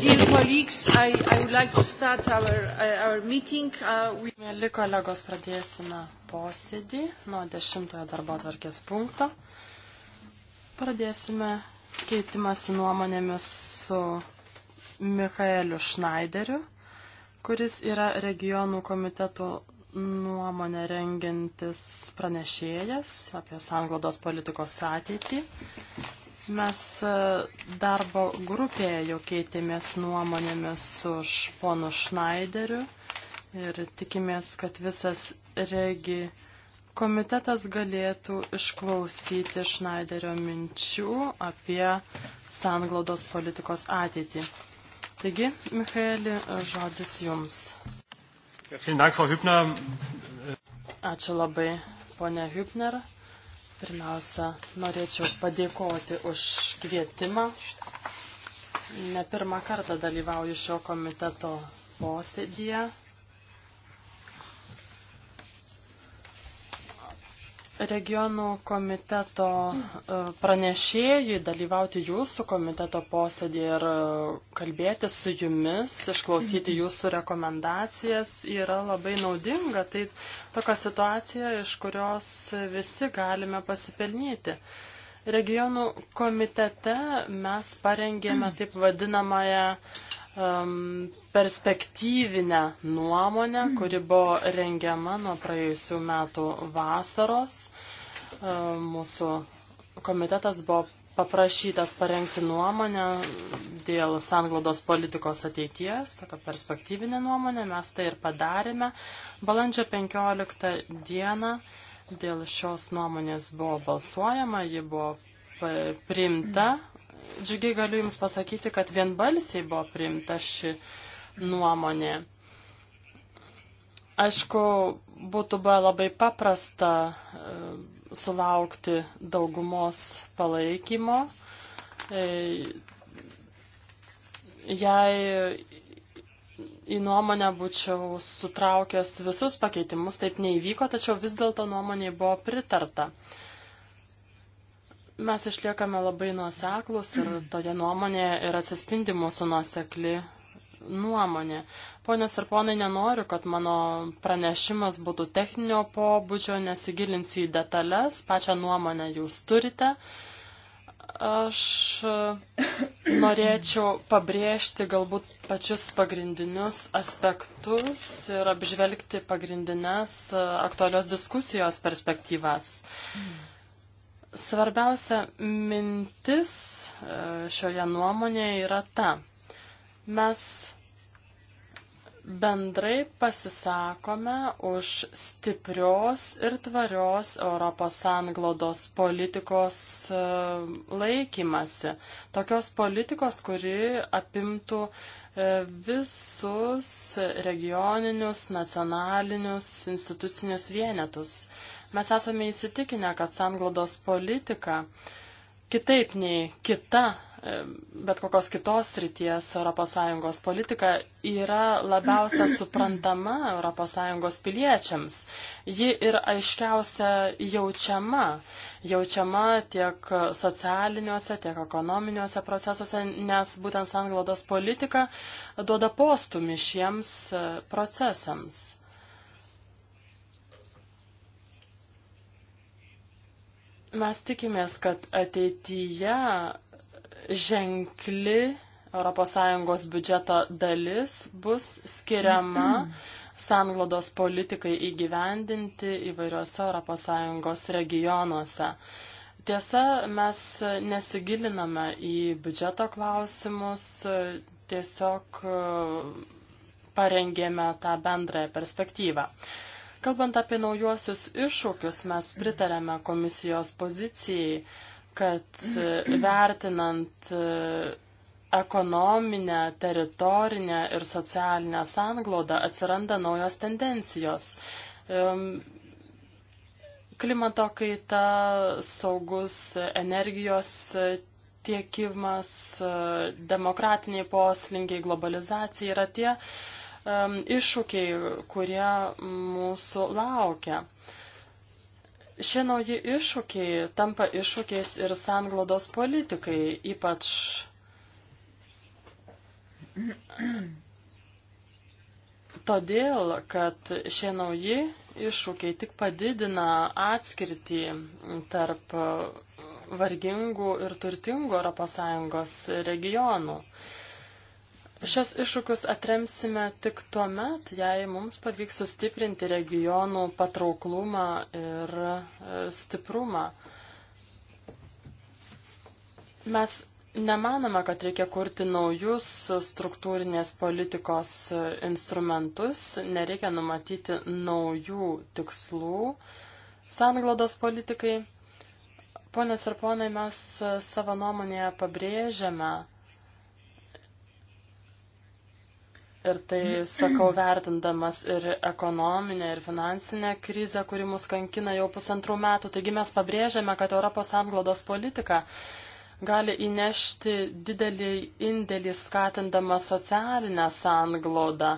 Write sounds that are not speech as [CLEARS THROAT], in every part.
Dear colleagues, I, I would like to start our, uh, our meeting. Uh, we... Mėly kolegos, pradėsime posėdį nuo dešimtojo darbo atvarkės punkto. Pradėsime keitimąsi nuomonėmis su Michaeliu Šnaideriu, kuris yra regionų komitetų nuomonę rengiantis pranešėjas apie sanglodos politikos ateitį. Uh, Mes e, darbo grupėje jau keitėmės nuomonėmis su ponu Šnaideriu ir tikimės, kad visas regi komitetas galėtų išklausyti Šnaiderio minčių apie sanglaudos politikos ateitį. Taigi, Michaeli, žodis jums. Ačiū labai, ponė Hübner. Pirmiausia, norėčiau padėkoti už kvietimą. Ne pirmą kartą dalyvauju šio komiteto posėdėje. regionų komiteto e, pranešėjui dalyvauti jūsų komiteto posėdį ir e, kalbėti su jumis, išklausyti mhm. jūsų rekomendacijas yra labai naudinga. Tai tokia situacija, iš kurios visi galime pasipelnyti. Regionų komitete mes parengėme mhm. taip vadinamąją uh, um, perspektyvinę nuomonę, mhm. kuri buvo rengiama nuo praėjusių metų vasaros. Um, mūsų komitetas buvo paprašytas parengti nuomonę dėl sanglodos politikos ateities, tokia perspektyvinė nuomonė, mes tai ir padarėme. Balandžio 15 dieną dėl šios nuomonės buvo balsuojama, ji buvo priimta mhm džiugiai galiu Jums pasakyti, kad vienbalsiai buvo priimta ši nuomonė. Aišku, būtų buvę labai paprasta e, sulaukti daugumos palaikymo, e, jei į nuomonę būčiau sutraukęs visus pakeitimus, taip neįvyko, tačiau vis dėlto nuomonė buvo pritarta. Uh, Mes išliekame labai nuoseklus ir toje nuomonėje ir atsispindi mūsų nuosekli nuomonė. Ponės ir ponai, nenoriu, kad mano pranešimas būtų techninio pobūdžio, nesigilinsiu į detalės, pačią nuomonę jūs turite. Aš norėčiau pabrėžti galbūt pačius pagrindinius aspektus ir apžvelgti pagrindinės aktualios diskusijos perspektyvas. Mm. Svarbiausia mintis e, šioje nuomonėje yra ta. Mes bendrai pasisakome už stiprios ir tvarios Europos sąnglaudos politikos e, laikymasi. Tokios politikos, kuri apimtų e, visus regioninius, nacionalinius, institucinius vienetus. Mes esame įsitikinę, kad sanglaudos politika kitaip nei kita, e, bet kokios kitos ryties ES politika yra labiausia [CLEARS THROAT] suprantama ES piliečiams. Ji ir aiškiausia jaučiama. Jaučiama tiek socialiniuose, tiek ekonominiuose procesuose, nes būtent sanglaudos politika duoda postumį šiems e, procesams. Mes tikimės, kad ateityje ženkli ES biudžeto dalis bus skiriama [CLEARS THROAT] sanglodos politikai įgyvendinti įvairiuose ES regionuose. Tiesa, mes nesigiliname į biudžeto klausimus, tiesiog e, parengėme tą bendrąją perspektyvą. Kalbant apie naujuosius iššūkius, mes pritarėme komisijos pozicijai, kad e, vertinant e, ekonominę, teritorinę ir socialinę sanglaudą atsiranda naujos tendencijos klimato kaita, saugus energijos e, tiekimas, demokratiniai poslingiai, globalizacija yra tie Um, iššūkiai, kurie mūsų laukia. Šie nauji iššūkiai tampa iššūkiais ir sanglodos politikai, ypač todėl, kad šie nauji iššūkiai tik padidina atskirtį tarp vargingų ir turtingų ES regionų. Šias iššūkius atremsime tik tuo met, jei mums pavyks sustiprinti regionų patrauklumą ir e, stiprumą. Mes nemanome, kad reikia kurti naujus struktūrinės politikos e, instrumentus, nereikia numatyti naujų tikslų sanglodos politikai. Ponės ir ponai, mes e, savo nuomonėje pabrėžiame, Ir tai sakau vertindamas ir ekonominę, ir finansinę krizę, kuri mus kankina jau pusantrų metų. Taigi mes pabrėžiame, kad Europos anglodos politika gali įnešti didelį indėlį skatindama socialinę sanglodą,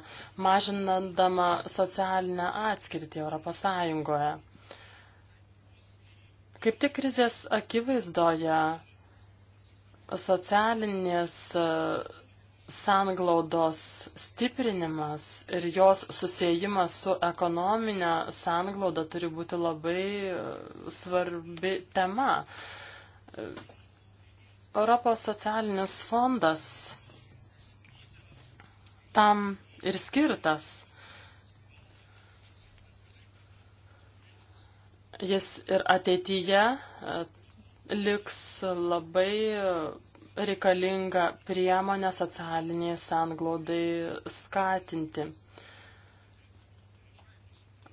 mažinandama socialinę atskirtį Europos Sąjungoje. Kaip tik krizės akivaizdoje socialinės sanglaudos stiprinimas ir jos susijimas su ekonominė sanglauda turi būti labai e, svarbi tema. E, Europos socialinis fondas tam ir skirtas. Jis ir ateityje e, liks labai reikalinga priemonė socialiniai sanglaudai skatinti.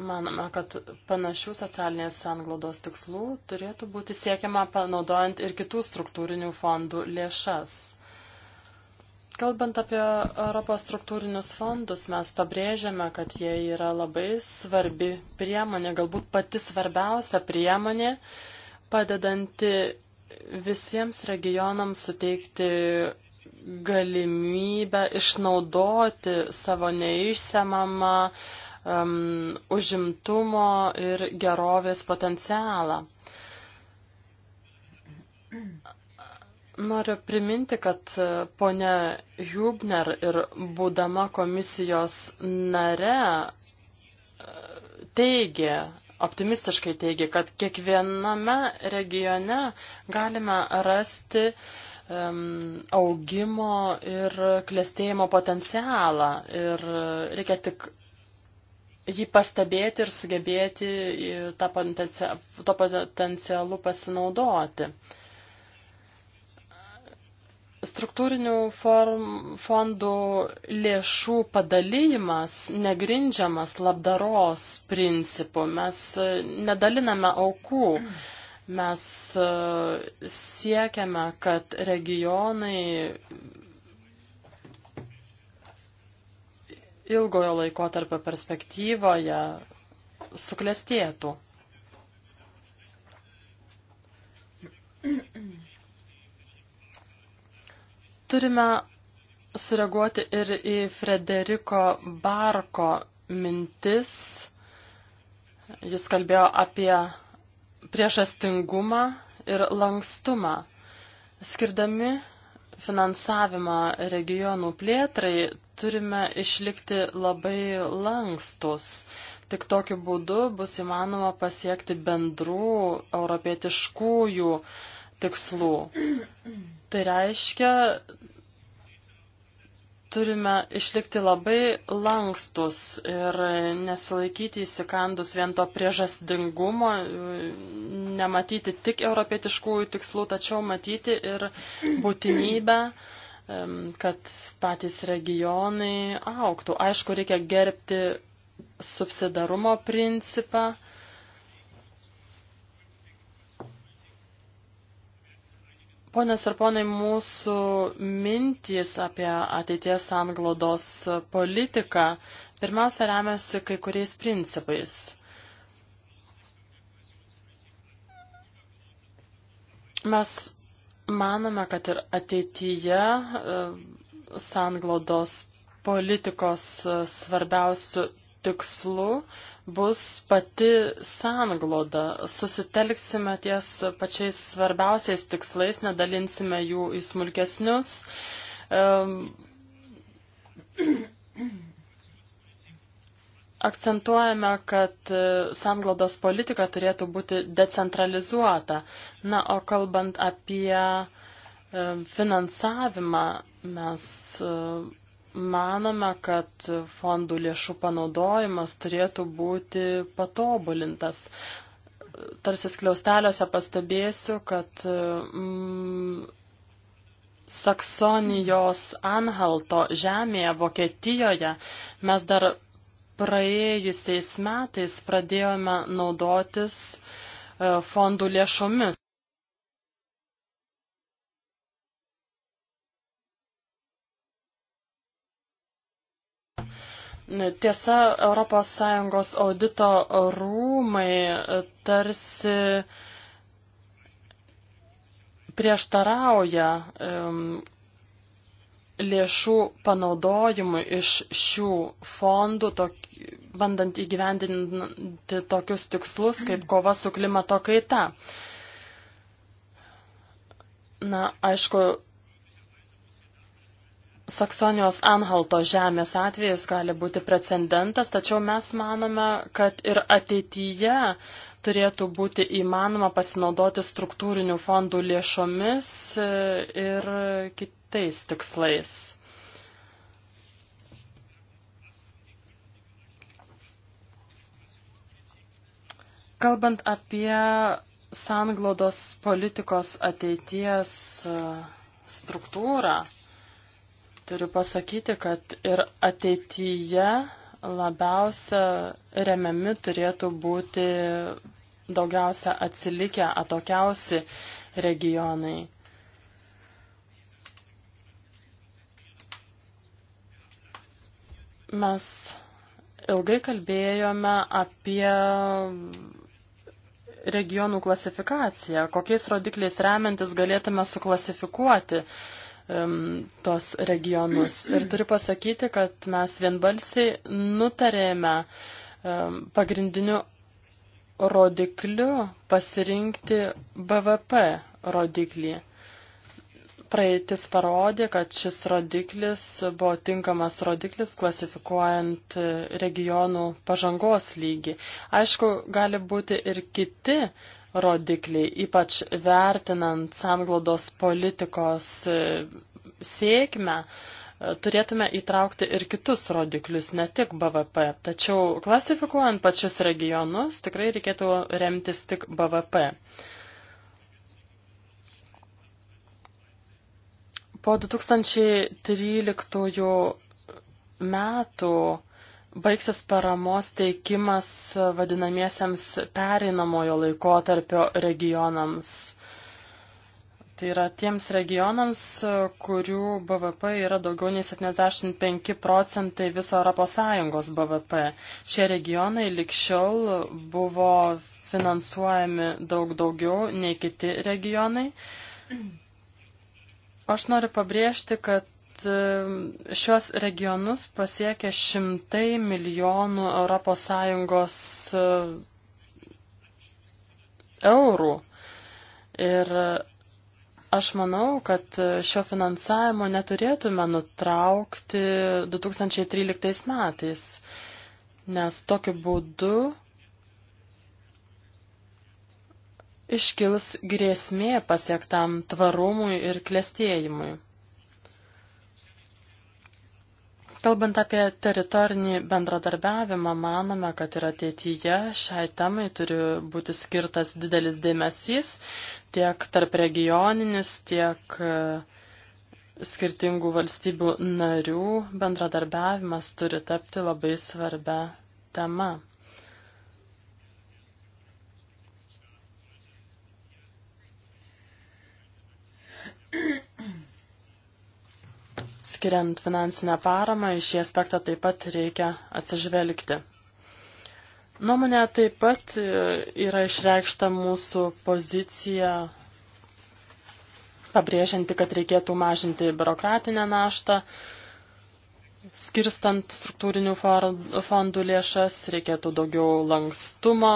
Manome, kad panašių socialinės sanglaudos tikslų turėtų būti siekiama panaudojant ir kitų struktūrinių fondų lėšas. Kalbant apie Europos struktūrinius fondus, mes pabrėžiame, kad jie yra labai svarbi priemonė, galbūt pati svarbiausia priemonė, padedanti visiems regionams suteikti galimybę išnaudoti savo neišsemamą um, užimtumo ir gerovės potencialą. Noriu priminti, kad e, ponia Hubner ir būdama komisijos nare e, teigė, optimistiškai teigia, kad kiekviename regione galime rasti um, augimo ir klėstėjimo potencialą ir e, reikia tik jį pastebėti ir sugebėti e, tą potencialu, to potencialu pasinaudoti. Struktūrinių form, fondų lėšų padalyjimas negrindžiamas labdaros principu. Mes e, nedaliname aukų. Mes e, siekiame, kad regionai ilgojo laiko tarp perspektyvoje suklestėtų. Turime sureaguoti ir į Frederiko Barko mintis. Jis kalbėjo apie priežastingumą ir lankstumą. Skirdami finansavimą regionų plėtrai turime išlikti labai lankstus. Tik tokiu būdu bus įmanoma pasiekti bendrų europietiškųjų tikslų. Tai reiškia, turime išlikti labai lankstus ir nesilaikyti įsikandus vien to priežastingumo, nematyti tik europietiškųjų tikslų, tačiau matyti ir būtinybę kad patys regionai auktų. Aišku, reikia gerbti subsidarumo principą, Ponios ir ponai, mūsų mintys apie ateities anglodos politiką pirmiausia remiasi kai kuriais principais. Mes manome, kad ir ateityje e, sanglodos politikos e, svarbiausių tikslų uh, bus pati sangloda. Susitelksime ties pačiais svarbiausiais tikslais, nedalinsime jų į smulkesnius. Akcentuojame, kad e, sanglodos politika turėtų būti decentralizuota. Na, o kalbant apie finansavimą, mes e, manome, kad fondų lėšų panaudojimas turėtų būti patobulintas. Tarsi skliausteliuose pastebėsiu, kad mm, Saksonijos Anhalto žemėje Vokietijoje mes dar praėjusiais metais pradėjome naudotis e, fondų lėšomis. Tiesa, ES audito rūmai e, tarsi prieštarauja um, lėšų panaudojimui iš šių fondų, tok, bandant įgyvendinti tokius tikslus kaip kova su klimato kaita. Na, aišku, Saksonijos Anhalto žemės atvejis gali būti precedentas, tačiau mes manome, kad ir ateityje turėtų būti įmanoma pasinaudoti struktūrinių fondų lėšomis e, ir kitais tikslais. Kalbant apie sanglodos politikos ateities e, struktūrą, Turiu pasakyti, kad ir ateityje labiausia remiami turėtų būti daugiausia atsilikę atokiausi regionai. Mes ilgai kalbėjome apie regionų klasifikaciją, kokiais rodikliais remiantis galėtume suklasifikuoti uh, tos regionus. Ir turiu pasakyti, kad mes vienbalsiai nutarėme pagrindiniu rodikliu pasirinkti BVP rodiklį. Praeitis parodė, kad šis rodiklis buvo tinkamas rodiklis klasifikuojant regionų pažangos lygį. Aišku, gali būti ir kiti rodikliai, ypač vertinant sanglaudos politikos e, sėkmę, e, turėtume įtraukti ir kitus rodiklius, ne tik BVP. Tačiau klasifikuojant pačius regionus, tikrai reikėtų remtis tik BVP. Po 2013 metų baigsis paramos teikimas vadinamiesiems pereinamojo laikotarpio regionams. Tai yra tiems regionams, kurių BVP yra daugiau nei 75 procentai viso ES BVP. Šie regionai likščiau buvo finansuojami daug daugiau nei kiti regionai. Aš noriu pabrėžti, kad E, šios regionus pasiekia šimtai milijonų ES e, eurų. Ir aš manau, kad šio finansavimo neturėtume nutraukti 2013 metais, nes tokiu būdu iškils grėsmė pasiektam tvarumui ir klėstėjimui. Kalbant apie teritorinį bendradarbiavimą, manome, kad ir ateityje šiai temai turi būti skirtas didelis dėmesys tiek tarp regioninis, tiek e, skirtingų valstybių narių bendradarbiavimas turi tapti labai svarbia tema. Mm-hmm. Skiriant finansinę paramą, į šį aspektą taip pat reikia atsižvelgti. Nuomonė taip pat e, yra išreikšta mūsų pozicija, pabrėžianti, kad reikėtų mažinti biurokratinę naštą, skirstant struktūrinių fondų lėšas, reikėtų daugiau lankstumo,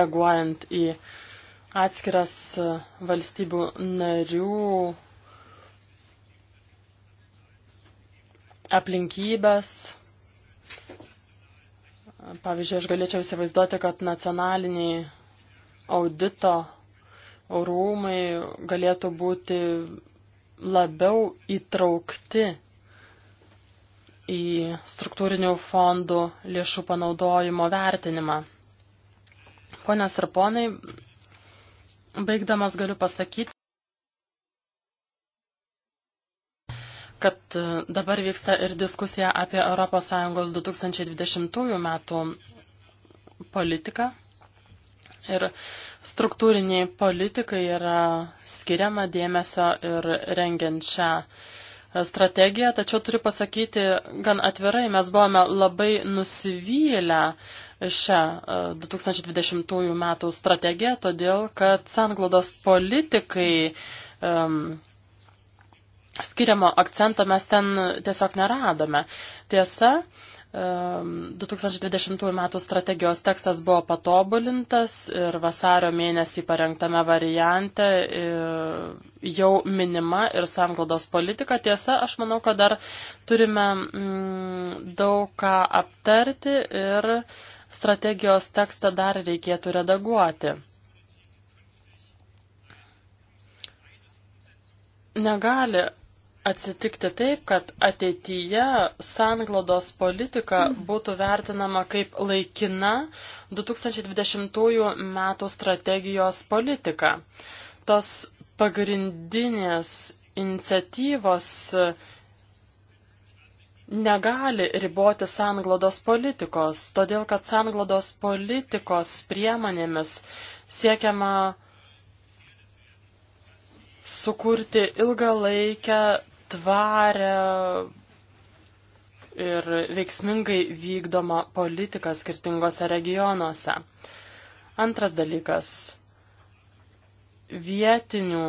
reaguojant į atskiras e, valstybių narių aplinkybės. Pavyzdžiui, aš galėčiau įsivaizduoti, kad nacionaliniai audito rūmai galėtų būti labiau įtraukti į struktūrinių fondų lėšų panaudojimo vertinimą. Ponios ir ponai, baigdamas galiu pasakyti, kad e, dabar vyksta ir diskusija apie ES 2020 metų politiką. Ir struktūriniai politikai yra skiriama dėmesio ir rengiant šią strategiją, tačiau turiu pasakyti gan atvirai, mes buvome labai nusivylę šią 2020 e, metų strategiją, todėl kad sanglodos politikai um, skiriamo akcento mes ten tiesiog neradome. Tiesa, 2020 m. strategijos tekstas buvo patobulintas ir vasario mėnesį parengtame variante e, jau minima ir samglaudos politika. Tiesa, aš manau, kad dar turime mm, daug ką aptarti ir strategijos tekstą dar reikėtų redaguoti. Negali atsitikti taip, kad ateityje sanglodos politika būtų vertinama kaip laikina 2020 metų strategijos politika. Tos pagrindinės iniciatyvos negali riboti sanglodos politikos, todėl kad sanglodos politikos priemonėmis siekiama sukurti ilgalaikę tvarę ir veiksmingai vykdomą politiką skirtingose regionuose. Antras dalykas - vietinių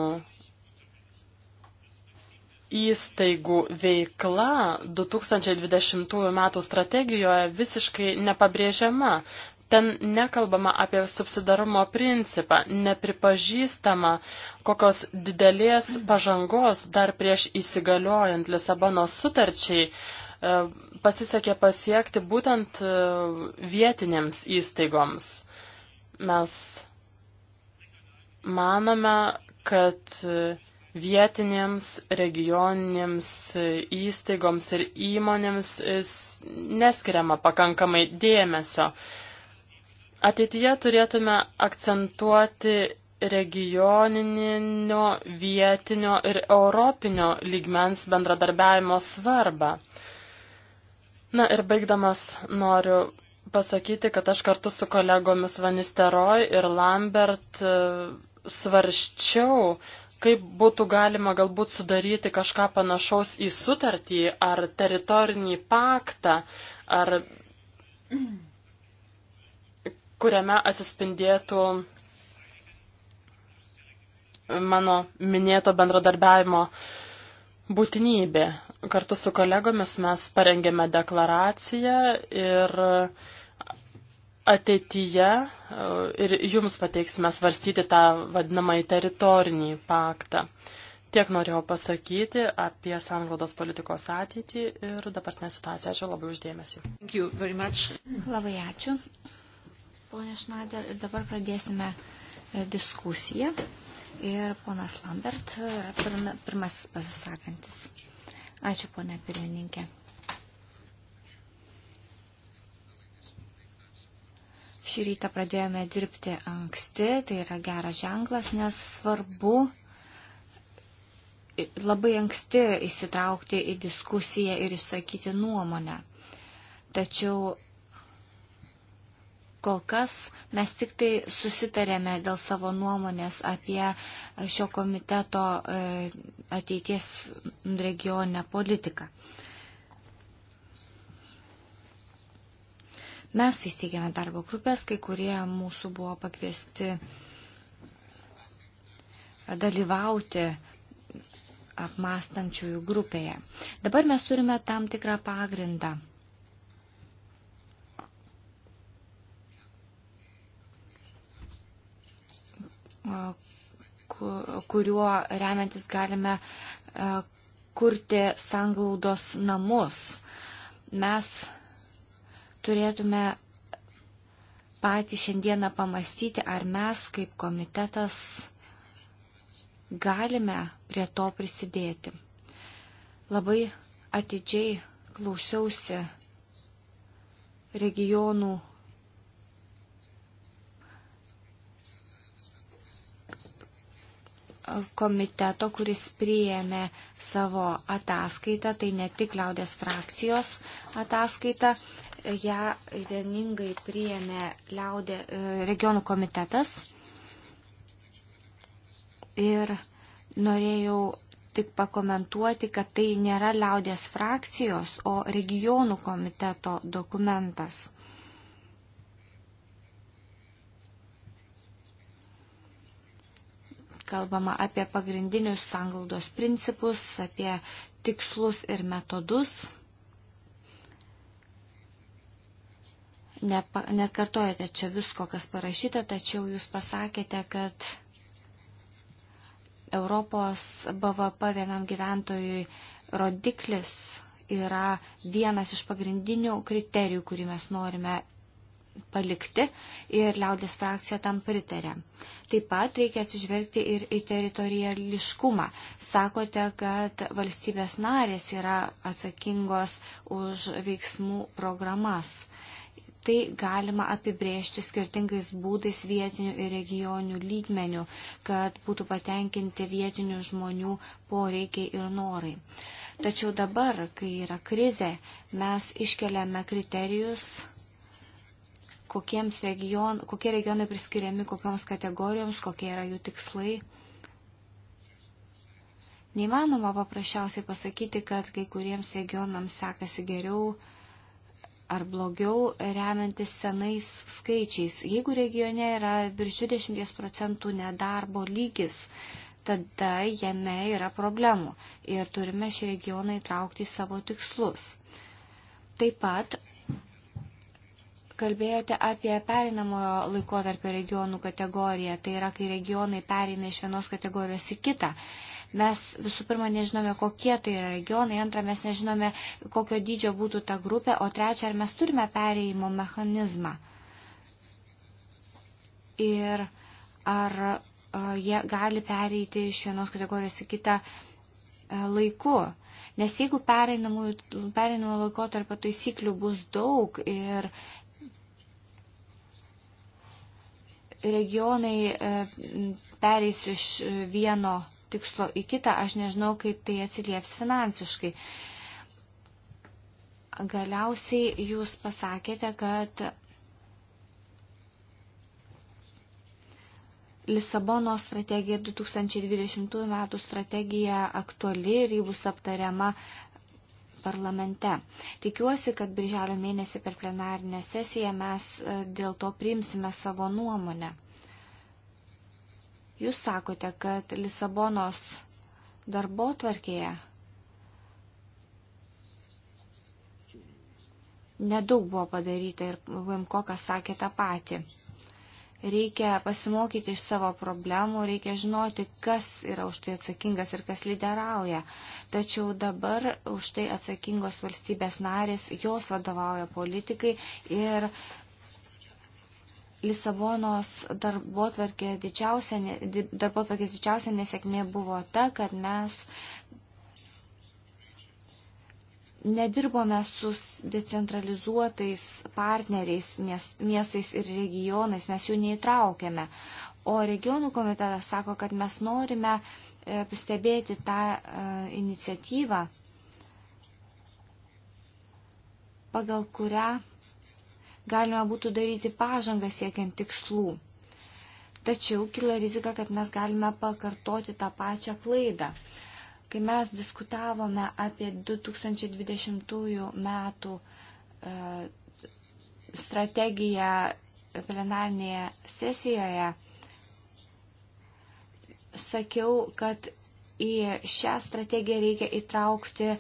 įstaigų veikla 2020 m. strategijoje visiškai nepabrėžiama ten nekalbama apie subsidarumo principą, nepripažįstama kokios didelės pažangos dar prieš įsigaliojant Lisabonos sutarčiai e, pasisekė pasiekti būtent e, vietinėms įstaigoms. Mes manome, kad e, vietinėms regioninėms įstaigoms ir įmonėms neskiriama pakankamai dėmesio. Ateityje turėtume akcentuoti regioninio, vietinio ir europinio lygmens bendradarbiavimo svarbą. Na ir baigdamas noriu pasakyti, kad aš kartu su kolegomis Vanisteroj ir Lambert e, svarščiau, kaip būtų galima galbūt sudaryti kažką panašaus į sutartį ar teritorinį paktą ar kuriame atsispindėtų mano minėto bendradarbiavimo būtinybė. Kartu su kolegomis mes parengėme deklaraciją ir ateityje e, ir jums pateiksime svarstyti tą vadinamąjį teritorinį paktą. Tiek norėjau pasakyti apie sanglaudos politikos ateitį ir dabartinę situaciją. Ačiū labai uždėmesi. Labai ačiū ponė Schneider. Ir dabar pradėsime e, diskusiją. Ir ponas Lambert e, yra pirmasis pasisakantis. Ačiū, ponė pirmininkė. Šį rytą pradėjome dirbti anksti, tai yra geras ženklas, nes svarbu labai anksti įsitraukti į diskusiją ir išsakyti nuomonę. Tačiau Kol kas mes tik tai susitarėme dėl savo nuomonės apie šio komiteto e, ateities regioninę politiką. Mes įsteigėme darbo grupės, kai kurie mūsų buvo pakviesti dalyvauti apmastančiųjų grupėje. Dabar mes turime tam tikrą pagrindą kuriuo remiantis galime e, kurti sanglaudos namus. Mes turėtume patį šiandieną pamastyti, ar mes kaip komitetas galime prie to prisidėti. Labai atidžiai klausiausi regionų komiteto, kuris priėmė savo ataskaitą, tai ne tik liaudės frakcijos ataskaita, ją vieningai priėmė liaudė, e, regionų komitetas. Ir norėjau tik pakomentuoti, kad tai nėra liaudės frakcijos, o regionų komiteto dokumentas. kalbama apie pagrindinius sanglaudos principus, apie tikslus ir metodus. Nepa, nekartojate čia visko, kas parašyta, tačiau jūs pasakėte, kad Europos BVP vienam gyventojui rodiklis yra vienas iš pagrindinių kriterijų, kurį mes norime palikti ir liaudės frakcija tam pritarė. Taip pat reikia atsižvelgti ir į teritoriališkumą. Sakote, kad valstybės narės yra atsakingos už veiksmų programas. Tai galima apibrėžti skirtingais būdais vietinių ir regionių lygmenių, kad būtų patenkinti vietinių žmonių poreikiai ir norai. Tačiau dabar, kai yra krizė, mes iškeliame kriterijus kokiems region, kokie regionai priskiriami kokioms kategorijoms, kokie yra jų tikslai. Neįmanoma paprasčiausiai pasakyti, kad kai kuriems regionams sekasi geriau ar blogiau remiantis senais skaičiais. Jeigu regione yra virš 20 procentų nedarbo lygis, tada jame yra problemų ir turime šį regioną įtraukti į savo tikslus. Taip pat kalbėjote apie perinamojo laikotarpio regionų kategoriją, tai yra, kai regionai perina iš vienos kategorijos į kitą. Mes visų pirma nežinome, kokie tai yra regionai, antra, mes nežinome, kokio dydžio būtų ta grupė, o trečia, ar mes turime pereimo mechanizmą. Ir ar uh, jie gali pereiti iš vienos kategorijos į kitą uh, laiku. Nes jeigu pereinamų laikotarpio taisyklių bus daug ir regionai e, pereis iš e, vieno tikslo į kitą, aš nežinau, kaip tai atsilieps finansiškai. Galiausiai jūs pasakėte, kad Lisabono strategija 2020 metų strategija aktuali ir jį bus aptariama parlamente. Tikiuosi, kad birželio mėnesį per plenarinę sesiją mes e, dėl to priimsime savo nuomonę. Jūs sakote, kad Lisabonos darbo tvarkėje nedaug buvo padaryta ir Vimkokas sakė tą patį. Reikia pasimokyti iš savo problemų, reikia žinoti, kas yra už tai atsakingas ir kas lyderauja. Tačiau dabar už tai atsakingos valstybės narės, jos vadovauja politikai ir Lisabonos darbotvarkės didžiausia, didžiausia nesėkmė buvo ta, kad mes Nedirbome su decentralizuotais partneriais, miestais ir regionais, mes jų neįtraukėme. O regionų komitetas sako, kad mes norime e, stebėti tą e, iniciatyvą, pagal kurią galima būtų daryti pažangą siekiant tikslų. Tačiau kila rizika, kad mes galime pakartoti tą pačią klaidą. Kai mes diskutavome apie 2020 metų e, strategiją plenarnėje sesijoje, sakiau, kad į šią strategiją reikia įtraukti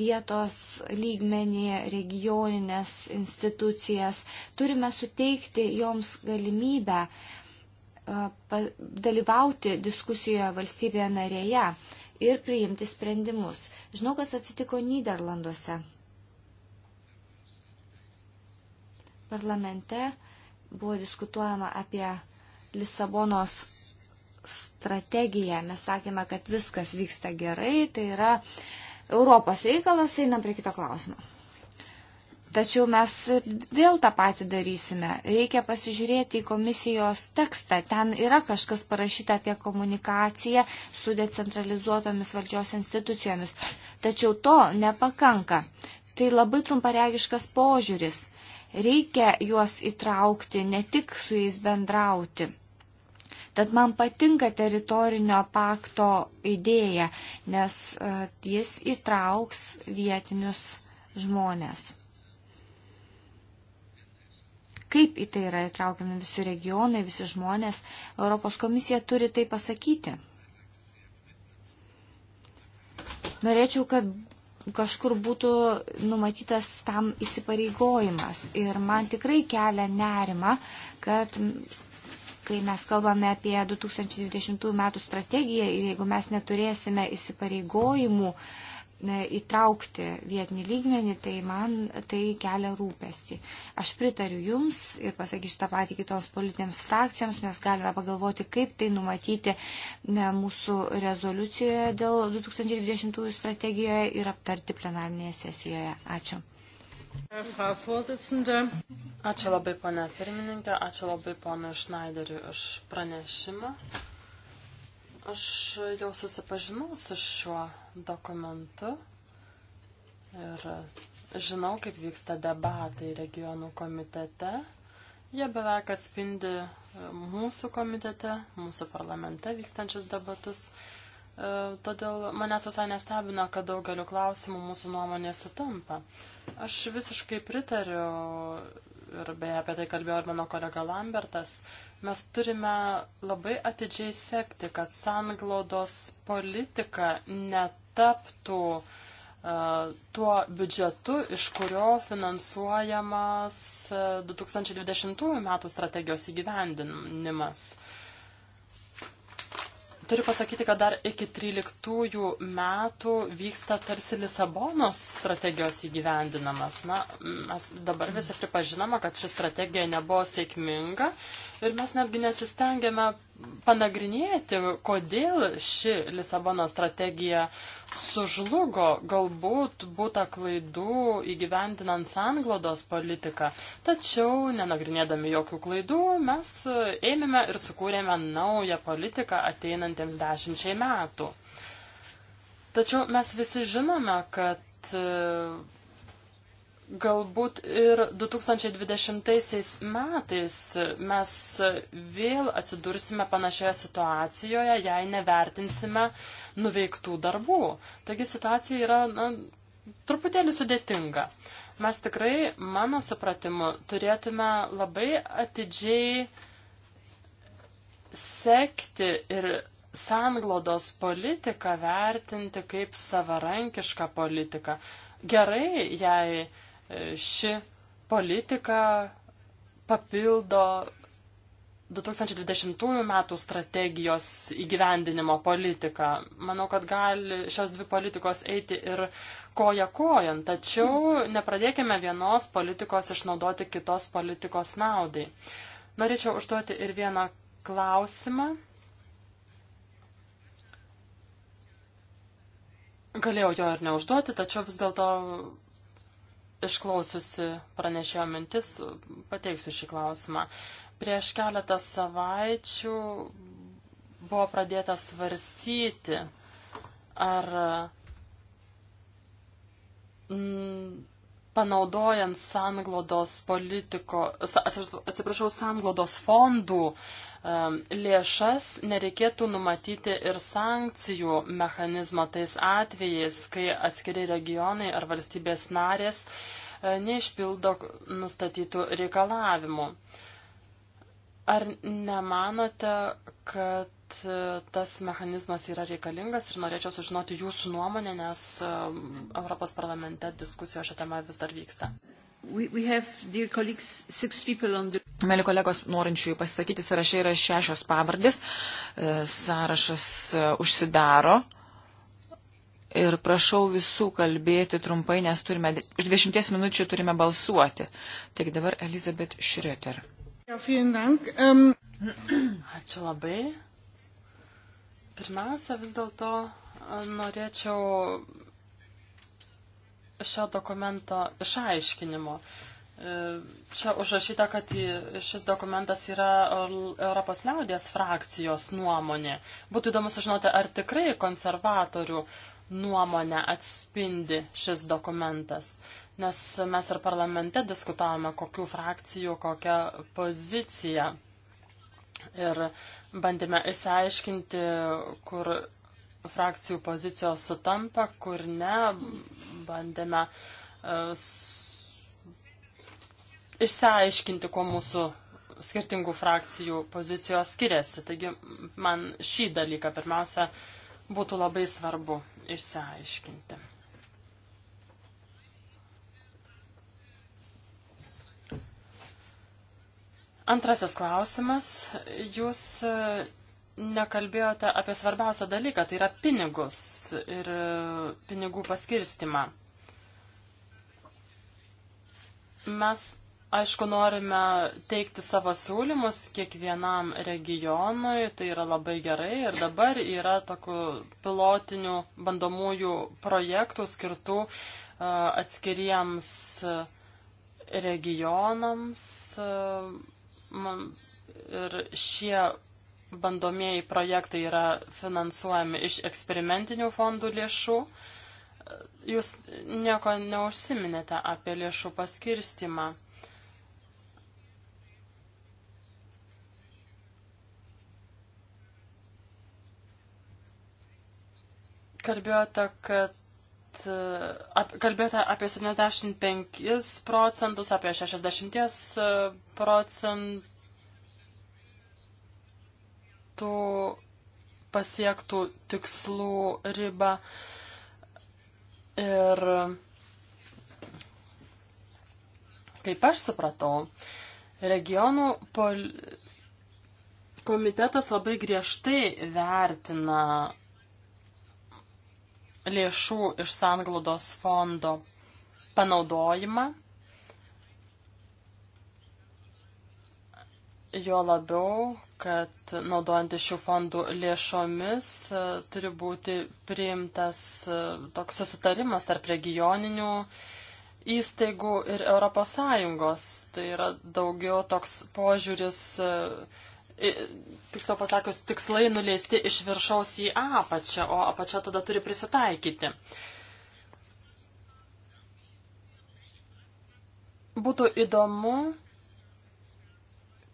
vietos lygmenį, regioninės institucijas. Turime suteikti joms galimybę e, dalyvauti diskusijoje valstybėje narėje ir priimti sprendimus. Žinau, kas atsitiko Niderlanduose. Parlamente buvo diskutuojama apie Lisabonos strategiją. Mes sakėme, kad viskas vyksta gerai, tai yra Europos reikalas, einam prie kito klausimo. Tačiau mes vėl tą patį darysime. Reikia pasižiūrėti į komisijos tekstą. Ten yra kažkas parašyta apie komunikaciją su decentralizuotomis valdžios institucijomis. Tačiau to nepakanka. Tai labai trumparegiškas požiūris. Reikia juos įtraukti, ne tik su jais bendrauti. Tad man patinka teritorinio pakto idėja, nes e, jis įtrauks vietinius žmonės kaip į tai yra įtraukiami visi regionai, visi žmonės. Europos komisija turi tai pasakyti. Norėčiau, kad kažkur būtų numatytas tam įsipareigojimas. Ir man tikrai kelia nerima, kad kai mes kalbame apie 2020 metų strategiją ir jeigu mes neturėsime įsipareigojimų, uh, E, įtraukti vietinį lygmenį, tai man tai kelia rūpestį. Aš pritariu Jums ir pasakysiu tą patį kitoms politinėms frakcijoms, mes galime pagalvoti, kaip tai numatyti ne, mūsų rezoliucijoje dėl 2020 strategijoje ir aptarti plenarnėje sesijoje. Ačiū. Ačiū labai, ponė pirmininkė, ačiū labai, ponė Šnaideriui, už pranešimą. Aš jau susipažinau su šiuo dokumentu ir žinau, kaip vyksta debatai regionų komitete. Jie beveik atspindi mūsų komitete, mūsų parlamente vykstančius debatus. E, todėl manęs visai nestebina, kad daugeliu klausimų mūsų nuomonė sutampa. Aš visiškai pritariu ir beje apie tai kalbėjo ir mano kolega Lambertas, mes turime labai atidžiai sekti, kad sanglaudos politika netaptų uh, tuo biudžetu, iš kurio finansuojamas 2020 e, metų strategijos įgyvendinimas. Uh, Turiu pasakyti, kad dar iki 13 metų vyksta tarsi Lisabonos strategijos įgyvendinamas. Na, mes dabar visi pripažinama, kad ši strategija nebuvo sėkminga ir mes netgi nesistengėme panagrinėti, kodėl ši Lisabono strategija sužlugo, galbūt būta klaidų įgyvendinant sanglodos politiką, tačiau nenagrinėdami jokių klaidų mes ėmėme ir sukūrėme naują politiką ateinantiems dešimčiai metų. Tačiau mes visi žinome, kad Galbūt ir 2020 metais mes vėl atsidursime panašioje situacijoje, jei nevertinsime nuveiktų darbų. Taigi situacija yra na, truputėlį sudėtinga. Mes tikrai, mano supratimu, turėtume labai atidžiai sekti ir sanglodos politiką vertinti kaip savarankišką politiką. Gerai, jei ši politika papildo 2020 metų strategijos įgyvendinimo politiką. Manau, kad gali šios dvi politikos eiti ir koja kojant, tačiau nepradėkime vienos politikos išnaudoti kitos politikos naudai. Norėčiau užduoti ir vieną klausimą. Galėjau jo ir neužduoti, tačiau vis dėlto išklausiusi pranešėjo mintis, pateiksiu šį klausimą. Prieš keletą savaičių buvo pradėta svarstyti, ar m, mm, panaudojant sanglodos politiko, atsiprašau, sanglodos fondų Um, lėšas, nereikėtų numatyti ir sankcijų mechanizmo tais atvejais, kai atskiri regionai ar valstybės narės uh, neišpildo nustatytų reikalavimų. Ar nemanote, kad uh, tas mechanizmas yra reikalingas ir norėčiau sužinoti jūsų nuomonę, nes uh, Europos parlamente diskusijos šią temą vis dar vyksta. We, we have, dear colleagues, six people on the... Mėly kolegos, norinčiųjų pasisakyti sąrašai yra šešios pavardės. E, sąrašas e, užsidaro. Ir prašau visų kalbėti trumpai, nes turime, už 20 minučių turime balsuoti. Taigi dabar Elizabeth Schröter. Ja, um... Ačiū labai. Pirmiausia, vis dėlto norėčiau šio dokumento išaiškinimo. E, čia užrašyta, kad šis dokumentas yra Europos liaudės frakcijos nuomonė. Būtų įdomu sužinoti, ar tikrai konservatorių nuomonę atspindi šis dokumentas. Nes mes ir parlamente diskutavome, kokių frakcijų, kokią poziciją. Ir bandėme išsiaiškinti, kur frakcijų pozicijos sutampa, kur ne, bandėme e, išsiaiškinti, kuo mūsų skirtingų frakcijų pozicijos skiriasi. Taigi man šį dalyką pirmiausia būtų labai svarbu išsiaiškinti. Antrasis klausimas. Jūs nekalbėjote apie svarbiausią dalyką, tai yra pinigus ir e, pinigų paskirstimą. Mes, aišku, norime teikti savo siūlymus kiekvienam regionui, tai yra labai gerai ir dabar yra tokių pilotinių bandomųjų projektų skirtų e, atskiriems e, regionams. Ir šie bandomieji projektai yra finansuojami iš eksperimentinių fondų lėšų. Jūs nieko neužsiminėte apie lėšų paskirstimą. Kalbėjote, kad ap, kalbėjote apie 75 procentus, apie 60 e, procentų metu pasiektų tikslų ribą ir kaip aš supratau, regionų pol... komitetas labai griežtai vertina lėšų iš sanglaudos fondo panaudojimą Jo labiau, kad naudojant šių fondų lėšomis e, turi būti priimtas e, toks susitarimas tarp regioninių įstaigų ir ES. Tai yra daugiau toks požiūris, e, tiksliau pasakius, tikslai nuleisti iš viršaus į apačią, o apačia tada turi prisitaikyti. Būtų įdomu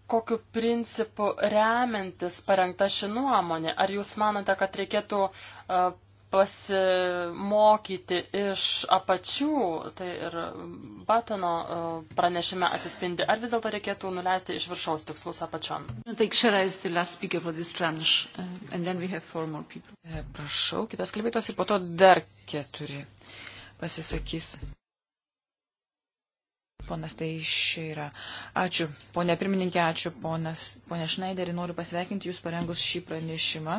kokiu principu remiantis parengta ši nuomonė? Ar jūs manote, kad reikėtų e, pasimokyti iš apačių, tai ir Batano e, pranešime atsispindi, ar vis dėlto reikėtų nuleisti iš viršaus tikslus apačion? Uh, e, prašau, kitas kalbėtas ir po to dar keturi pasisakys. Ponas Teišė yra. Ačiū, ponė pirmininkė, ačiū, ponas, ponė Šnaiderį, noriu pasveikinti Jūs parengus šį pranešimą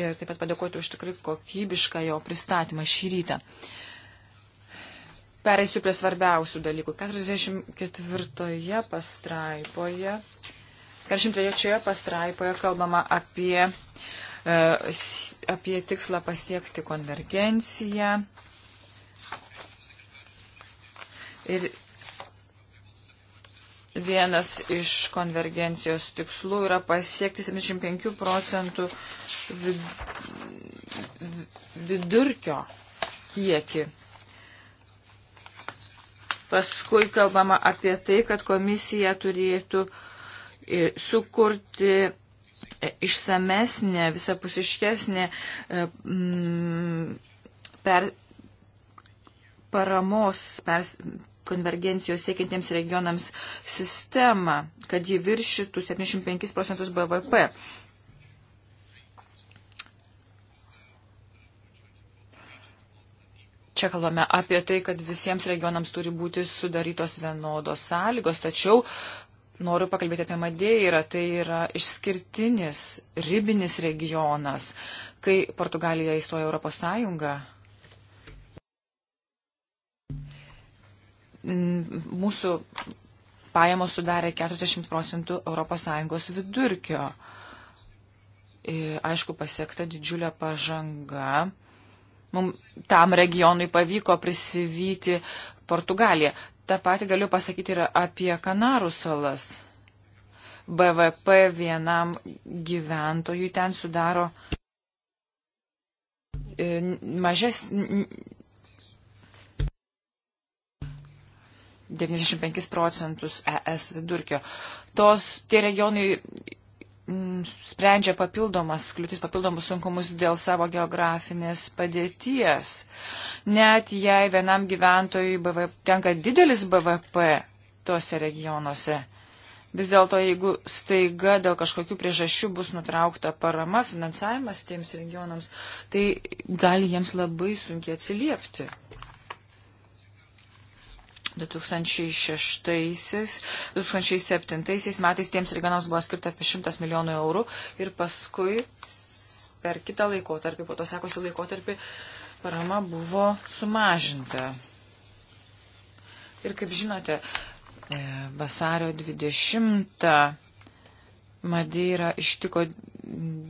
ir taip pat padėkoti už tikrai kokybišką jo pristatymą šį rytą. Pereisiu prie svarbiausių dalykų. 44 pastraipoje, 43 pastraipoje kalbama apie, e, apie tikslą pasiekti konvergenciją. Ir Vienas iš konvergencijos tikslų yra pasiekti 75 procentų vidurkio kiekį. Paskui kalbama apie tai, kad komisija turėtų e, sukurti e, išsamesnė, visapusiškesnė e, per paramos, per, konvergencijos siekintiems regionams sistemą, kad ji viršytų 75 procentus BVP. Čia kalbame apie tai, kad visiems regionams turi būti sudarytos vienodos sąlygos, tačiau noriu pakalbėti apie Madeirą. Tai yra išskirtinis, ribinis regionas. Kai Portugalija įstojo Europos Sąjungą, mūsų pajamos sudarė 40 procentų ES vidurkio. E, aišku, pasiekta didžiulė pažanga. Mums tam regionui pavyko prisivyti Portugaliją. Ta pati galiu pasakyti ir apie Kanarų salas. BVP vienam gyventojui ten sudaro e, mažes, 95 procentus ES vidurkio. Tos tie regionai m, mm, sprendžia papildomas kliūtis, papildomus sunkumus dėl savo geografinės padėties. Net jei vienam gyventojui BVP, tenka didelis BVP tose regionuose, vis dėlto jeigu staiga dėl kažkokių priežasčių bus nutraukta parama, finansavimas tiems regionams, tai gali jiems labai sunkiai atsiliepti. 2006-2007 metais tiems regionams buvo skirta apie 100 milijonų eurų ir paskui per kitą laikotarpį, po to sekusi laikotarpį, parama buvo sumažinta. Ir kaip žinote, e, vasario 20 Madeira ištiko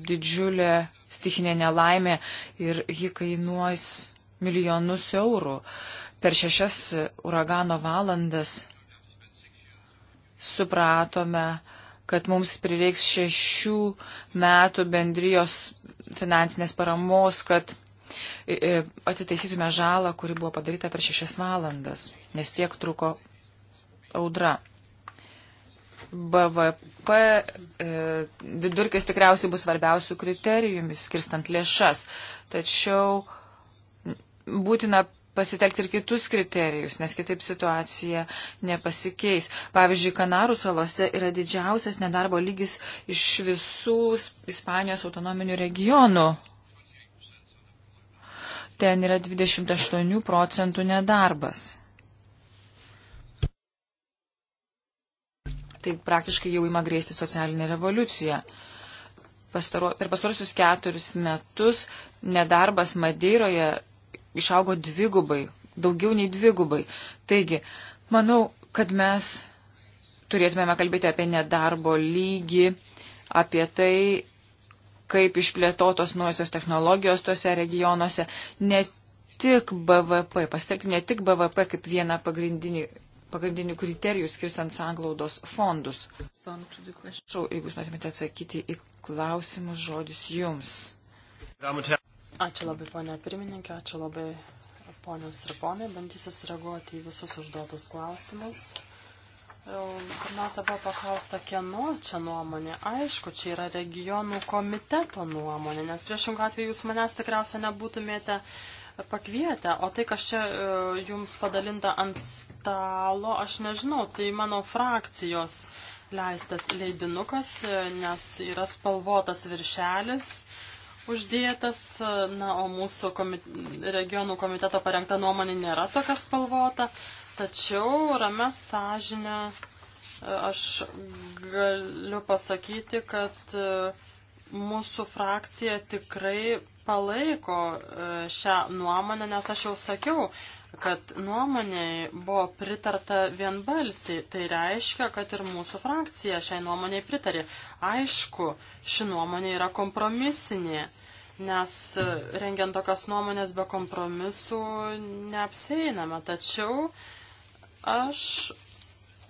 didžiulė stichinė nelaimė ir ji kainuos milijonus eurų. Uh, per šešias uragano valandas supratome, kad mums prireiks šešių metų bendrijos finansinės paramos, kad e, e, atitaisytume žalą, kuri buvo padaryta per šešias valandas, nes tiek truko audra. BVP e, vidurkis tikriausiai bus svarbiausių kriterijumi skirstant lėšas, tačiau būtina pasitelkti ir kitus kriterijus, nes kitaip situacija nepasikeis. Pavyzdžiui, Kanarų salose yra didžiausias nedarbo lygis iš visų Ispanijos autonominių regionų. Ten yra 28 procentų nedarbas. Tai praktiškai jau ima grėsti socialinė revoliucija pastaro, per pastarosius keturis metus nedarbas Madeiroje išaugo dvigubai, daugiau nei dvigubai. Taigi, manau, kad mes turėtumėme kalbėti apie nedarbo lygį, apie tai, kaip išplėtotos nuosios technologijos tose regionuose, ne tik BVP, pasitelkti ne tik BVP kaip vieną pagrindinį, pagrindinių kriterijų skirstant sanglaudos fondus. Šau, jeigu jūs norėtumėte atsakyti į klausimus, žodis jums. Ačiū labai, ponė pirmininkė, ačiū labai, ponios ir ponai. Bandysiu sureaguoti į visus užduotus klausimus. Pirmiausia, buvo paklausta, kieno čia nuomonė. Aišku, čia yra regionų komiteto nuomonė, nes priešingų atveju jūs manęs tikriausia nebūtumėte pakvietę, o tai, kas čia e, jums padalinta ant stalo, aš nežinau, tai mano frakcijos leistas leidinukas, e, nes yra spalvotas viršelis uždėtas, na, o mūsų komite, regionų komiteto parengta nuomonė nėra tokia spalvota, tačiau ramę sąžinę e, aš galiu pasakyti, kad e, mūsų frakcija tikrai palaiko e, šią nuomonę, nes aš jau sakiau, kad nuomoniai buvo pritarta vienbalsiai. Tai reiškia, kad ir mūsų frakcija šiai nuomoniai pritarė. Aišku, ši nuomonė yra kompromisinė nes e, rengiant tokias nuomonės be kompromisų neapseiname. Tačiau aš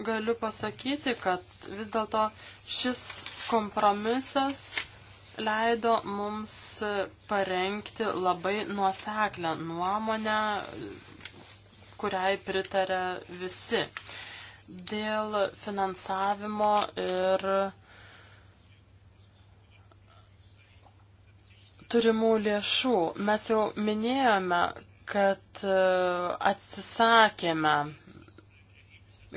galiu pasakyti, kad vis dėlto šis kompromisas leido mums e, parengti labai nuoseklę nuomonę, kuriai pritarė visi. Dėl finansavimo ir turimų lėšų. Mes jau minėjome, kad e, atsisakėme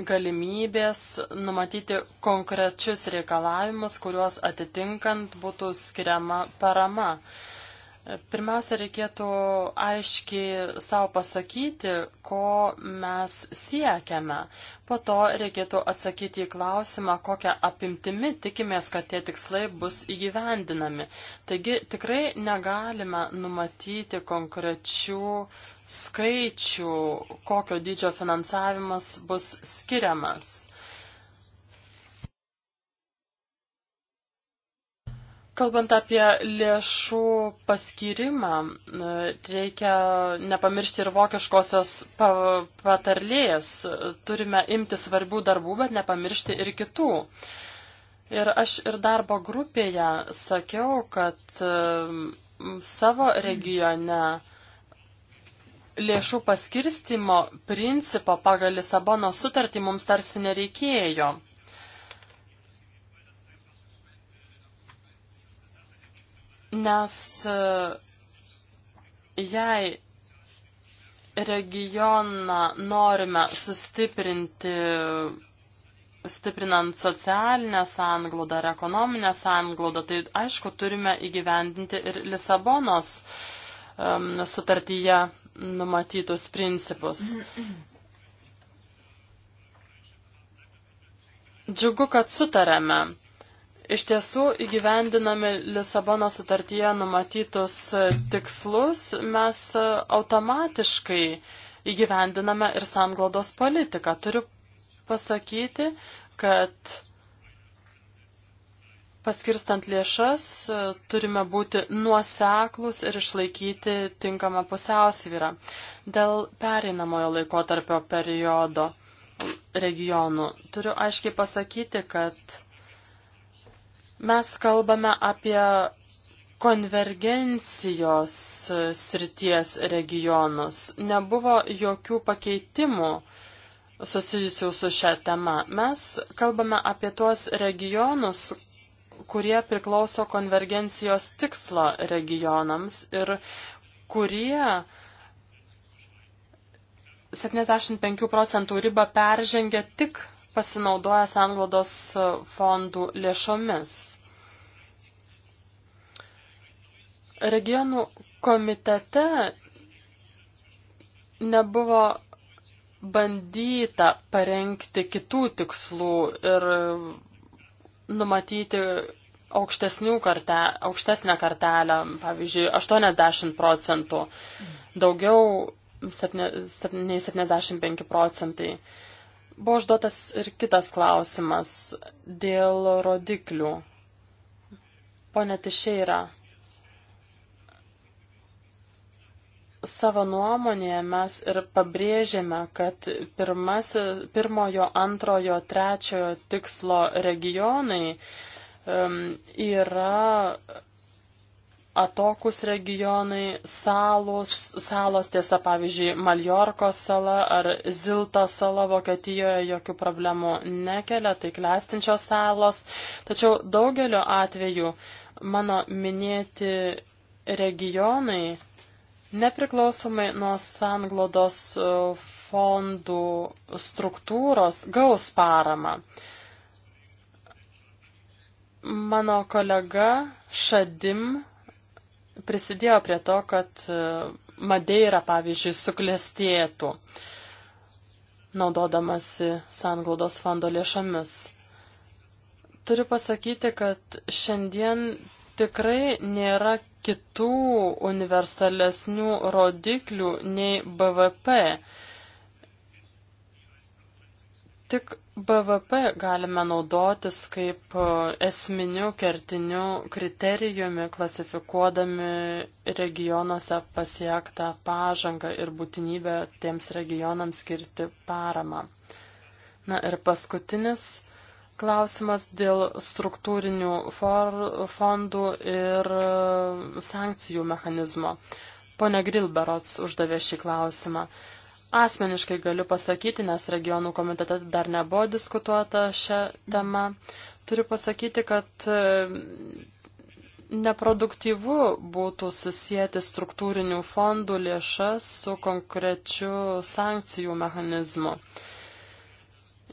galimybės numatyti konkrečius reikalavimus, kuriuos atitinkant būtų skiriama parama. Pirmiausia, reikėtų aiškiai savo pasakyti, ko mes siekiame. Po to reikėtų atsakyti į klausimą, kokią apimtimi tikimės, kad tie tikslai bus įgyvendinami. Taigi tikrai negalime numatyti konkrečių skaičių, kokio dydžio finansavimas bus skiriamas. Kalbant apie lėšų paskirimą, reikia nepamiršti ir vokiškosios patarlės. Turime imti svarbių darbų, bet nepamiršti ir kitų. Ir aš ir darbo grupėje sakiau, kad um, savo regione lėšų paskirstimo principo pagal Lisabono sutartį mums tarsi nereikėjo. nes e, jei regioną norime sustiprinti, stiprinant socialinę sąnglaudą ar ekonominę sąnglaudą, tai aišku, turime įgyvendinti ir Lisabonos um, sutartyje numatytus principus. Džiugu, kad sutarėme. Iš tiesų, įgyvendinami Lisabono sutartyje numatytus e, tikslus, mes e, automatiškai įgyvendiname ir sanglaudos politiką. Turiu pasakyti, kad paskirstant lėšas e, turime būti nuoseklus ir išlaikyti tinkamą pusiausvyrą dėl pereinamojo laikotarpio periodo regionų. Turiu aiškiai pasakyti, kad Mes kalbame apie konvergencijos srities regionus. Nebuvo jokių pakeitimų susijusių su šią temą. Mes kalbame apie tuos regionus, kurie priklauso konvergencijos tikslo regionams ir kurie 75 procentų ribą peržengia tik pasinaudoja sanglaudos fondų lėšomis. Regionų komitete nebuvo bandyta parengti kitų tikslų ir numatyti aukštesnių kartę, aukštesnę kartelę, pavyzdžiui, 80 procentų, daugiau nei 75 procentai. Buvo užduotas ir kitas klausimas dėl rodiklių. Pone Tišeira, savo nuomonėje mes ir pabrėžėme, kad pirmasi, pirmojo, antrojo, trečiojo tikslo regionai um, yra atokus regionai, salos, salos tiesa, pavyzdžiui, Maljorkos sala ar Zilto sala Vokietijoje jokių problemų nekelia, tai klestinčios salos. Tačiau daugeliu atveju mano minėti regionai, nepriklausomai nuo sanglodos e, fondų struktūros, gaus paramą. Mano kolega Šadim prisidėjo prie to, kad e, Madeira, pavyzdžiui, suklestėtų, naudodamasi sanglaudos fondo lėšomis. Turiu pasakyti, kad šiandien tikrai nėra kitų universalesnių rodiklių nei BVP. Tik BVP galime naudotis kaip e, esminiu kertiniu kriterijumi, klasifikuodami regionuose pasiektą pažangą ir būtinybę tiems regionams skirti paramą. Na ir paskutinis klausimas dėl struktūrinių for, fondų ir e, sankcijų mechanizmo. Pone Grilberots uždavė šį klausimą asmeniškai galiu pasakyti, nes regionų komitete dar nebuvo diskutuota šią temą. Turiu pasakyti, kad e, neproduktyvu būtų susijęti struktūrinių fondų lėšas su konkrečiu sankcijų mechanizmu.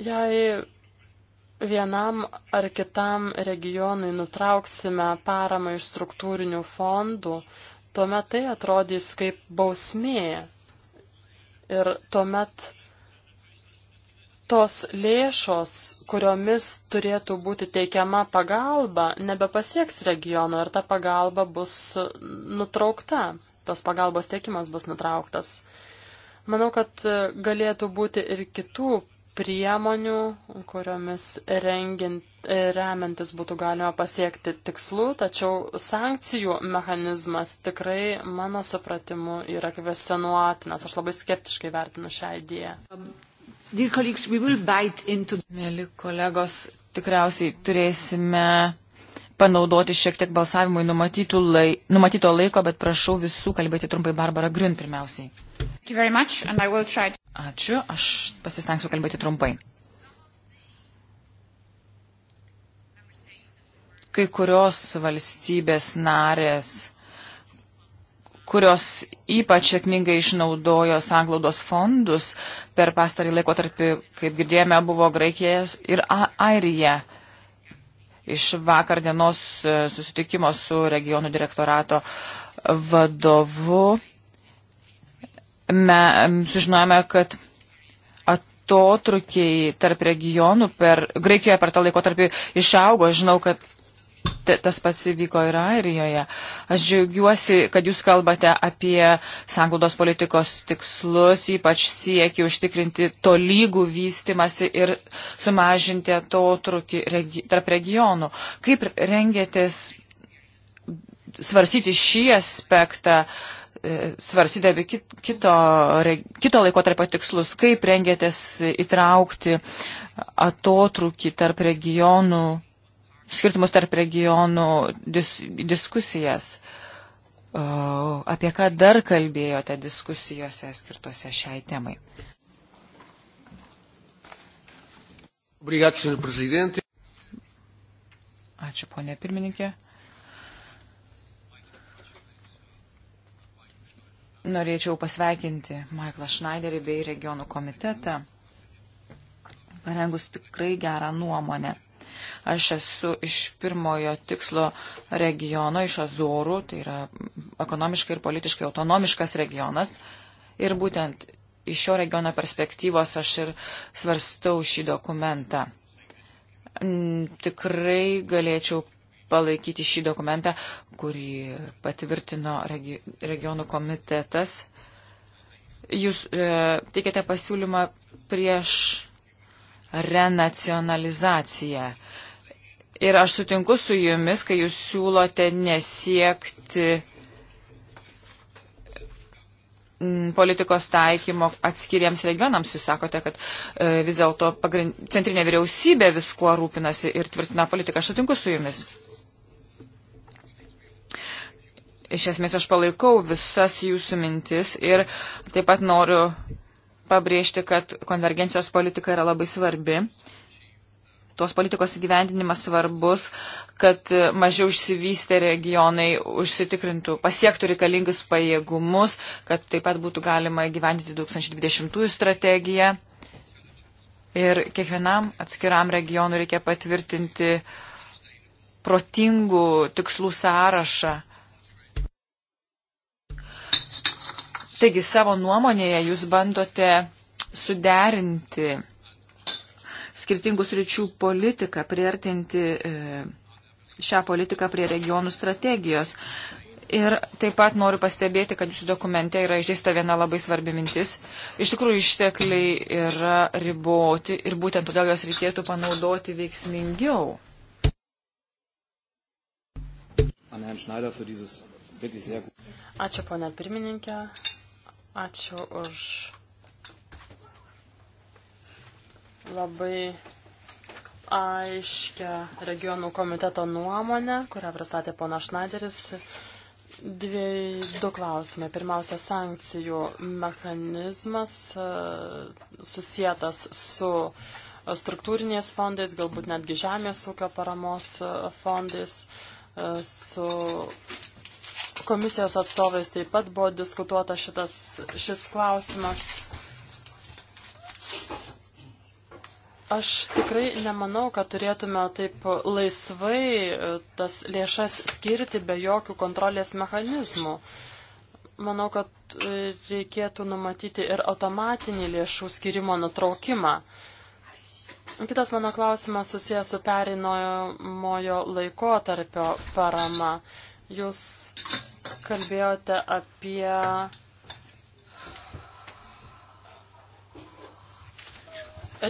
Jei vienam ar kitam regionui nutrauksime paramą iš struktūrinių fondų, tuomet tai atrodys kaip bausmė Ir tuomet tos lėšos, kuriomis turėtų būti teikiama pagalba, nebepasieks regiono ir ta pagalba bus nutraukta, tos pagalbos teikimas bus nutrauktas. Manau, kad galėtų būti ir kitų priemonių, kuriomis rengint, e, remiantis būtų galima pasiekti tikslų, tačiau sankcijų mechanizmas tikrai mano supratimu yra kvestionuotinas. Aš labai skeptiškai vertinu šią idėją. Um, into... Mėly kolegos, tikriausiai turėsime panaudoti šiek tiek balsavimui lai, numatyto laiko, bet prašau visų kalbėti trumpai Barbara Grün pirmiausiai. To... Ačiū, aš pasistengsiu kalbėti trumpai. Kai kurios valstybės narės, kurios ypač sėkmingai išnaudojo sanglaudos fondus per pastarį laikotarpį, kaip girdėjome, buvo Graikija ir A Airija. Iš vakar dienos e, susitikimo su regionų direktorato vadovu me, sužinojame, kad atotrukiai tarp regionų per Graikijoje per tą laikotarpį išaugo. Žinau, kad tas pats įvyko ir Airijoje. Aš džiaugiuosi, kad jūs kalbate apie sanglaudos politikos tikslus, ypač siekį užtikrinti tolygų vystimasi ir sumažinti atotrukį regi tarp regionų. Kaip rengėtės svarstyti šį aspektą E, svarsydami kito, kito laiko tarp tikslus, kaip rengėtės įtraukti atotrukį tarp regionų, skirtumus tarp regionų dis, diskusijas. O, apie ką dar kalbėjote diskusijose skirtose šiai temai? Obrigado, Ačiū, ponė pirmininkė. Norėčiau pasveikinti Maiklą Schneiderį bei regionų komitetą, parengus tikrai gerą nuomonę. Aš esu iš pirmojo tikslo regiono, iš Azorų, tai yra ekonomiškai ir politiškai autonomiškas regionas. Ir būtent iš šio regiono perspektyvos aš ir svarstau šį dokumentą. Tikrai galėčiau palaikyti šį dokumentą, kurį patvirtino regi, regionų komitetas. Jūs e, teikėte pasiūlymą prieš renacionalizaciją. Ir aš sutinku su jumis, kai jūs siūlote nesiekti mm, politikos taikymo atskiriems regionams. Jūs sakote, kad e, vis dėlto pagrind... centrinė vyriausybė viskuo rūpinasi ir tvirtina politiką. Aš sutinku su jumis iš esmės aš palaikau visas jūsų mintis ir taip pat noriu pabrėžti, kad konvergencijos politika yra labai svarbi. Tos politikos įgyvendinimas svarbus, kad mažiau išsivystę regionai užsitikrintų, pasiektų reikalingus pajėgumus, kad taip pat būtų galima įgyvendinti 2020 strategiją. Ir kiekvienam atskiram regionui reikia patvirtinti protingų tikslų sąrašą Taigi savo nuomonėje jūs bandote suderinti skirtingus ryčių politiką, priartinti e, šią politiką prie regionų strategijos. Ir taip pat noriu pastebėti, kad jūsų dokumente yra išdėsta viena labai svarbi mintis. Iš tikrųjų, ištekliai yra riboti ir būtent todėl juos reikėtų panaudoti veiksmingiau. Ačiū, ponia pirmininkė. Ačiū už labai aiškę regionų komiteto nuomonę, kurią pristatė pona Šnaideris. Dviej, du klausimai. Pirmiausia, sankcijų mechanizmas e, susijęs su struktūriniais fondais, galbūt netgi žemės ūkio paramos fondais, e, su Komisijos atstovais taip pat buvo diskutuota šitas, šis klausimas. Aš tikrai nemanau, kad turėtume taip laisvai e, tas lėšas skirti be jokių kontrolės mechanizmų. Manau, kad e, reikėtų numatyti ir automatinį lėšų skirimo nutraukimą. Kitas mano klausimas susijęs su perinojo laiko tarpio parama. Jūs kalbėjote apie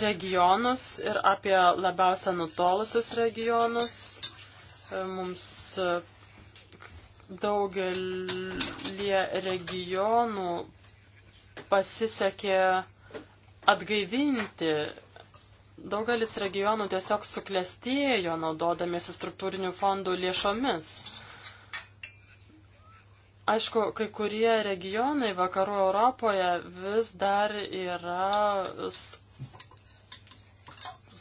regionus ir apie labiausia nutolusius regionus. Mums daugelį regionų pasisekė atgaivinti Daugelis regionų tiesiog suklestėjo naudodamiesi struktūrinių fondų lėšomis. Aišku, kai kurie regionai vakarų Europoje vis dar yra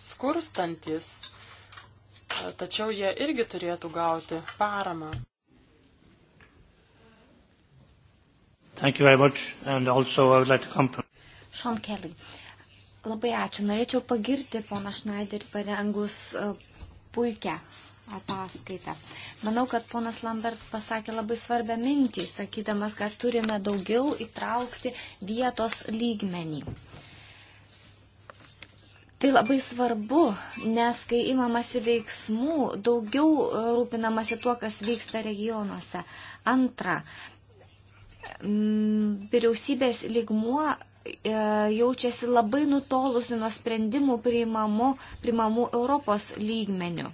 skurstantis, tačiau jie irgi turėtų gauti paramą. Thank you very much and also I would like to compliment. Sean Kelly. Labai ačiū. Norėčiau pagirti poną Schneiderį parengus e, puikią ataskaitą. Manau, kad ponas Lambert pasakė labai svarbę mintį, sakydamas, kad turime daugiau įtraukti vietos lygmenį. Tai labai svarbu, nes kai imamasi veiksmų, daugiau rūpinamasi tuo, kas vyksta regionuose. Antra, vyriausybės ligmuo e, jaučiasi labai nutolusi nuo sprendimų priimamų, priimamų Europos lygmenių.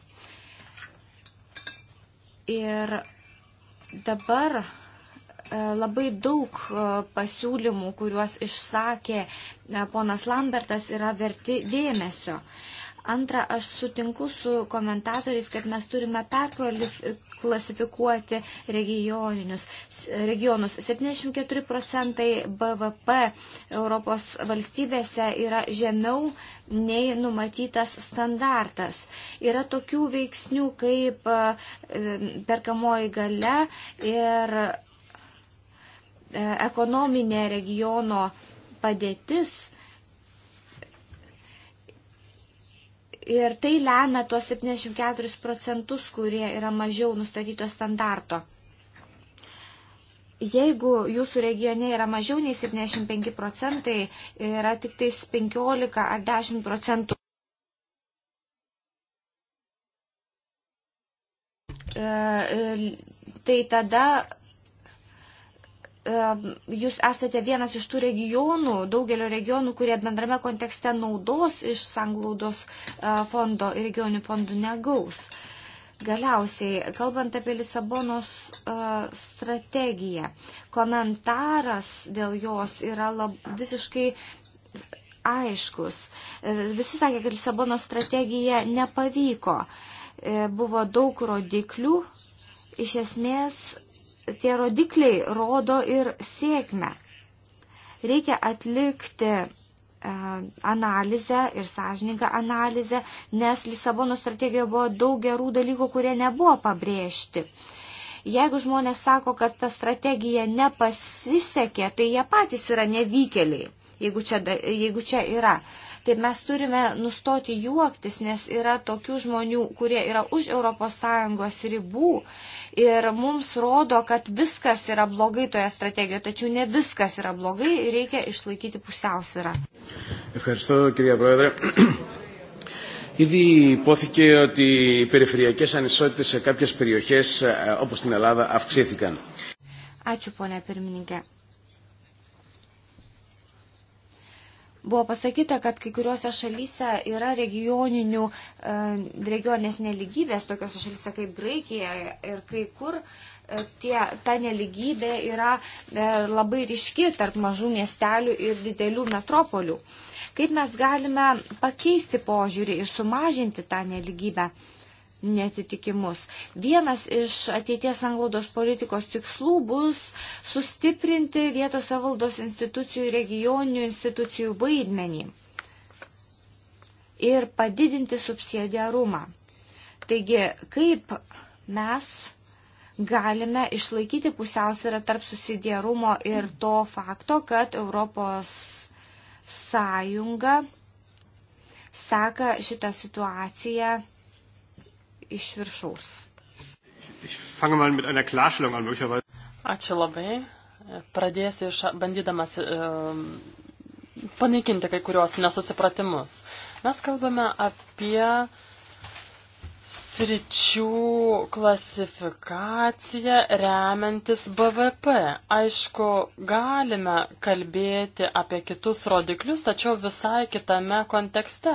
Ir dabar e, labai daug e, pasiūlymų, kuriuos išsakė e, ponas Lambertas, yra verti dėmesio. Antra, aš sutinku su komentatoriais, kad mes turime perkvalif klasifikuoti regioninius. regionus. 74 procentai BVP Europos valstybėse yra žemiau nei numatytas standartas. Yra tokių veiksnių kaip e, perkamoji gale ir e, ekonominė regiono padėtis Ir tai lemia tuos 74 procentus, kurie yra mažiau nustatyto standarto. Jeigu jūsų regione yra mažiau nei 75 procentai, yra tik tais 15 ar 10 procentų. E, e, tai tada jūs esate vienas iš tų regionų, daugelio regionų, kurie bendrame kontekste naudos iš sanglaudos e, fondo ir regionių fondų negaus. Galiausiai, kalbant apie Lisabonos uh, strategiją, komentaras dėl jos yra lab, visiškai aiškus. E, visi sakė, kad Lisabonos strategija nepavyko. Buvo daug rodiklių, iš esmės tie rodikliai rodo ir sėkmę. Reikia atlikti e, analizę ir sąžininką analizę, nes Lisabono strategijoje buvo daug gerų dalykų, kurie nebuvo pabrėžti. Jeigu žmonės sako, kad ta strategija nepasisekė, tai jie patys yra nevykėliai, jeigu čia, jeigu čia yra. Uh, Tai mes turime nustoti juoktis, nes yra tokių žmonių, kurie yra už ES ribų ir mums rodo, kad viskas yra blogai toje strategijoje, tačiau ne viskas yra blogai ir reikia išlaikyti pusiausvyrą. Ευχαριστώ κυρία Πρόεδρε. Ήδη υπόθηκε ότι οι περιφερειακές ανισότητες σε κάποιες περιοχές όπως την Ελλάδα αυξήθηκαν. Ačiū, ponia pirmininkė. Buvo pasakyta, kad kai kuriuose šalyse yra regioninių, e, regionės neligybės, tokiuose šalyse kaip Graikija ir kai kur e, tie, ta neligybė yra e, labai ryški tarp mažų miestelių ir didelių metropolių. Kaip mes galime pakeisti požiūrį ir sumažinti tą neligybę? netitikimus. Vienas iš ateities anglaudos politikos tikslų bus sustiprinti vietos savaldos institucijų ir regioninių institucijų vaidmenį ir padidinti subsidiarumą. Taigi, kaip mes galime išlaikyti pusiausvyrą tarp susidiarumo ir to fakto, kad Europos sąjunga seka šitą situaciją iš viršaus. Ačiū labai. Pradėsiu iš, bandydamas e, panaikinti kai kurios nesusipratimus. Mes kalbame apie sričių klasifikacija remiantis BVP. Aišku, galime kalbėti apie kitus rodiklius, tačiau visai kitame kontekste.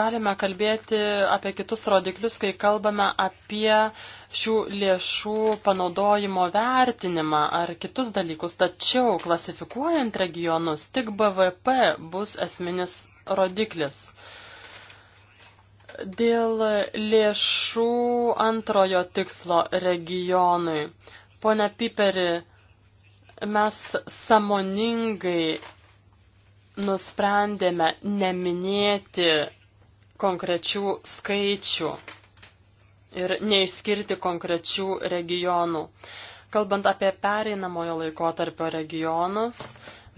Galime kalbėti apie kitus rodiklius, kai kalbame apie šių lėšų panaudojimo vertinimą ar kitus dalykus. Tačiau klasifikuojant regionus, tik BVP bus esminis rodiklis. Dėl lėšų antrojo tikslo regionui. Pone Piperi, mes samoningai nusprendėme neminėti konkrečių skaičių ir neišskirti konkrečių regionų. Kalbant apie pereinamojo laikotarpio regionus,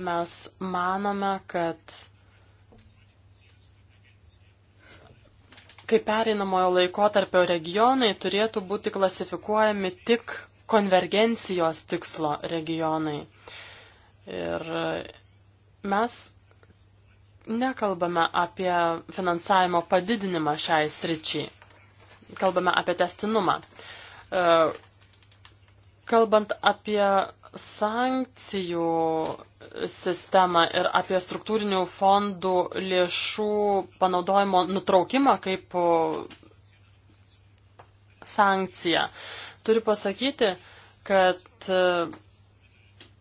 mes manome, kad kaip pereinamojo laikotarpio regionai turėtų būti klasifikuojami tik konvergencijos tikslo regionai. Ir mes nekalbame apie finansavimo padidinimą šiai sričiai. Kalbame apie testinumą. E, kalbant apie sankcijų sistemą ir apie struktūrinių fondų lėšų panaudojimo nutraukimą kaip sankciją. Turiu pasakyti, kad e,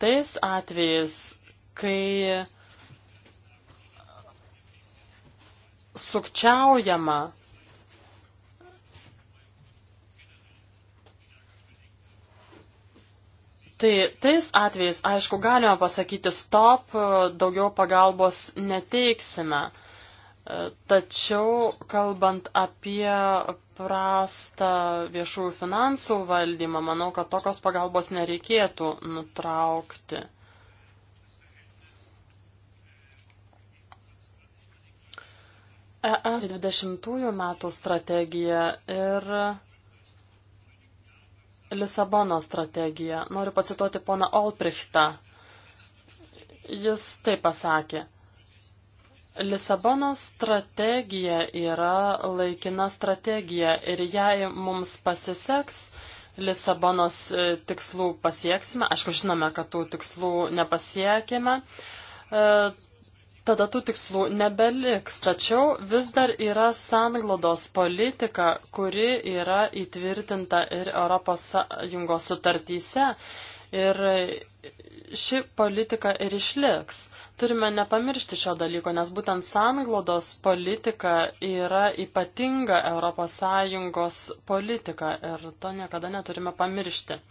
tais atvejais, kai sukčiaujama Tai tais atvejais, aišku, galima pasakyti stop, daugiau pagalbos neteiksime. E, tačiau, kalbant apie prastą viešųjų finansų valdymą, manau, kad tokios pagalbos nereikėtų nutraukti. EE 20 metų strategija ir Lisabono strategiją. Noriu pacituoti poną Olprichtą. Jis taip pasakė. Lisabono strategija yra laikina strategija ir jei mums pasiseks, Lisabonos e, tikslų pasieksime, aišku, žinome, kad tų tikslų nepasiekime, e, tada tų tikslų nebeliks. Tačiau vis dar yra sanglodos politika, kuri yra įtvirtinta ir ES sutartyse. Ir ši politika ir išliks. Turime nepamiršti šio dalyko, nes būtent sanglodos politika yra ypatinga ES politika ir to niekada neturime pamiršti.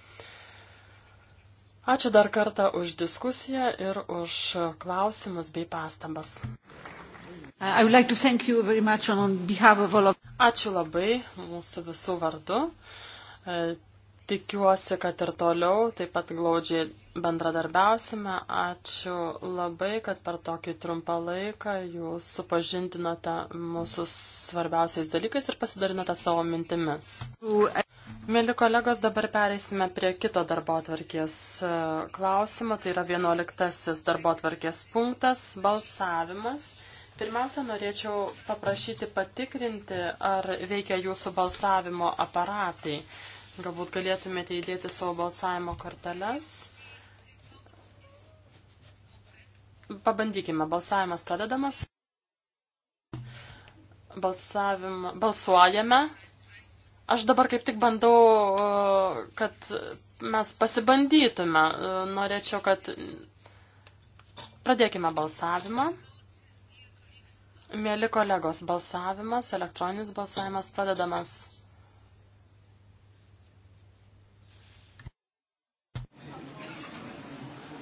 Ačiū dar kartą už diskusiją ir už klausimus bei pastabas. Like all... Ačiū labai mūsų visų vardu. E, tikiuosi, kad ir toliau taip pat glaudžiai bendradarbiausime. Ačiū labai, kad per tokį trumpą laiką jūs supažindinote mūsų svarbiausiais dalykais ir pasidarinote savo mintimis. Mėly kolegos, dabar pereisime prie kito darbo atvarkės e, klausimo. Tai yra vienuoliktasis darbo atvarkės punktas - balsavimas. Pirmiausia, norėčiau paprašyti patikrinti, ar veikia jūsų balsavimo aparatai. Galbūt galėtumėte įdėti savo balsavimo korteles. Pabandykime. Balsavimas pradedamas. Balsavim, balsuojame. Aš dabar kaip tik bandau, uh, kad mes pasibandytume. Uh, norėčiau, kad pradėkime balsavimą. Mėly kolegos, balsavimas, elektroninis balsavimas pradedamas.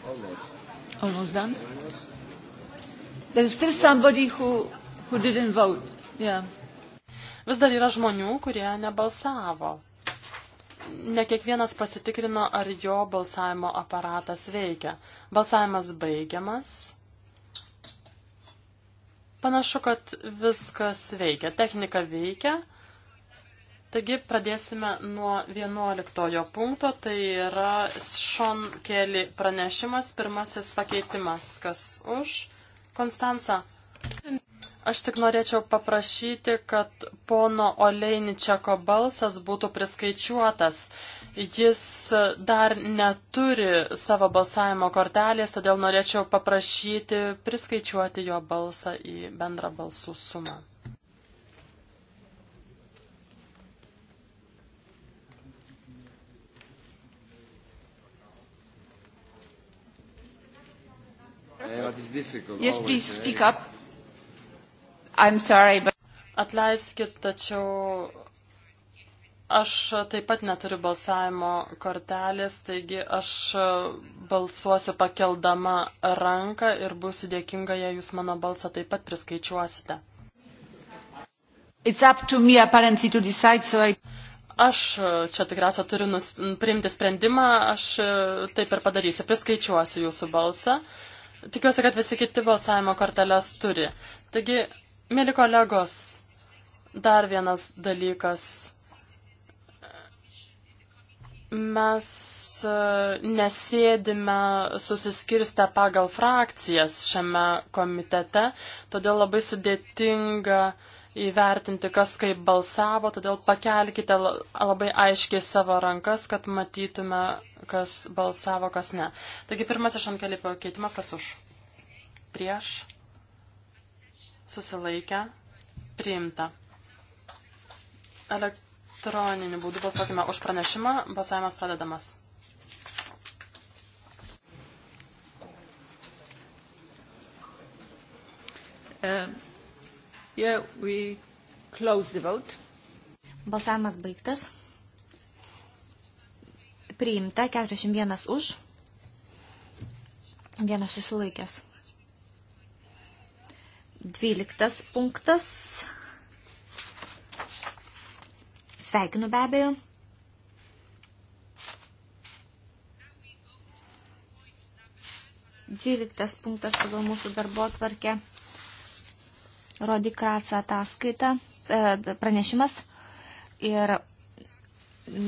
Almost. Almost done? There is still somebody who, who didn't vote. Yeah. Vis dar yra žmonių, kurie nebalsavo. Ne kiekvienas pasitikrino, ar jo balsavimo aparatas veikia. Balsavimas baigiamas. Panašu, kad viskas veikia. Technika veikia. Taigi pradėsime nuo 11 punkto, tai yra Šon Keli pranešimas, pirmasis pakeitimas. Kas už? Konstanca. Aš tik norėčiau paprašyti, kad pono Oleiničiako balsas būtų priskaičiuotas. Jis dar neturi savo balsavimo kortelės, todėl norėčiau paprašyti priskaičiuoti jo balsą į bendrą balsų sumą. Yes, please speak eh? up. I'm sorry, but... Atleiskit, tačiau aš taip pat neturiu balsavimo kortelės, taigi aš balsuosiu pakeldama ranką ir būsiu dėkinga, jei jūs mano balsą taip pat priskaičiuosite. Me, to decide, so I... Aš čia tikriausia turiu nus, priimti sprendimą, aš taip ir padarysiu, priskaičiuosiu jūsų balsą. Uh, Tikiuosi, kad visi kiti balsavimo korteles turi. Taigi, mėly kolegos, dar vienas dalykas. Mes e, nesėdime susiskirstę pagal frakcijas šiame komitete, todėl labai sudėtinga uh, įvertinti, kas kaip balsavo, todėl pakelkite labai aiškiai savo rankas, kad matytume, kas balsavo, kas ne. Taigi pirmasis šankelį pakeitimas, kas už? Prieš? Susilaikę? Priimta. Elektroniniu būdu balsuokime už pranešimą, balsavimas pradedamas. Uh. Yeah, we close the vote. Balsavimas baigtas. Priimta 41 už, vienas susilaikęs. 12 punktas. Sveikinu be abejo. Dvyliktas punktas pagal mūsų darbo tvarkę. Rodi Kratsa ataskaita, e, pranešimas ir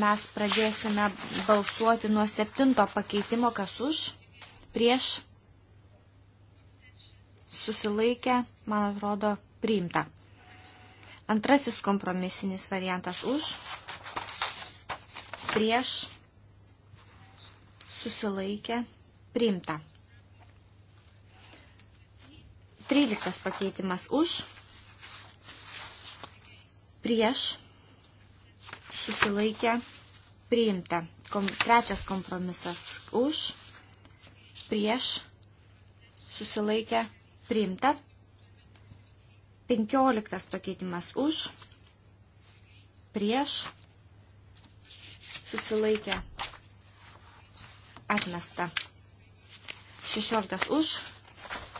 mes pradėsime balsuoti nuo septinto pakeitimo, kas už, prieš, susilaikę, man atrodo, priimta. Antrasis kompromisinis variantas už, prieš, susilaikę, priimta. 13 pakeitimas už, prieš, susilaikę, priimta. Kom, trečias kompromisas už, prieš, susilaikę, priimta. 15 pakeitimas už, prieš, susilaikę, atmesta. 16 už,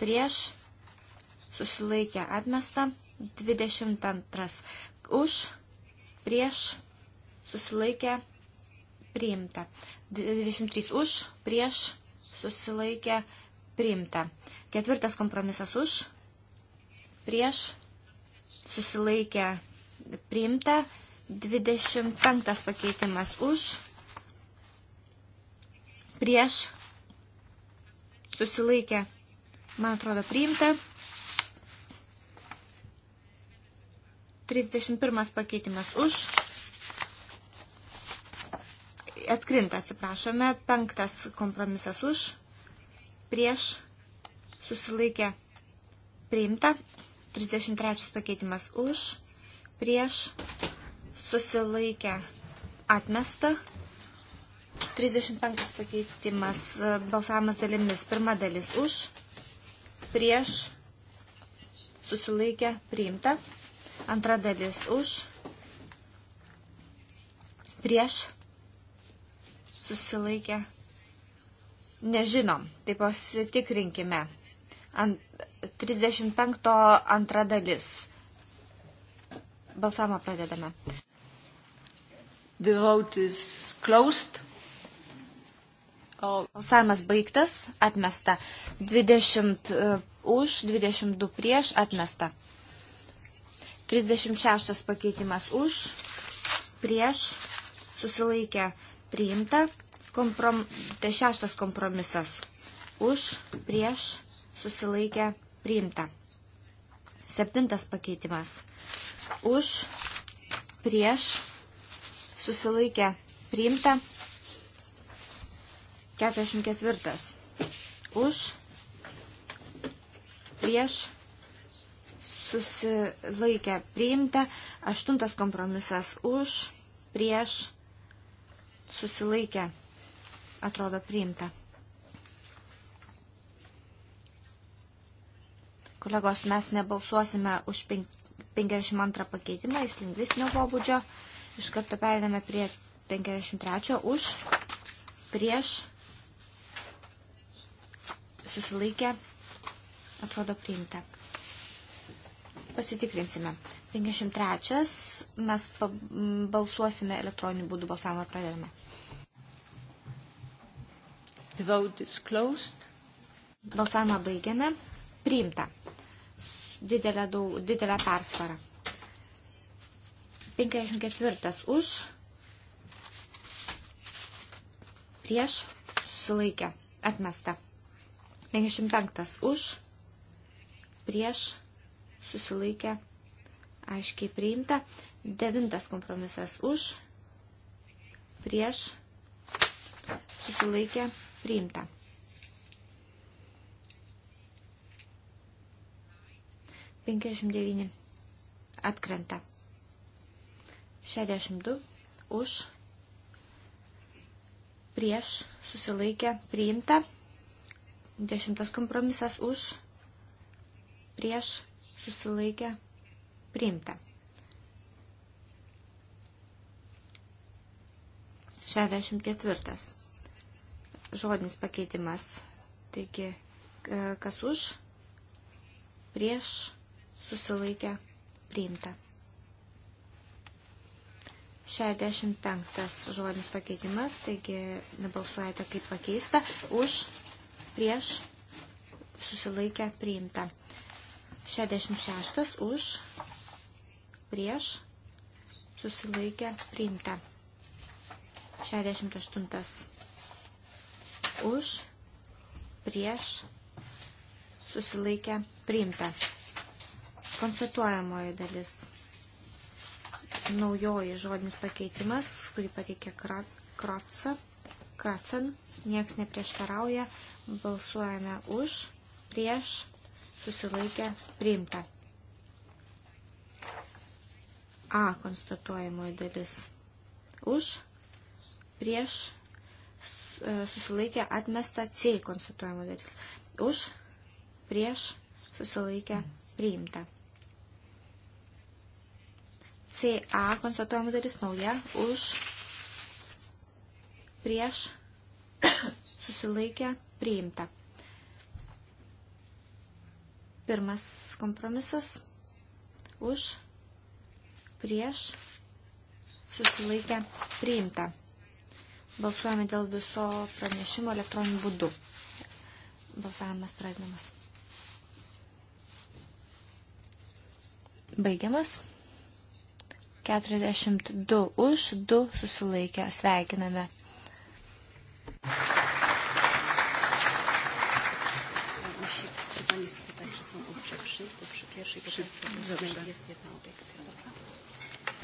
prieš, susilaikė atmesta, 22 už, prieš, susilaikė priimta, 23 už, prieš, susilaikė priimta, ketvirtas kompromisas už, prieš, susilaikė priimta, 25 pakeitimas už, prieš, susilaikė, man atrodo, priimta. 31 pakeitimas už. Atkrinta, atsiprašome. Penktas kompromisas už. Prieš. Susilaikė. Priimta. 33 pakeitimas už. Prieš. Susilaikė. Atmesta. 35 pakeitimas. E, balsavimas dalimis. Pirma dalis už. Prieš. Susilaikė. Priimta. Antra dalis už, prieš, susilaikę, nežinom. Tai pasitikrinkime. Ant 35 antra dalis. Balsamą pradedame. The vote is closed. Oh. Balsavimas baigtas, atmesta. 20 e, už, 22 prieš, atmesta. 36 pakeitimas už, prieš, susilaikę priimta, komprom, tai šeštas kompromisas už, prieš, susilaikę priimta. Septintas pakeitimas už, prieš, susilaikę priimta. 44 už, prieš, susilaikę priimta, aštuntas kompromisas už, prieš, susilaikę, atrodo priimta. Kolegos, mes nebalsuosime už 52 pakeitimą, jis lingvisnio pobūdžio. Iš karto perėdame prie 53 už, prieš, susilaikę, atrodo priimta. Pasitikrinsime. 53. Mes balsuosime elektroniniu būdu. Balsavimą pradedame. The vote is closed. Balsavimą baigiame. Priimta. Didelė, daug, didelė persvara. 54 už, prieš, susilaikė, atmesta. 55 už, prieš, susilaikė aiškiai priimta. Devintas kompromisas už, prieš, susilaikė priimta. Penkiasdešimt devyni atkrenta. Šešiasdešimt du už, prieš, susilaikė priimta. Dešimtas kompromisas už, prieš, susilaikė, priimta. 64. Žodinis pakeitimas. Taigi, e, kas už, prieš, susilaikė, priimta. 65 žodinis pakeitimas, taigi nebalsuojate kaip pakeista, už, prieš, susilaikę, priimta. 66 už, prieš, susilaikė, priimta. 68 už, prieš, susilaikė, priimta. Konstatuojamoji dalis. Naujoji žodinis pakeitimas, kurį pateikė Kratsa. Kratsan, nieks neprieštarauja, balsuojame už, prieš, susilaikė priimta. A konstatuojamoji dalis už, prieš e, susilaikė atmesta C konstatuojama dalis. Už, prieš susilaikė priimta. CA konstatuojama dalis nauja, už, prieš [COUGHS] susilaikė priimta. Pirmas kompromisas už, prieš, susilaikę, priimta. Balsuojame dėl viso pranešimo elektroniniu būdu. Balsavimas pradedamas. Baigiamas. 42 už, 2 susilaikę. Sveikiname. Thank you. to przy pierwszej poprawce jest jedna obiekcja, dobra?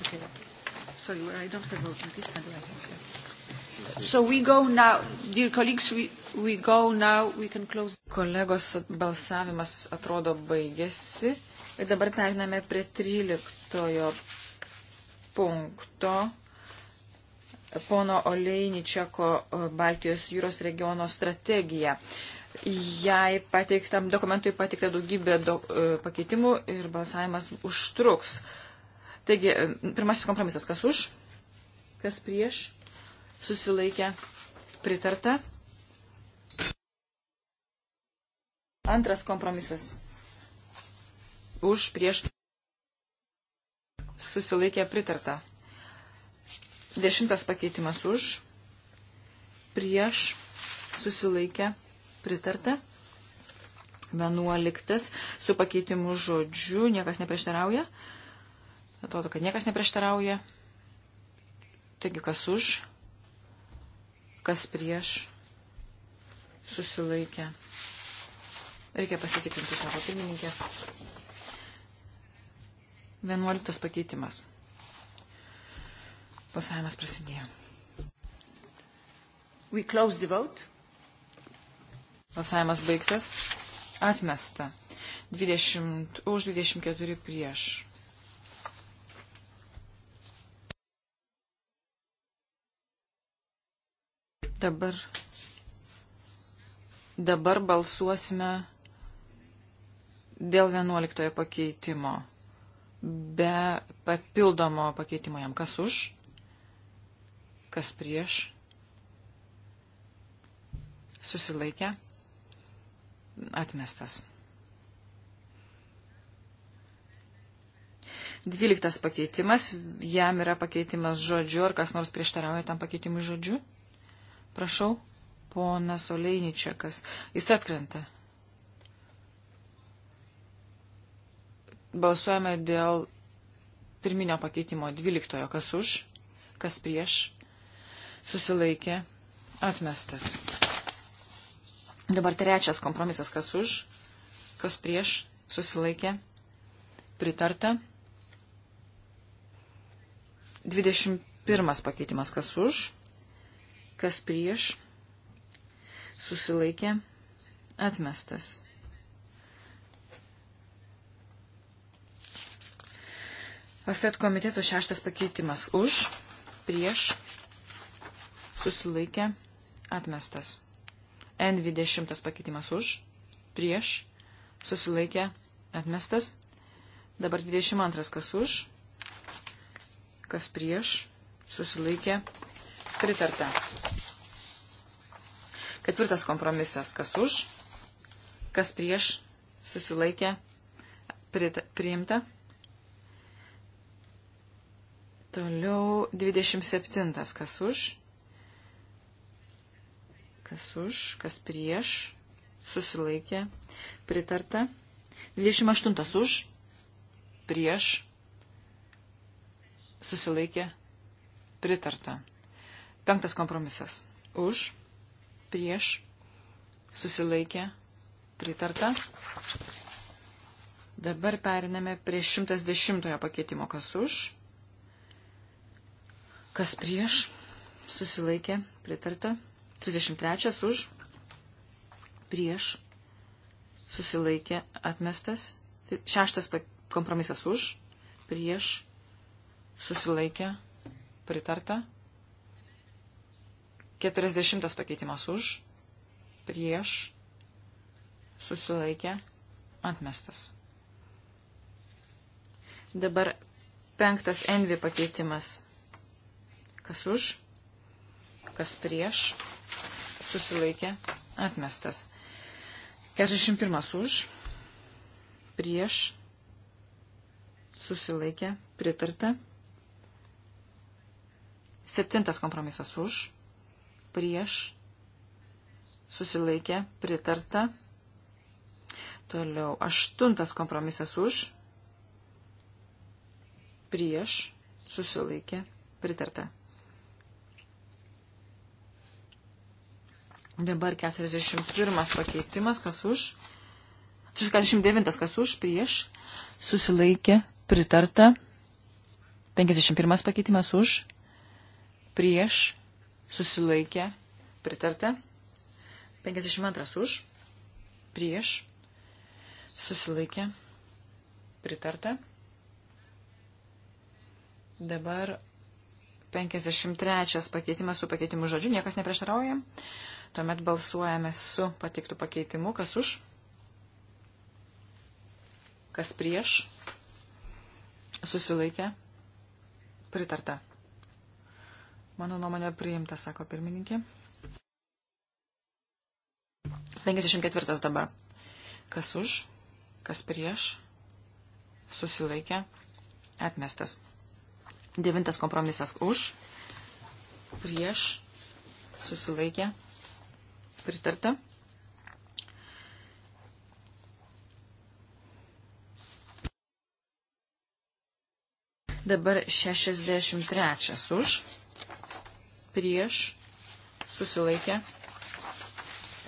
Okay. Sorry, I don't have voting list and I have... So we go now, dear colleagues, we, we go now, we can close. Kolegos balsavimas atrodo baigėsi ir dabar periname prie 13 punkto pono Oleiničiako Baltijos jūros regiono strategiją jai pateiktam dokumentui pateikta daugybė do, e, pakeitimų ir balsavimas užtruks. Taigi, e, pirmasis kompromisas, kas už, kas prieš, susilaikė, pritarta. Antras kompromisas, už, prieš, susilaikė, pritarta. Dešimtas pakeitimas už, prieš, susilaikė, pritarta pritarta. 11 su pakeitimu žodžiu, niekas neprieštarauja. Atrodo, kad niekas neprieštarauja. Taigi, kas už, kas prieš, susilaikė. Reikia pasitikrinti savo pirmininkę. 11 pakeitimas. Balsavimas prasidėjo. We close the vote. Balsavimas baigtas. Atmesta. 20, už 24 prieš. Dabar, dabar balsuosime dėl 11 pakeitimo. Be papildomo pakeitimo jam. Kas už? Kas prieš? Susilaikę? atmestas. Dvyliktas pakeitimas, jam yra pakeitimas žodžiu, ar kas nors prieštarauja tam pakeitimui žodžiu? Prašau, ponas Oleiničiakas, jis atkrenta. Balsuojame dėl pirminio pakeitimo dvyliktojo, kas už, kas prieš, susilaikė, atmestas. Dabar trečias kompromisas, kas už, kas prieš, susilaikė, pritarta. 21 pakeitimas, kas už, kas prieš, susilaikė, atmestas. Afet komiteto šeštas pakeitimas už, prieš, susilaikė, atmestas. N20 pakeitimas už, prieš, susilaikė, atmestas. Dabar 22 kas už, kas prieš, susilaikė, pritarta. Ketvirtas kompromisas, kas už, kas prieš, susilaikė, prita, priimta. Toliau 27 kas už, Kas už, kas prieš, susilaikė, pritarta. 28 už, prieš, susilaikė, pritarta. Penktas kompromisas. Už, prieš, susilaikė, pritarta. Dabar periname prie 110 pakeitimo. Kas už, kas prieš, susilaikė, pritarta. 33 už, prieš, susilaikė, atmestas. Šeštas kompromisas už, prieš, susilaikė, pritarta. 40 pakeitimas už, prieš, susilaikė, atmestas. Dabar penktas envi pakeitimas. Kas už, kas prieš, susilaikė, atmestas. 41 už, prieš, susilaikė, pritarta. Septintas kompromisas už, prieš, susilaikė, pritarta. Toliau, aštuntas kompromisas už, prieš, susilaikė, pritarta. Dabar 41 pakeitimas, kas už. 49 kas už, prieš. Susilaikė, pritarta. 51 pakeitimas už, prieš, susilaikė, pritarta. 52 už, prieš, susilaikė, pritarta. Dabar 53 pakeitimas su pakeitimu žodžiu, niekas neprieštarauja. Tuomet balsuojame su pateiktų pakeitimu, kas už, kas prieš, susilaikė, pritarta. Mano nuomonė priimta, sako pirmininkė. 54 dabar. Kas už, kas prieš, susilaikė, atmestas. Devintas kompromisas už, prieš, susilaikė, atmestas Pritarta. Dabar 63 už, prieš, susilaikė,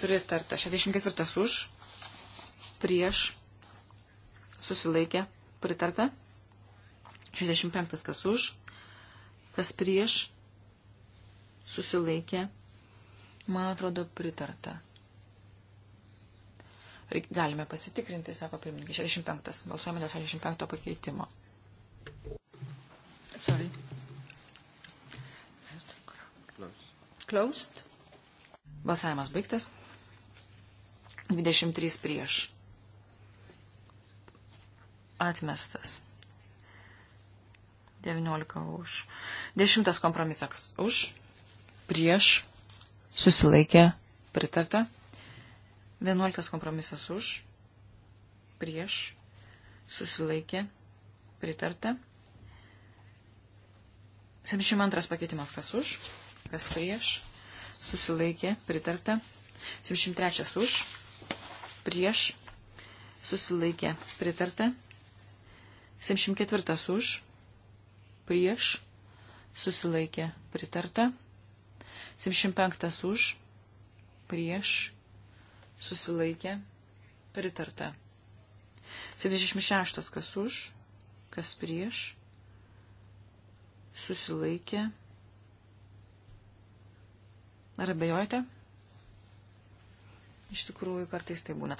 pritarta. 64 už, prieš, susilaikė, pritarta. 65 kas už, kas prieš, susilaikė, pritarta Man atrodo pritarta. Galime pasitikrinti, sako pirmininkai, 65. Balsuojame dėl 65 pakeitimo. Sorry. Closed. Balsavimas baigtas. 23 prieš. Atmestas. 19 už. 10 kompromisas už. Prieš susilaikė pritarta. 11 kompromisas už, prieš, susilaikė pritarta. 72 pakeitimas kas už, kas prieš, susilaikė pritarta. 73 už, prieš, susilaikė pritarta. 74 už, prieš, susilaikė pritarta. 75 už, prieš, susilaikė, pritarta. 76 kas už, kas prieš, susilaikė. Ar abejojate? Iš tikrųjų, kartais tai būna.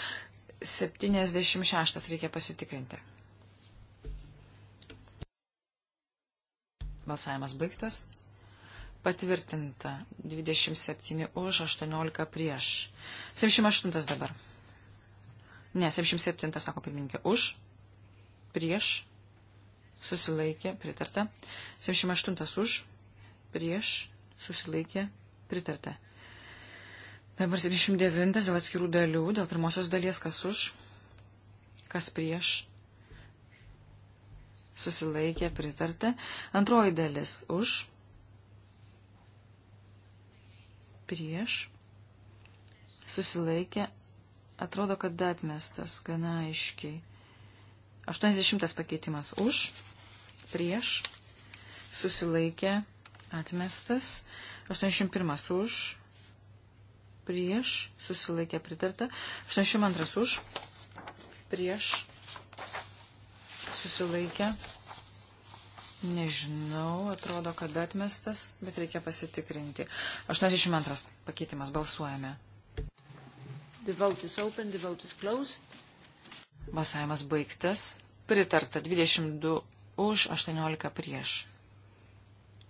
76 reikia pasitikrinti. Balsavimas baigtas. Patvirtinta. 27 už, 18 prieš. 78 dabar. Ne, 77, sako pirmininkė, už, prieš, susilaikė, pritarta. 78 už, prieš, susilaikė, pritarta. Dabar 79 dėl atskirų dalių, dėl pirmosios dalies, kas už, kas prieš, susilaikė, pritarta. Antroji dalis už, prieš, susilaikė, atrodo, kad atmestas gana aiškiai. 80 pakeitimas už, prieš, susilaikė, atmestas. 81 už, prieš, susilaikė, pritarta. 82 už, prieš, susilaikė, atmestas Nežinau, atrodo, kad atmestas, bet reikia pasitikrinti. 82 pakeitimas, balsuojame. The vote is open, the vote is closed. Balsavimas baigtas. Pritarta 22 už, 18 prieš.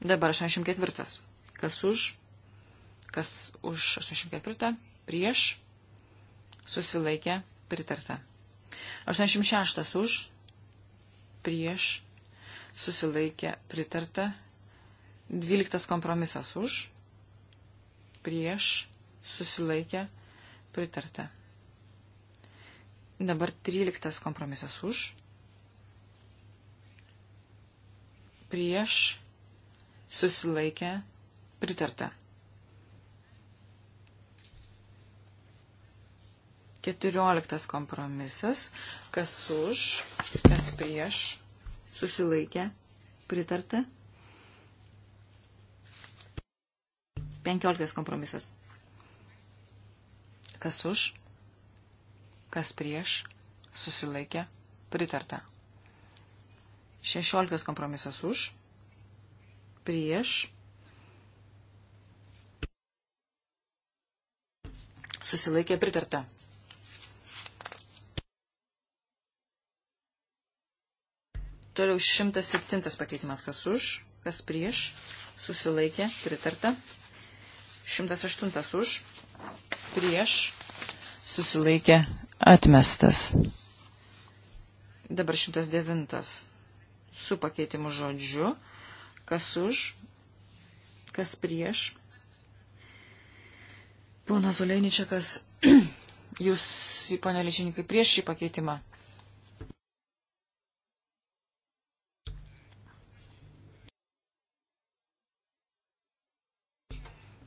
Dabar 84. Kas už? Kas už 84? Prieš. Susilaikė. Pritarta. 86 už. Prieš susilaikė pritarta. 12 kompromisas už, prieš, susilaikė pritarta. Dabar 13 kompromisas už, prieš, susilaikė pritarta. 14 kompromisas, kas už, kas prieš, susilaikė, pritarta. 15 kompromisas. Kas už, kas prieš, susilaikė, pritarta. 16 kompromisas už, prieš, susilaikė, pritarta. Toliau 107 pakeitimas, kas už, kas prieš, susilaikė, pritarta. 108 už, prieš, susilaikė, atmestas. Dabar 109 su pakeitimu žodžiu, kas už, kas prieš. Ponas Oleničiakas, [CLEARS THROAT] jūs, poneličininkai, prieš šį pakeitimą.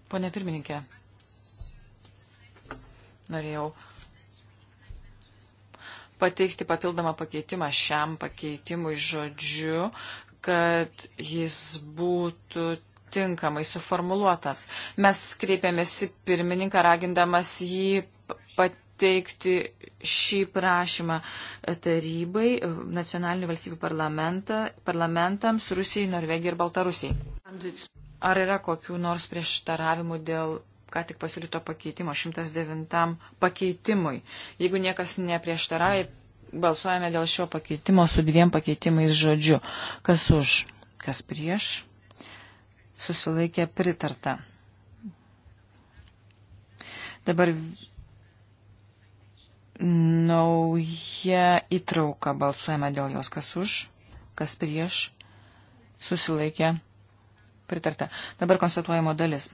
Pone pirmininkė, norėjau pateikti papildomą pakeitimą šiam pakeitimui žodžiu, kad jis būtų tinkamai suformuluotas. Mes kreipėmės į pirmininką, ragindamas jį pateikti šį prašymą tarybai, nacionalinių valstybių parlamentams, Rusijai, Norvegijai ir Baltarusijai. Ar yra kokių nors prieštaravimų dėl ką tik pasiūlyto pakeitimo, 109 pakeitimui? Jeigu niekas neprieštarauja, balsuojame dėl šio pakeitimo su dviem pakeitimais žodžiu. Kas už, kas prieš? Susilaikė pritarta. Dabar nauja įtrauka balsuojama dėl jos, kas už, kas prieš, susilaikė Pritarta. Dabar konstatuojamo dalis.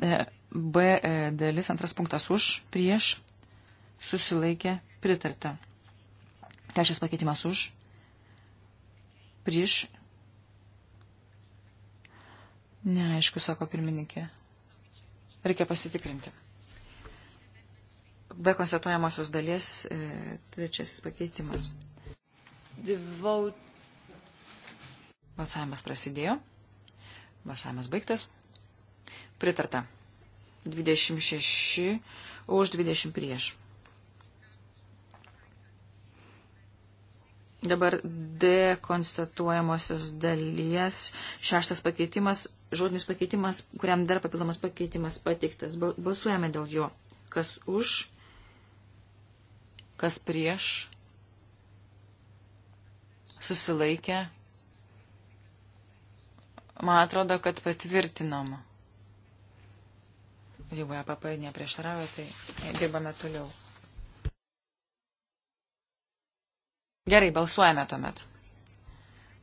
E, B e, dalis, antras punktas už, prieš, susilaikė, pritarta. Trečias pakeitimas už, prieš. Neaišku, sako pirmininkė. Reikia pasitikrinti. B konstatuojamosios dalies e, trečiasis pakeitimas. Balsavimas prasidėjo. Balsavimas baigtas. Pritarta. 26 už 20 prieš. Dabar D konstatuojamosios dalies šeštas pakeitimas, žodinis pakeitimas, kuriam dar papildomas pakeitimas pateiktas. Balsuojame dėl jo. Kas už, kas prieš, susilaikę, Man atrodo, kad patvirtinom. Jeigu APP e neprieštaravo, tai dirbame toliau. Gerai, balsuojame tuomet.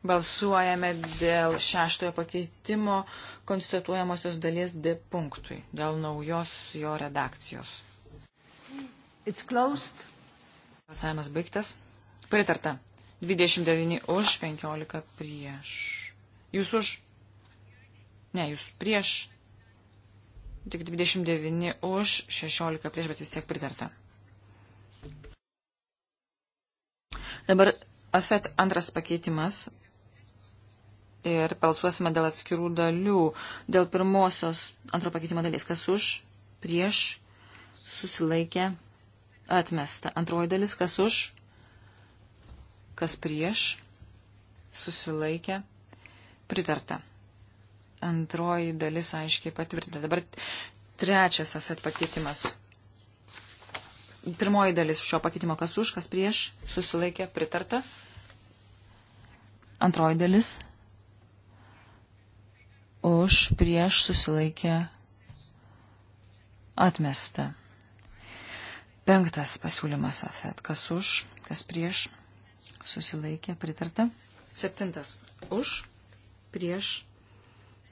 Balsuojame dėl šeštojo pakeitimo konstatuojamosios dalies D punktui, dėl naujos jo redakcijos. Balsavimas baigtas. Pritarta. 29 už, 15 prieš. Jūs už. Ne, jūs prieš. Tik 29 už, 16 prieš, bet vis tiek pritarta. Dabar AFET antras pakeitimas. Ir balsuosime dėl atskirų dalių. Dėl pirmosios antro pakeitimo dalies. Kas už, prieš, susilaikė, atmesta. Antroji dalis. Kas už, kas prieš, susilaikė, pritarta. Antroji dalis aiškiai patvirtinta. Dabar trečias afet pakeitimas. Pirmoji dalis šio pakeitimo kas už, kas prieš, susilaikė, pritarta. Antroji dalis už, prieš, susilaikė, atmesta. Penktas pasiūlymas afet. Kas už, kas prieš, susilaikė, pritarta. Septintas. Už, prieš,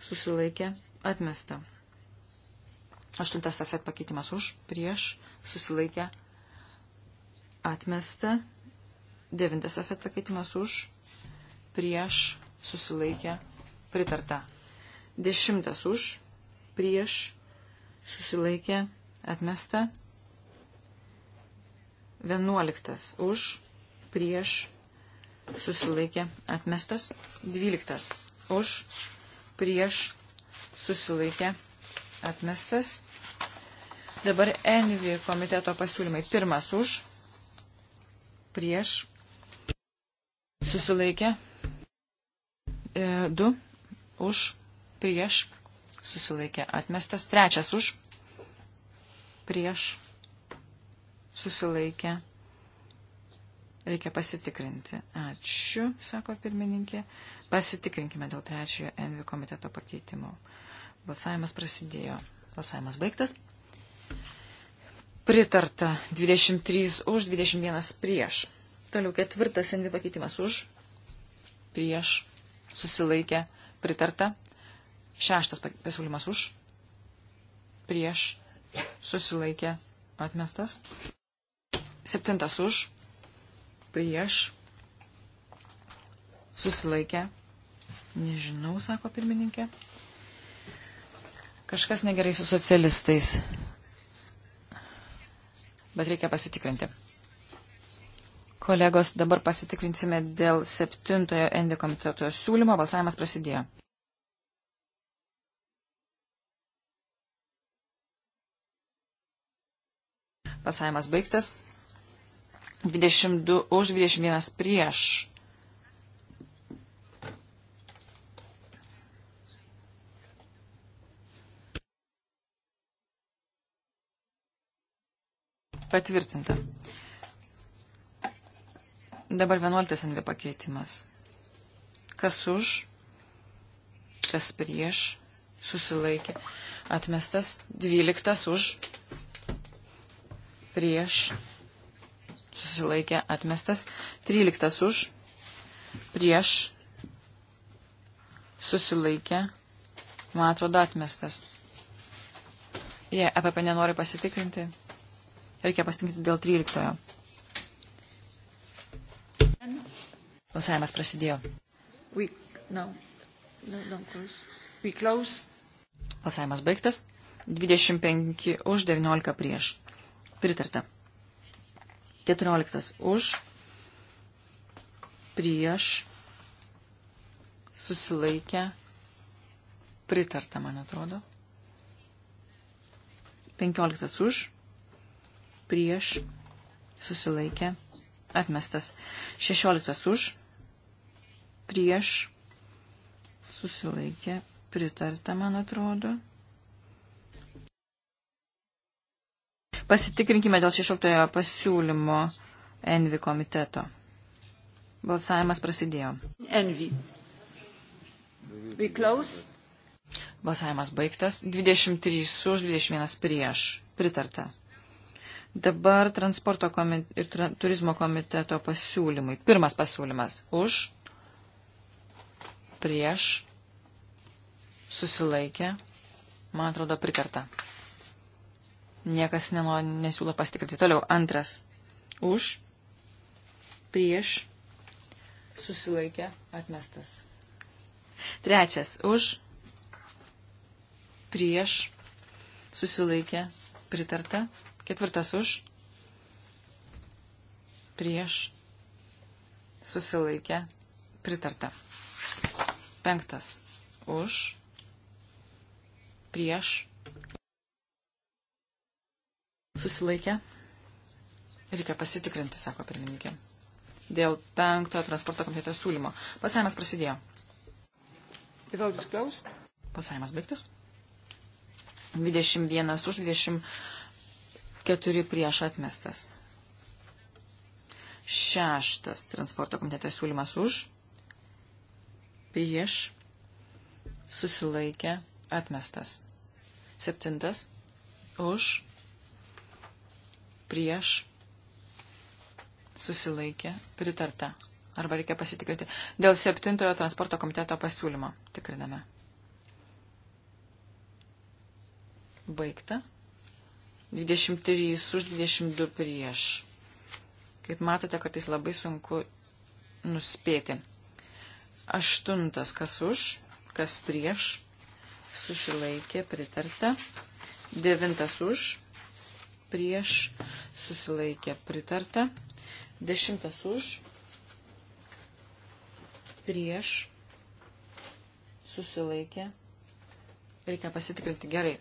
susilaikė, atmesta. Aštuntas afet pakeitimas už, prieš, susilaikė, atmesta. Devintas afet pakeitimas už, prieš, susilaikė, pritarta. Dešimtas už, prieš, susilaikė, atmesta. Vienuoliktas už, prieš, susilaikė, atmestas. Dvyliktas už, prieš susilaikė atmestas. Dabar Envi komiteto pasiūlymai. Pirmas už, prieš susilaikė, e, du už, prieš susilaikė atmestas, trečias už, prieš susilaikė atmestas Reikia pasitikrinti. Ačiū, sako pirmininkė. Pasitikrinkime dėl trečiojo Envi komiteto pakeitimo. Balsavimas prasidėjo. Balsavimas baigtas. Pritarta 23 už, 21 prieš. Toliau ketvirtas Envi pakeitimas už, prieš, susilaikė, pritarta. Šeštas pasiūlymas už, prieš, susilaikė, atmestas. Septintas už, prieš, susilaikę, nežinau, sako pirmininkė. Kažkas negerai su socialistais, bet reikia pasitikrinti. Kolegos, dabar pasitikrinsime dėl septintojo endi komiteto siūlymo. Balsavimas prasidėjo. Balsavimas baigtas. 22 už 21 prieš. Patvirtinta. Dabar 11 NV pakeitimas. Kas už, kas prieš, susilaikė. Atmestas 12 už, prieš, susilaikė atmestas, 13 už, prieš, susilaikė, man atrodo, atmestas. Jei EPP nenori pasitikrinti, reikia pasitikrinti dėl 13. Balsavimas prasidėjo. We, no, no, no, close. We close. Balsavimas baigtas. 25 už 19 prieš. Pritarta. 14 už, prieš, susilaikę, pritarta, man atrodo. 15 už, prieš, susilaikę, atmestas. 16 už, prieš, susilaikę, pritarta, man atrodo. Pasitikrinkime dėl 16 pasiūlymo Envi komiteto. Balsavimas prasidėjo. Envi. We close. Balsavimas baigtas. 23 už, 21 prieš. Pritarta. Dabar transporto komite ir turizmo komiteto pasiūlymai. Pirmas pasiūlymas. Už. Prieš. Susilaikė. Man atrodo, pritarta. Niekas nenori, nesiūlo pasitikrinti. Toliau, antras. Už, prieš, susilaikė, atmestas. Trečias. Už, prieš, susilaikė, pritarta. Ketvirtas. Už, prieš, susilaikė, pritarta. Penktas. Už, prieš, Susilaikė. Reikia pasitikrinti, sako pirmininkė. Dėl penktojo transporto komiteto siūlymo. Pasavimas prasidėjo. Pasavimas baigtas. 21 už 24 prieš atmestas. Šeštas transporto komiteto siūlymas už. Prieš. Susilaikė. Atmestas. Septintas. Už prieš, susilaikė, pritarta. Arba reikia pasitikrinti. Dėl septintojo transporto komiteto pasiūlymo tikriname. Baigta. 23 už 22 prieš. Kaip matote, kartais labai sunku nuspėti. Aštuntas, kas už, kas prieš, susilaikė, pritarta. Devintas už, prieš susilaikė pritarta. Dešimtas už prieš susilaikė. Reikia pasitikrinti gerai.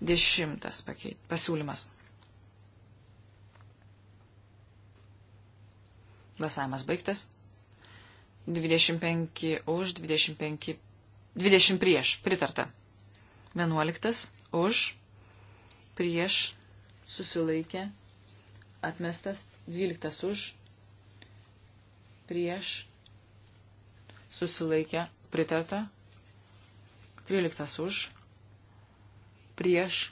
Dešimtas pakeit, pasiūlymas. Balsavimas baigtas. 25 už, 25, 20 prieš, pritarta. 11 už, prieš, susilaikė, atmestas 12 už, prieš, susilaikė, pritarta, 13 už, prieš,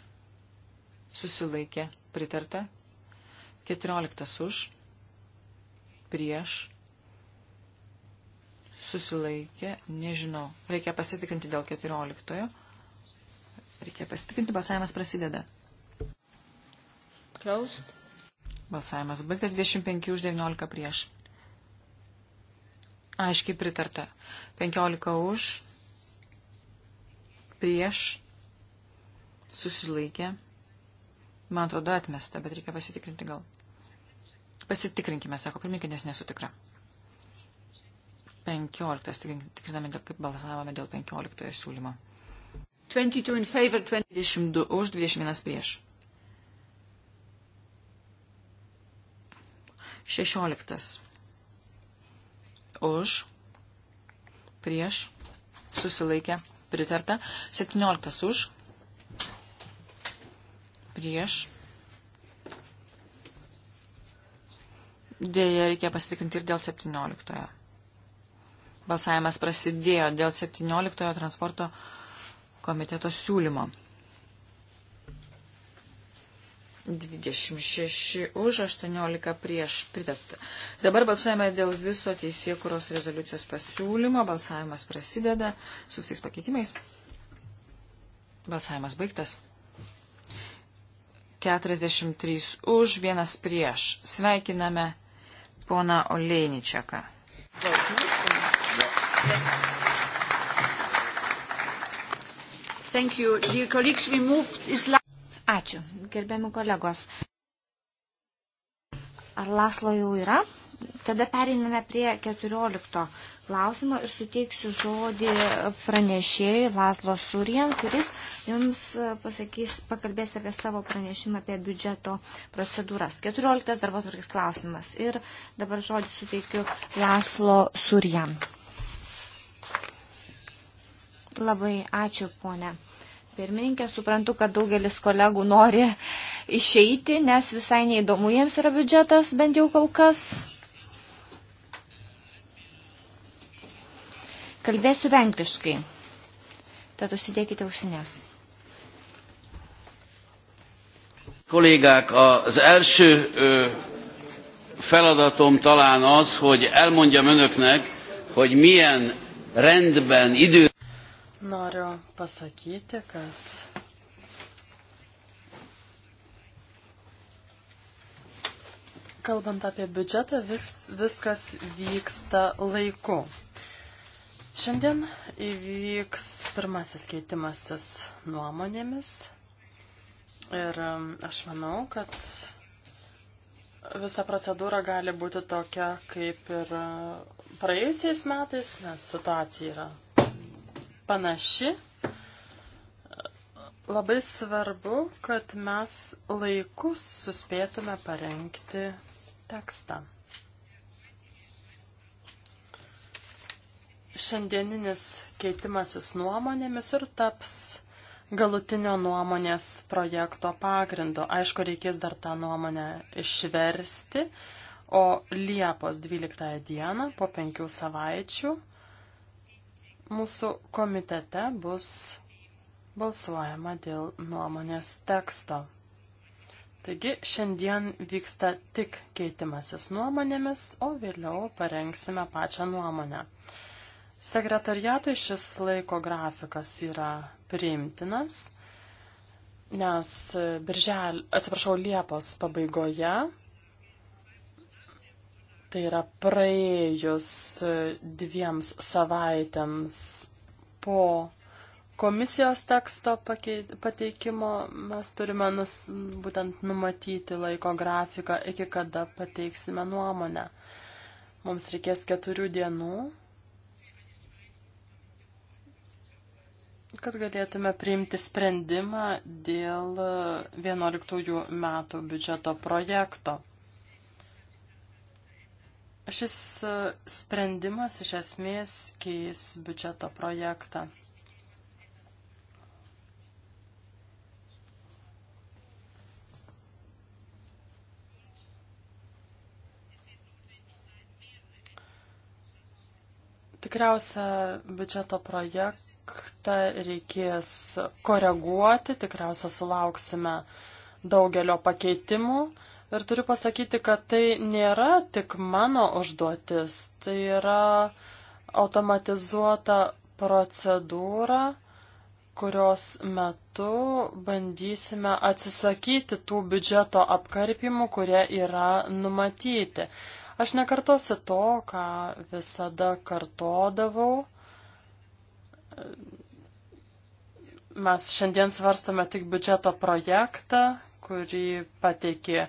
susilaikė, pritarta, 14 už, prieš, susilaikė, nežinau, reikia pasitikrinti dėl 14. Reikia pasitikrinti, balsavimas prasideda. Closed. Balsavimas baigtas 25 už 19 prieš. Aiškiai pritarta. 15 už, prieš, susilaikė. Man atrodo atmesta, bet reikia pasitikrinti gal. Pasitikrinkime, sako pirmininkė, nes nesu tikra. 15, tikriname, kaip balsavome dėl 15 siūlymo. 22, favor, 20... 22 už, 21 prieš. 16. Už, prieš, susilaikė, pritarta. 17. Už, prieš. Dėja, reikia pasitikrinti ir dėl 17. Balsavimas prasidėjo dėl 17 transporto komiteto siūlymo. 26 už, 18 prieš pritarta. Dabar balsuojame dėl viso teisėkuros rezoliucijos pasiūlymo. Balsavimas prasideda su visais pakeitimais. Balsavimas baigtas. 43 už, vienas prieš. Sveikiname pona Oleiničiaką. Thank you, dear colleagues. We moved Islam. Ačiū, gerbiami kolegos. Ar Laslo jau yra? Tada periname prie 14 klausimo ir suteiksiu žodį pranešėjui Laslo Surien, kuris jums pasakys, pakalbės apie savo pranešimą apie biudžeto procedūras. 14 darbo tvarkės klausimas. Ir dabar žodį suteikiu Laslo Surien. Labai ačiū, ponė pirmininkė, suprantu, kad daugelis kolegų nori išeiti, nes visai neįdomu jiems yra biudžetas, bent jau kol kas. Kalbėsiu vengriškai. Tad užsidėkite ausinės. Kollégák, az első ö, feladatom talán az, hogy elmondjam önöknek, hogy milyen rendben idő Noriu pasakyti, kad kalbant apie biudžetą, vis, viskas vyksta laiku. Šiandien įvyks pirmasis keitimasis nuomonėmis ir um, aš manau, kad visa procedūra gali būti tokia kaip ir uh, praėjusiais metais, nes situacija yra panaši. Labai svarbu, kad mes laikus suspėtume parengti tekstą. Šiandieninis keitimasis nuomonėmis ir taps galutinio nuomonės projekto pagrindu. Aišku, reikės dar tą nuomonę išversti, o Liepos 12 dieną po penkių savaičių Mūsų komitete bus balsuojama dėl nuomonės teksto. Taigi šiandien vyksta tik keitimasis nuomonėmis, o vėliau parengsime pačią nuomonę. Sekretariatui šis laiko grafikas yra priimtinas, nes biržel, atsiprašau, Liepos pabaigoje Tai yra praėjus e, dviems savaitėms po komisijos teksto pateikimo mes turime nus, būtent numatyti laiko grafiką, iki kada pateiksime nuomonę. Mums reikės keturių dienų, kad galėtume priimti sprendimą dėl 11 metų biudžeto projekto. Šis e, sprendimas iš esmės keis biudžeto projektą. Tikriausia, biudžeto projektą reikės koreguoti, tikriausia, sulauksime daugelio pakeitimų. Ir turiu pasakyti, kad tai nėra tik mano užduotis, tai yra automatizuota procedūra, kurios metu bandysime atsisakyti tų biudžeto apkarpimų, kurie yra numatyti. Aš nekartosiu to, ką visada kartodavau. Mes šiandien svarstame tik biudžeto projektą, kurį pateikė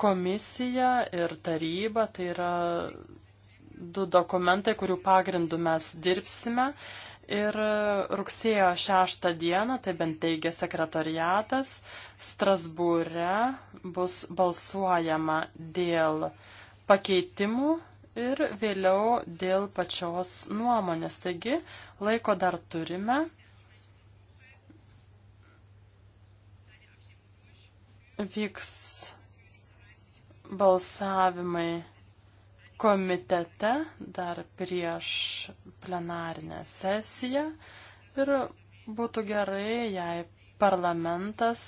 Komisija ir taryba tai yra du dokumentai, kurių pagrindų mes dirbsime. Ir rugsėjo 6 dieną, tai bent teigia sekretariatas, Strasbūre bus balsuojama dėl pakeitimų ir vėliau dėl pačios nuomonės. Taigi, laiko dar turime. Vyks balsavimai komitete dar prieš plenarinę sesiją ir būtų gerai, jei parlamentas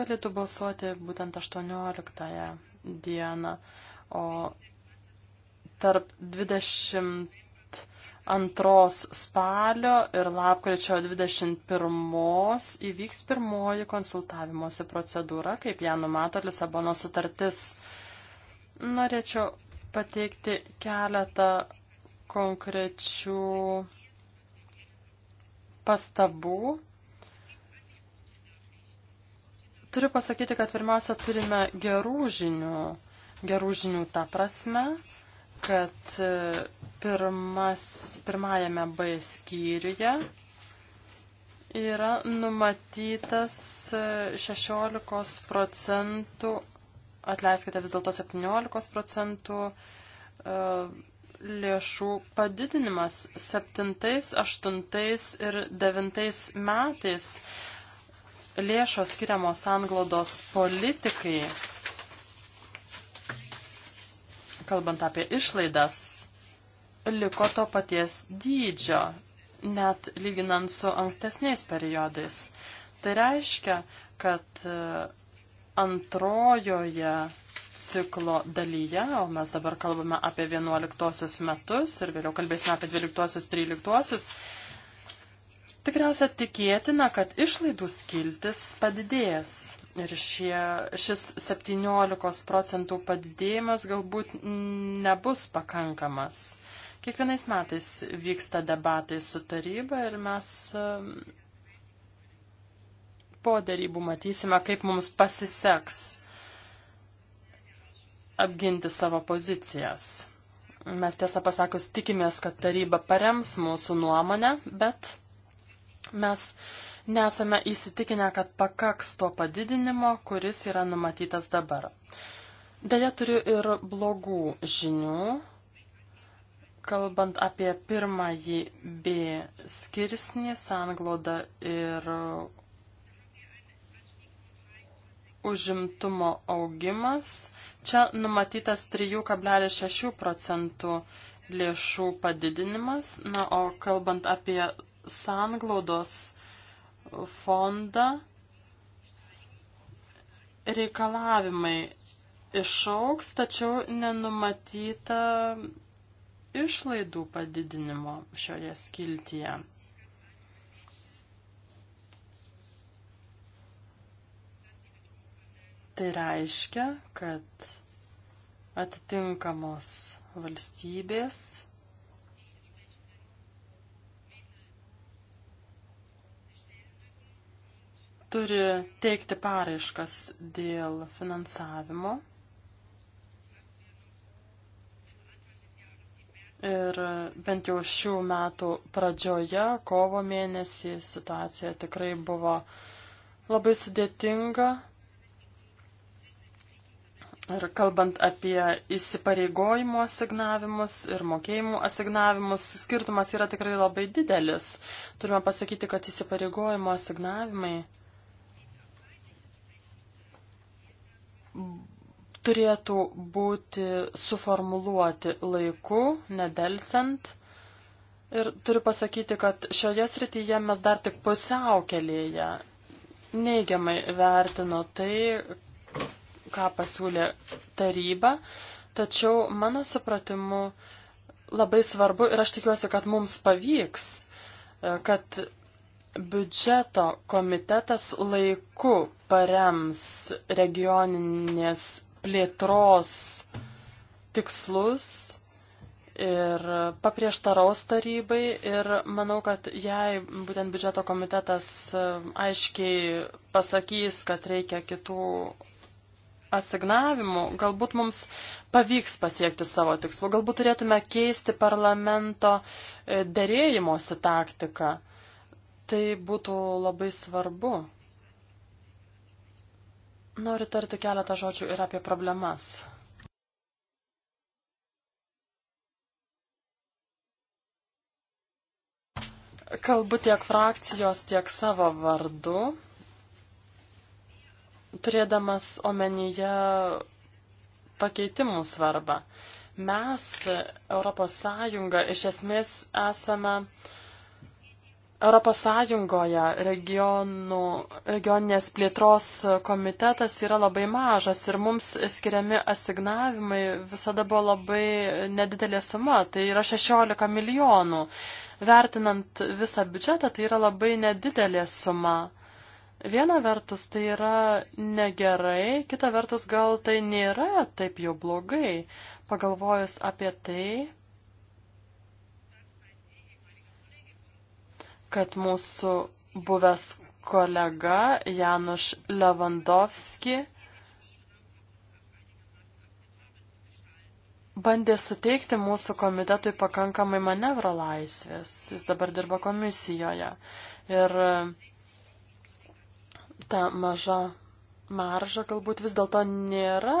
galėtų balsuoti būtent 18 dieną, o tarp 20 2 spalio ir lapkričio 21 įvyks pirmoji konsultavimosi procedūra, kaip ją numato Lisabono sutartis. Norėčiau pateikti keletą konkrečių pastabų. Turiu pasakyti, kad pirmiausia turime gerų žinių. Gerų žinių tą prasme, kad pirmas, pirmajame B skyriuje yra numatytas 16 e, procentų, atleiskite vis dėlto 17 procentų e, lėšų padidinimas 7, 8 ir 9 metais lėšos skiriamos anglodos politikai, kalbant apie išlaidas, liko to paties dydžio, net lyginant su ankstesniais periodais. Tai reiškia, kad e, antrojoje ciklo dalyje, o mes dabar kalbame apie 11 metus ir vėliau kalbėsime apie 12-13, tikriausia tikėtina, kad išlaidų skiltis padidės. Ir šie, šis 17 procentų padidėjimas galbūt nebus pakankamas. Kiekvienais metais vyksta debatai su taryba ir mes um, po darybų matysime, kaip mums pasiseks apginti savo pozicijas. Mes tiesą pasakus tikimės, kad taryba parems mūsų nuomonę, bet mes nesame įsitikinę, kad pakaks to padidinimo, kuris yra numatytas dabar. Deja, turiu ir blogų žinių. Kalbant apie pirmąjį B skirsnį, sangloda ir užimtumo augimas, čia numatytas 3,6 procentų lėšų padidinimas. Na, o kalbant apie sanglaudos fondą, reikalavimai išauks, tačiau nenumatyta išlaidų padidinimo šioje skiltyje. Tai reiškia, kad atitinkamos valstybės turi teikti paraiškas dėl finansavimo. Ir bent jau šių metų pradžioje, kovo mėnesį, situacija tikrai buvo labai sudėtinga. Ir kalbant apie įsipareigojimų asignavimus ir mokėjimų asignavimus, skirtumas yra tikrai labai didelis. Turime pasakyti, kad įsipareigojimų asignavimai turėtų būti suformuluoti laiku, nedelsiant. Ir turiu pasakyti, kad šioje srityje mes dar tik pusiaukelėje neigiamai vertino tai, ką pasiūlė taryba, tačiau mano supratimu labai svarbu ir aš tikiuosi, kad mums pavyks, kad biudžeto komitetas laiku parems regioninės plėtros tikslus ir paprieštaraus tarybai ir manau, kad jei būtent biudžeto komitetas e, aiškiai pasakys, kad reikia kitų asignavimų, galbūt mums pavyks pasiekti savo tikslų, galbūt turėtume keisti parlamento e, dėrėjimosi taktiką. Tai būtų labai svarbu. Noriu tarti keletą žodžių ir apie problemas. Kalbu tiek frakcijos, tiek savo vardu, turėdamas omenyje pakeitimų svarbą. Mes, ES, iš esmės esame Europos Sąjungoje regionų, regioninės plėtros komitetas yra labai mažas ir mums skiriami asignavimai visada buvo labai nedidelė suma, tai yra 16 milijonų. Vertinant visą biudžetą, tai yra labai nedidelė suma. Viena vertus tai yra negerai, kita vertus gal tai nėra taip jau blogai. Pagalvojus apie tai, kad mūsų buvęs kolega Januš Lewandowski bandė suteikti mūsų komitetui pakankamai manevro laisvės. Jis dabar dirba komisijoje. Ir e, ta maža marža galbūt vis dėlto nėra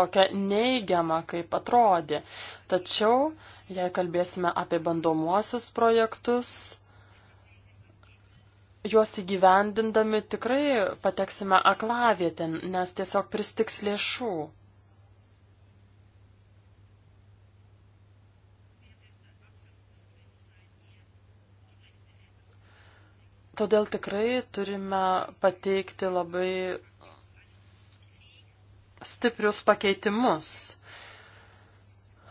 tokia neigiama, kaip atrodė. Tačiau, jei kalbėsime apie bandomuosius projektus, juos įgyvendindami tikrai pateksime aklavietin, nes tiesiog pristiks lėšų. Todėl tikrai turime pateikti labai stiprius pakeitimus.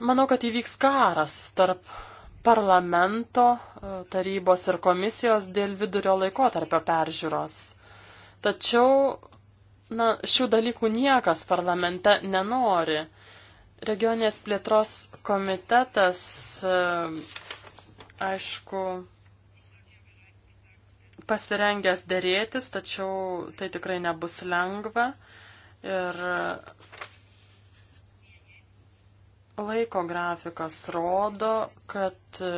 Manau, kad įvyks karas tarp parlamento, e, tarybos ir komisijos dėl vidurio laikotarpio peržiūros. Tačiau na, šių dalykų niekas parlamente nenori. Regionės plėtros komitetas, e, aišku, pasirengęs dėrėtis, tačiau tai tikrai nebus lengva. Ir Laiko grafikas rodo, kad e,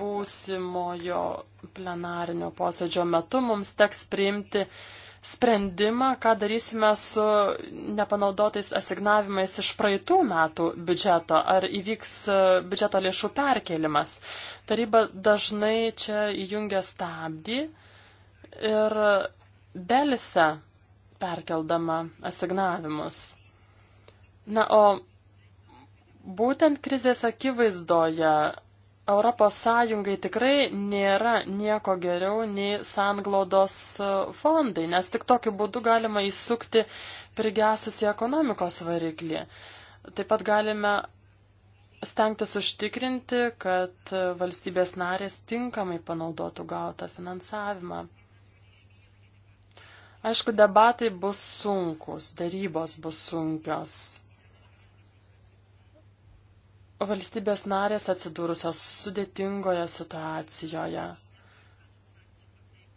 būsimojo plenarinio posėdžio metu mums teks priimti sprendimą, ką darysime su nepanaudotais asignavimais iš praeitų metų biudžeto, ar įvyks e, biudžeto lėšų perkelimas. Taryba dažnai čia įjungia stabdį ir delise perkeldama asignavimus. Na, o Būtent krizės akivaizdoje Europos Sąjungai tikrai nėra nieko geriau nei sanglaudos e, fondai, nes tik tokiu būdu galima įsukti prigesusi ekonomikos variklį. Taip pat galime stengtis užtikrinti, kad valstybės narės tinkamai panaudotų gautą finansavimą. Aišku, debatai bus sunkus, darybos bus sunkios valstybės narės atsidūrusios sudėtingoje situacijoje.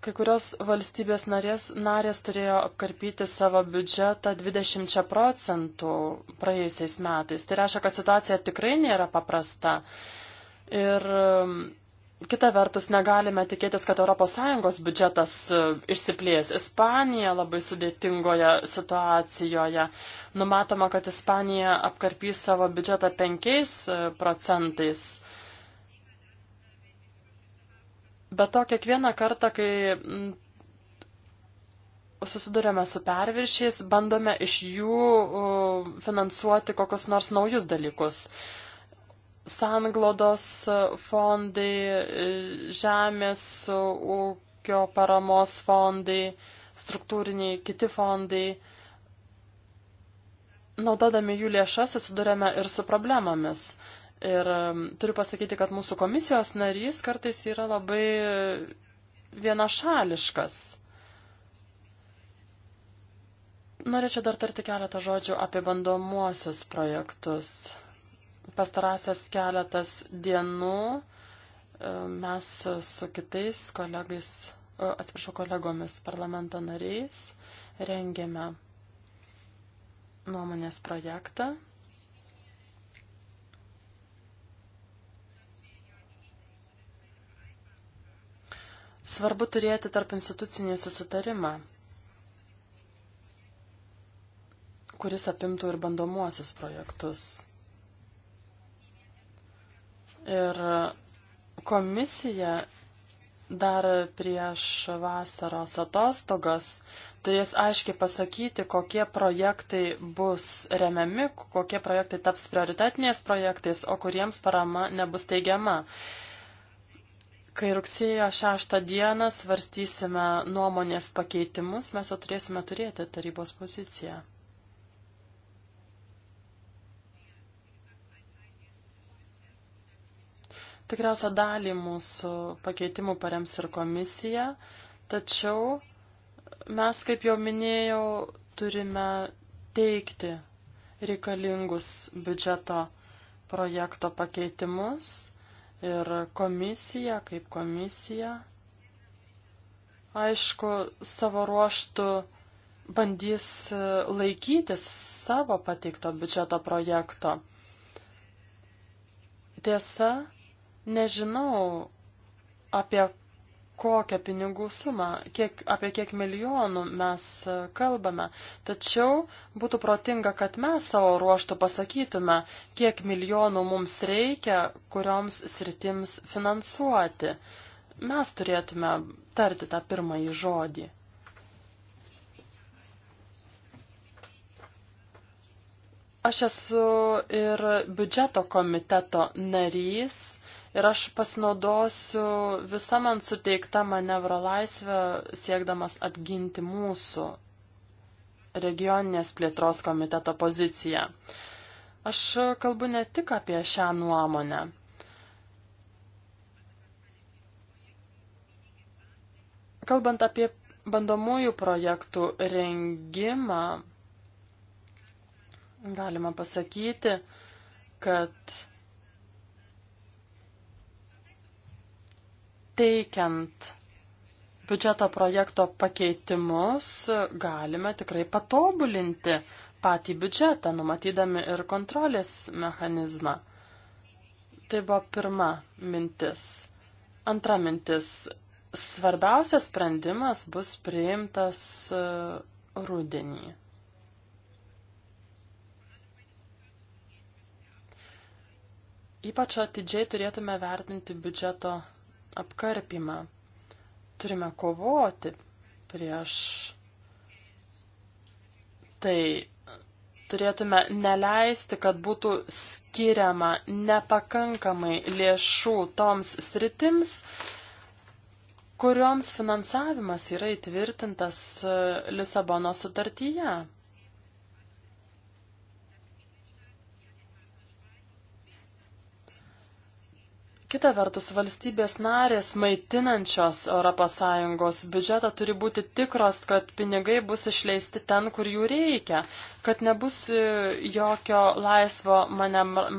Kai kurios valstybės narės, narės turėjo apkarpyti savo biudžetą 20 procentų praėjusiais metais. Tai reiškia, kad situacija tikrai nėra paprasta. Ir um, Kita vertus, negalime tikėtis, kad ES biudžetas e, išsiplės. Ispanija labai sudėtingoje situacijoje. Numatoma, kad Ispanija apkarpys savo biudžetą 5 e, procentais. Bet to kiekvieną kartą, kai susidurėme su perviršiais, bandome iš jų finansuoti kokius nors naujus dalykus sanglodos fondai, žemės ūkio paramos fondai, struktūriniai kiti fondai. Naudodami jų lėšas susidurėme ir su problemomis. Ir um, turiu pasakyti, kad mūsų komisijos narys kartais yra labai vienašališkas. Norėčiau dar tarti keletą žodžių apie bandomuosius projektus pastarąsias keletas dienų e, mes su kitais kolegais, e, atsiprašau, kolegomis parlamento nariais rengėme nuomonės projektą. Svarbu turėti tarp institucinį susitarimą, kuris apimtų ir bandomuosius projektus. Ir komisija dar prieš vasaros atostogas turės aiškiai pasakyti, kokie projektai bus remiami, kokie projektai taps prioritetiniais projektais, o kuriems parama nebus teigiama. Kai rugsėjo 6 dieną svarstysime nuomonės pakeitimus, mes jau turėsime turėti tarybos poziciją. Tikriausia dalį mūsų pakeitimų parems ir komisija, tačiau mes, kaip jau minėjau, turime teikti reikalingus biudžeto projekto pakeitimus ir komisija, kaip komisija, aišku, savo ruoštų bandys laikytis savo pateikto biudžeto projekto. Tiesa, Nežinau, apie kokią pinigų sumą, kiek, apie kiek milijonų mes e, kalbame. Tačiau būtų protinga, kad mes savo ruoštų pasakytume, kiek milijonų mums reikia, kurioms sritims finansuoti. Mes turėtume tarti tą pirmąjį žodį. Aš esu ir biudžeto komiteto narys ir aš pasinaudosiu visą man suteikta manevro laisvę, siekdamas apginti mūsų regioninės plėtros komiteto poziciją. Aš kalbu ne tik apie šią nuomonę. Kalbant apie bandomųjų projektų rengimą, galima pasakyti, kad teikiant biudžeto projekto pakeitimus, galime tikrai patobulinti patį biudžetą, numatydami ir kontrolės mechanizmą. Tai buvo pirma mintis. Antra mintis. Svarbiausias sprendimas bus priimtas e, rudenį. Ypač atidžiai turėtume vertinti biudžeto apkarpimą. Turime kovoti prieš tai. Turėtume neleisti, kad būtų skiriama nepakankamai lėšų toms sritims, kurioms finansavimas yra įtvirtintas e, Lisabono sutartyje. Kita vertus, valstybės narės maitinančios ES biudžetą turi būti tikros, kad pinigai bus išleisti ten, kur jų reikia, kad nebus e, jokio laisvo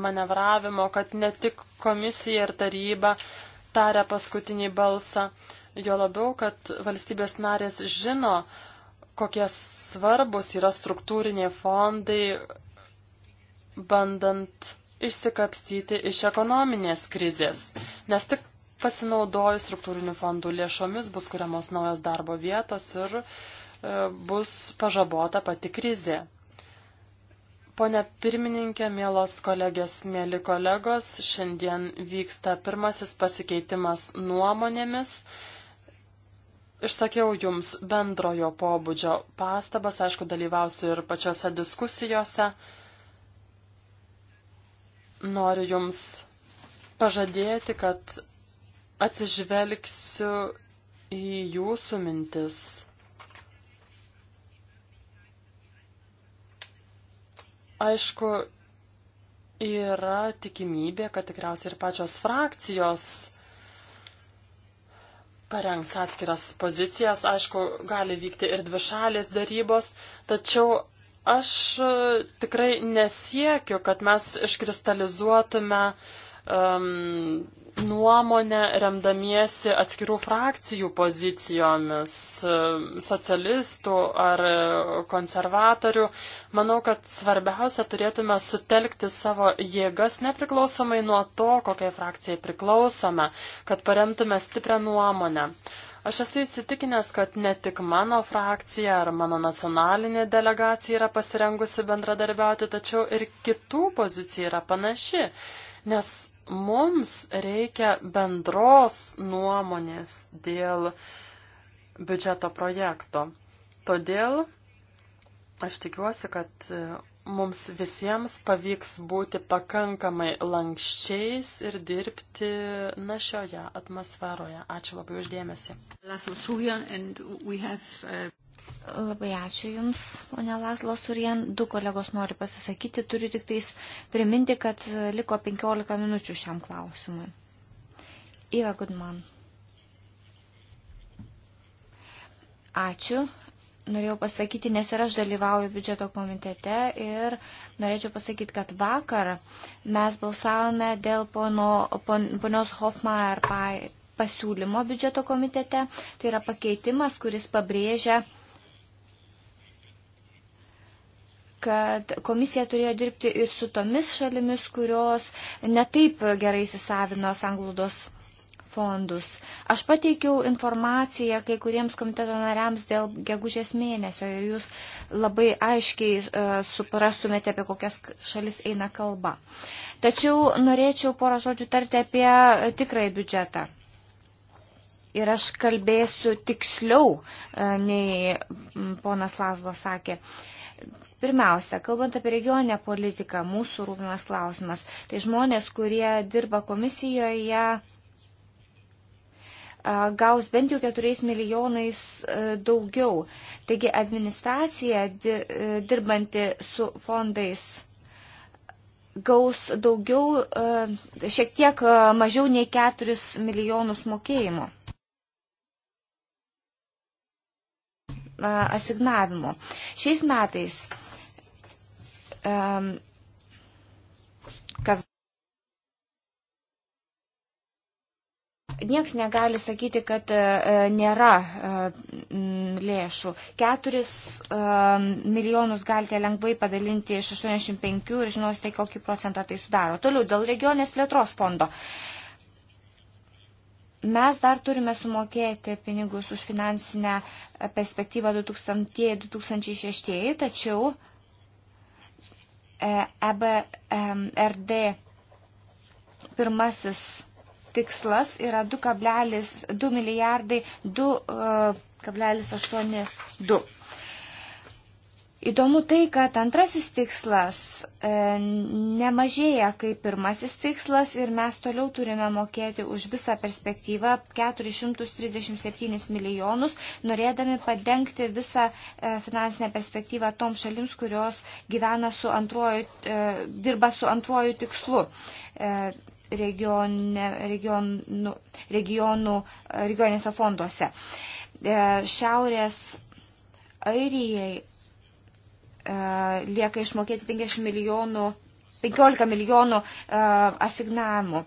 manevravimo, kad ne tik komisija ir taryba taria paskutinį balsą, jo labiau, kad valstybės narės žino, kokie svarbus yra struktūriniai fondai, bandant išsikapstyti iš ekonominės krizės, nes tik pasinaudojus struktūrinių fondų lėšomis bus kuriamos naujos darbo vietos ir e, bus pažabota pati krizė. Pone pirmininkė, mielos kolegės, mėly kolegos, šiandien vyksta pirmasis pasikeitimas nuomonėmis. Išsakiau Jums bendrojo pobūdžio pastabas, aišku, dalyvausiu ir pačiose diskusijose noriu Jums pažadėti, kad atsižvelgsiu į Jūsų mintis. Aišku, yra tikimybė, kad tikriausiai ir pačios frakcijos parengs atskiras pozicijas. Aišku, gali vykti ir dvišalės darybos, tačiau Aš e, tikrai nesiekiu, kad mes iškristalizuotume um, nuomonę remdamiesi atskirų frakcijų pozicijomis, e, socialistų ar e, konservatorių. Manau, kad svarbiausia turėtume sutelkti savo jėgas nepriklausomai nuo to, kokiai frakcijai priklausome, kad paremtume stiprią nuomonę. Aš esu įsitikinęs, kad ne tik mano frakcija ar mano nacionalinė delegacija yra pasirengusi bendradarbiauti, tačiau ir kitų pozicija yra panaši, nes mums reikia bendros nuomonės dėl biudžeto projekto. Todėl aš tikiuosi, kad mums visiems pavyks būti pakankamai lankščiais ir dirbti našioje atmosferoje. Ačiū labai uždėmesi. Uh, labai ačiū Jums, ponė Laslo Surien. Du kolegos nori pasisakyti. Turiu tik tais priminti, kad liko 15 minučių šiam klausimui. Yra Gudman. Ačiū norėjau pasakyti, nes ir aš dalyvauju biudžeto komitete ir norėčiau pasakyti, kad vakar mes balsavome dėl pono, pon, ponios Hofmaier pasiūlymo biudžeto komitete. Tai yra pakeitimas, kuris pabrėžia kad komisija turėjo dirbti ir su tomis šalimis, kurios netaip gerai įsisavino sanglaudos fondus. Aš pateikiau informaciją kai kuriems komiteto nariams dėl gegužės mėnesio ir jūs labai aiškiai e, suprastumėte, apie kokias šalis eina kalba. Tačiau norėčiau porą žodžių tarti apie e, tikrąjį biudžetą. Ir aš kalbėsiu tiksliau, e, nei ponas Laslas sakė. Pirmiausia, kalbant apie regioninę politiką, mūsų rūpimas klausimas, tai žmonės, kurie dirba komisijoje, gaus bent jau 4 milijonais daugiau. Taigi administracija dirbanti su fondais gaus daugiau, šiek tiek mažiau nei 4 milijonus mokėjimų. asignavimų. Šiais metais, kas Niekas negali sakyti, kad e, e, nėra e, lėšų. 4 milijonus galite lengvai padalinti iš 85 ir žinosite, kokį procentą tai sudaro. Toliau, dėl regionės plėtros fondo. Mes dar turime sumokėti pinigus už finansinę perspektyvą 2000-2006, tačiau EBRD pirmasis tikslas yra 2,2 milijardai 2,82. E, Įdomu tai, kad antrasis tikslas e, nemažėja kaip pirmasis tikslas ir mes toliau turime mokėti už visą perspektyvą 437 milijonus, norėdami padengti visą e, finansinę perspektyvą tom šalims, kurios gyvena su antruoju, e, dirba su antruoju tikslu. E, regione, regionų, regionų, regionėse fonduose. E, Šiaurės Airijai e, lieka išmokėti 50 milijonų, 15 milijonų e, asignavimų.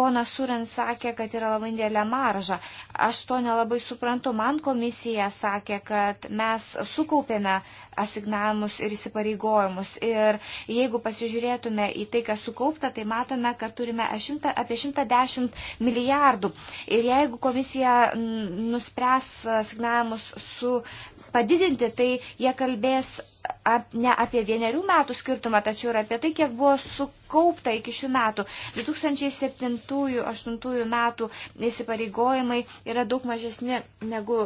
Ponas Surin sakė, kad yra labai didelė marža. Aš to nelabai suprantu. Man komisija sakė, kad mes sukaupėme uh, asignavimus ir įsipareigojimus. Ir jeigu pasižiūrėtume į tai, kas sukaupta, tai matome, kad turime šimta, apie 110 milijardų. Ir jeigu komisija nuspręs asignavimus su padidinti, tai jie kalbės ap, ne apie vienerių metų skirtumą, tačiau ir apie tai, kiek buvo sukaupta iki šių metų. 2007-2008 metų įsipareigojimai yra daug mažesni negu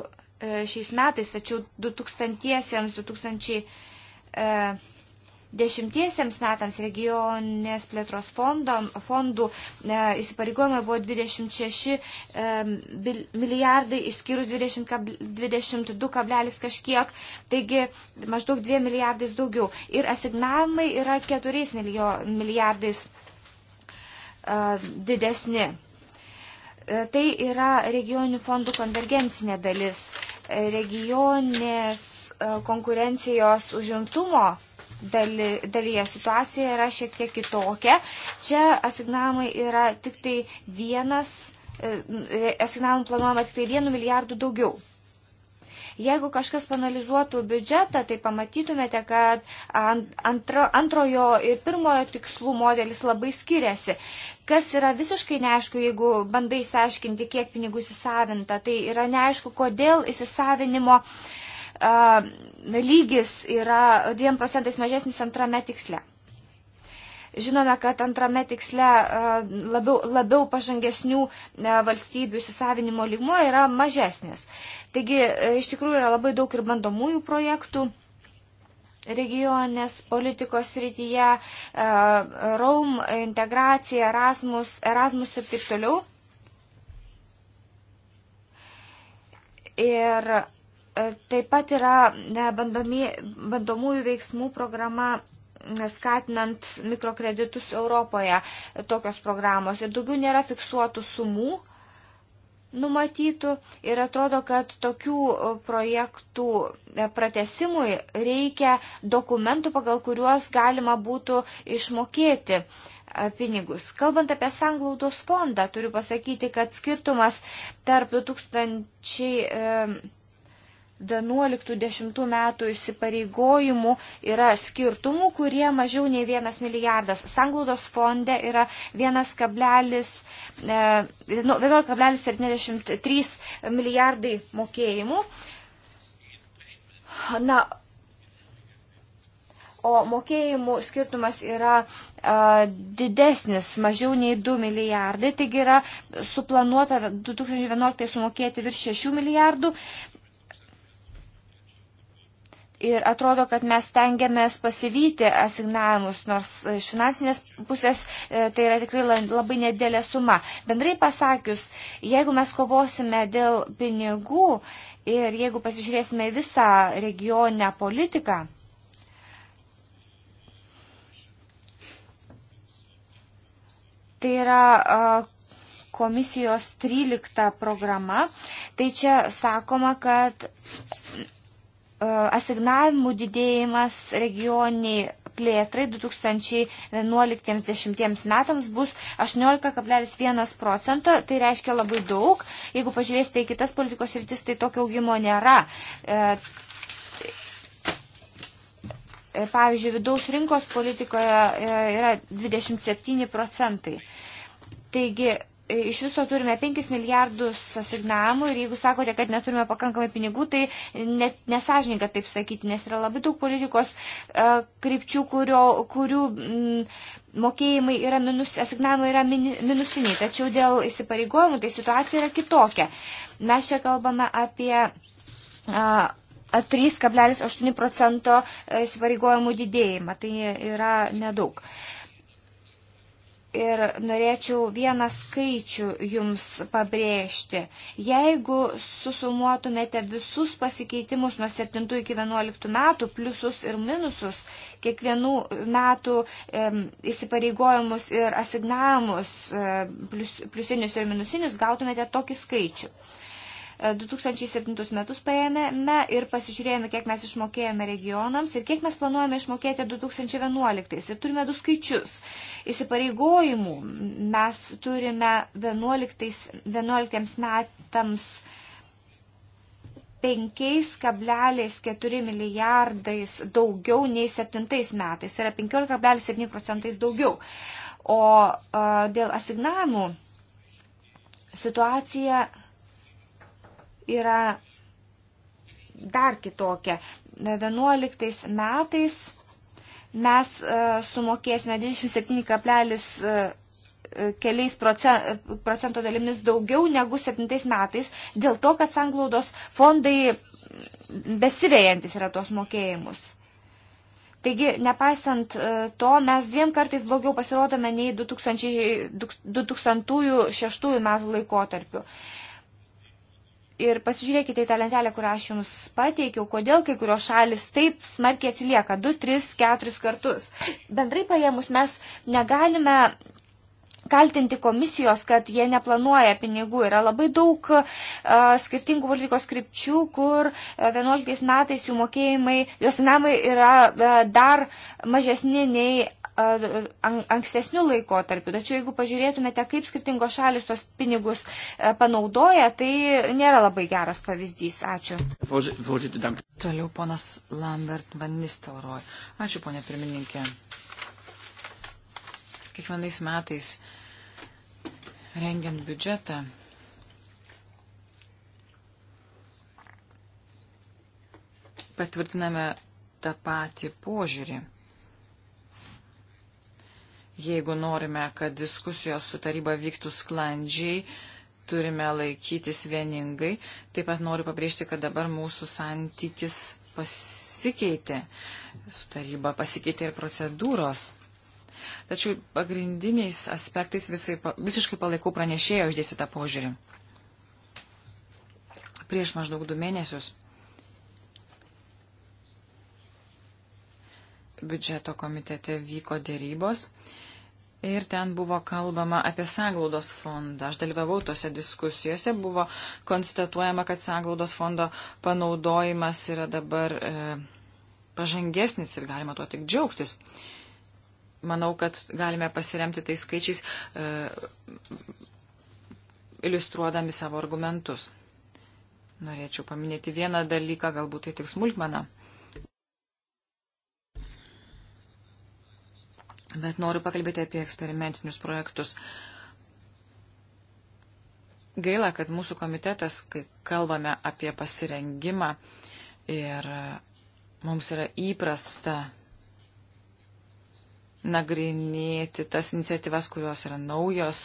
šiais metais, tačiau 2000-2010 metams regionės plėtros fondo, fondų e, įsipareigojimai buvo 26 e, milijardai, išskyrus 22 kablelis kažkiek, taigi maždaug 2 milijardais daugiau. Ir asignavimai yra 4 milijardais e, didesni. Tai yra regioninių fondų konvergencinė dalis regioninės e, konkurencijos užimtumo daly, dalyje situacija yra šiek tiek kitokia. Čia asignavimai yra tik tai vienas, e, asignavimų planuojama tik tai vienu milijardu daugiau. Jeigu kažkas panalizuotų biudžetą, tai pamatytumėte, kad antro, antrojo ir pirmojo tikslų modelis labai skiriasi. Kas yra visiškai neaišku, jeigu bandai išsiaiškinti, kiek pinigų įsisavinta, tai yra neaišku, kodėl įsisavinimo uh, lygis yra 2 procentais mažesnis antrame tiksle žinome, kad antrame tiksle labiau, labiau pažangesnių valstybių įsisavinimo lygmo yra mažesnis. Taigi, e, iš tikrųjų yra labai daug ir bandomųjų projektų regionės politikos srityje, e, Raum, integracija, Erasmus, Erasmus ir taip toliau. Ir e, taip pat yra bandomi, bandomųjų veiksmų programa skatinant mikrokreditus Europoje tokios programos. Ir daugiau nėra fiksuotų sumų numatytų ir atrodo, kad tokių e, projektų e, pratesimui reikia dokumentų, pagal kuriuos galima būtų išmokėti e, pinigus. Kalbant apie sanglaudos fondą, turiu pasakyti, kad skirtumas tarp 2000. 11-10 metų įsipareigojimų yra skirtumų, kurie mažiau nei 1 milijardas. Sanglaudos fonde yra 11,73 e, nu, milijardai mokėjimų. Na, o mokėjimų skirtumas yra a, e, didesnis, mažiau nei 2 milijardai, taigi yra suplanuota 2011 sumokėti virš 6 milijardų, Ir atrodo, kad mes tengiamės pasivyti asignavimus, nors e, iš finansinės pusės e, tai yra tikrai labai nedėlė suma. Bendrai pasakius, jeigu mes kovosime dėl pinigų ir jeigu pasižiūrėsime visą regioninę politiką, tai yra komisijos 13 programa, tai čia sakoma, kad asignavimų didėjimas regioniniai plėtrai 2011-2010 metams bus 18,1 procento, tai reiškia labai daug. Jeigu pažiūrėsite į kitas politikos rytis, tai tokio augimo nėra. E, e, pavyzdžiui, vidaus rinkos politikoje e, yra 27 procentai. Taigi, iš viso turime 5 milijardus asignamų ir jeigu sakote, kad neturime pakankamai pinigų, tai net nesažininka taip sakyti, nes yra labai daug politikos e, krypčių, kurio, kurių m, mm, mokėjimai yra minus, asignavimai yra min, minusiniai, tačiau dėl įsipareigojimų tai situacija yra kitokia. Mes čia kalbame apie. A, 3,8 procento e, įsivareigojimų didėjimą. Tai yra nedaug. Uh, ir norėčiau vieną skaičių jums pabrėžti. Jeigu susumuotumėte visus pasikeitimus nuo 7 iki 11 metų, pliusus ir minusus, kiekvienų metų e, įsipareigojimus ir asignavimus, e, plius, pliusinius ir minusinius, gautumėte tokį skaičių. 2007 e, metus paėmėme ir pasižiūrėjome, kiek mes išmokėjome regionams ir kiek mes planuojame išmokėti 2011. Ir turime du skaičius. Įsipareigojimų mes turime 11, 11 metams 5,4 milijardais daugiau nei 7 metais. Tai yra 15,7 procentais daugiau. O a, e, dėl asignamų situacija yra dar kitokia. 11 metais mes e, sumokėsime 27,5 e, e, keliais procento dalimis daugiau negu 7 metais, dėl to, kad sanglaudos fondai besivėjantis yra tos mokėjimus. Taigi, nepaisant to, mes dviem kartais blogiau pasirodome nei 2006 metų laikotarpiu ir pasižiūrėkite į tą lentelę, kurią aš jums pateikiau, kodėl kai kurios šalis taip smarkiai atsilieka 2, 3, 4 kartus. Bendrai paėmus mes negalime kaltinti komisijos, kad jie neplanuoja pinigų. Yra labai daug uh, skirtingų politikos krypčių, kur uh, 11 metais jų mokėjimai, jos namai yra uh, dar mažesni nei ankstesnių laikotarpių. Tačiau jeigu pažiūrėtumėte, kaip skirtingos šalis tos pinigus e, panaudoja, tai nėra labai geras pavyzdys. Ačiū. Toliau ponas Lambert Van Nistelrooy. Ačiū, ponė pirmininkė. Kiekvienais metais rengiant biudžetą patvirtiname tą patį požiūrį. Jeigu norime, kad diskusijos su taryba vyktų sklandžiai, turime laikytis vieningai. Taip pat noriu pabrėžti, kad dabar mūsų santykis pasikeitė. Su taryba pasikeitė ir procedūros. Tačiau pagrindiniais aspektais visai, visiškai palaikau pranešėjo išdėstytą požiūrį. Prieš maždaug du mėnesius biudžeto komitete vyko dėrybos ir ten buvo kalbama apie sanglaudos fondą. Aš dalyvavau tose diskusijose, buvo konstatuojama, kad sanglaudos fondo panaudojimas yra dabar e, pažangesnis ir galima tuo tik džiaugtis. Manau, kad galime pasiremti tais skaičiais, e, iliustruodami savo argumentus. Norėčiau paminėti vieną dalyką, galbūt tai tik smulkmena. Bet noriu pakalbėti apie eksperimentinius projektus. Gaila, kad mūsų komitetas, kai kalbame apie pasirengimą ir mums yra įprasta nagrinėti tas iniciatyvas, kurios yra naujos,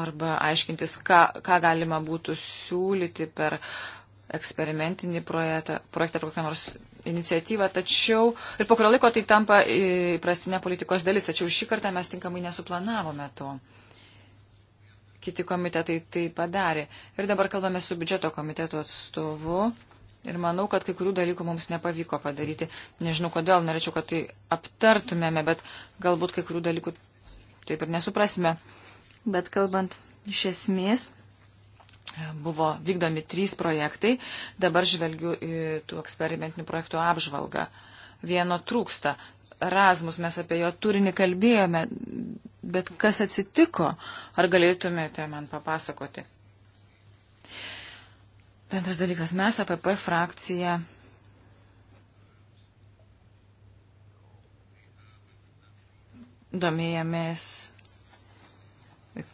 arba aiškintis, ką, ką galima būtų siūlyti per eksperimentinį projektą, projektą ar kokią nors iniciatyvą, tačiau ir po kurio laiko tai tampa įprastinė politikos dalis, tačiau šį kartą mes tinkamai nesuplanavome to. Kiti komitetai tai padarė. Ir dabar kalbame su biudžeto komiteto atstovu. Ir manau, kad kai kurių dalykų mums nepavyko padaryti. Nežinau kodėl, norėčiau, kad tai aptartumėme, bet galbūt kai kurių dalykų taip ir nesuprasime. Bet kalbant iš esmės, buvo vykdomi trys projektai, dabar žvelgiu į tų eksperimentinių projektų apžvalgą. Vieno trūksta. Erasmus, mes apie jo turinį kalbėjome, bet kas atsitiko, ar galėtumėte man papasakoti? Bendras dalykas, mes APP frakciją domėjomės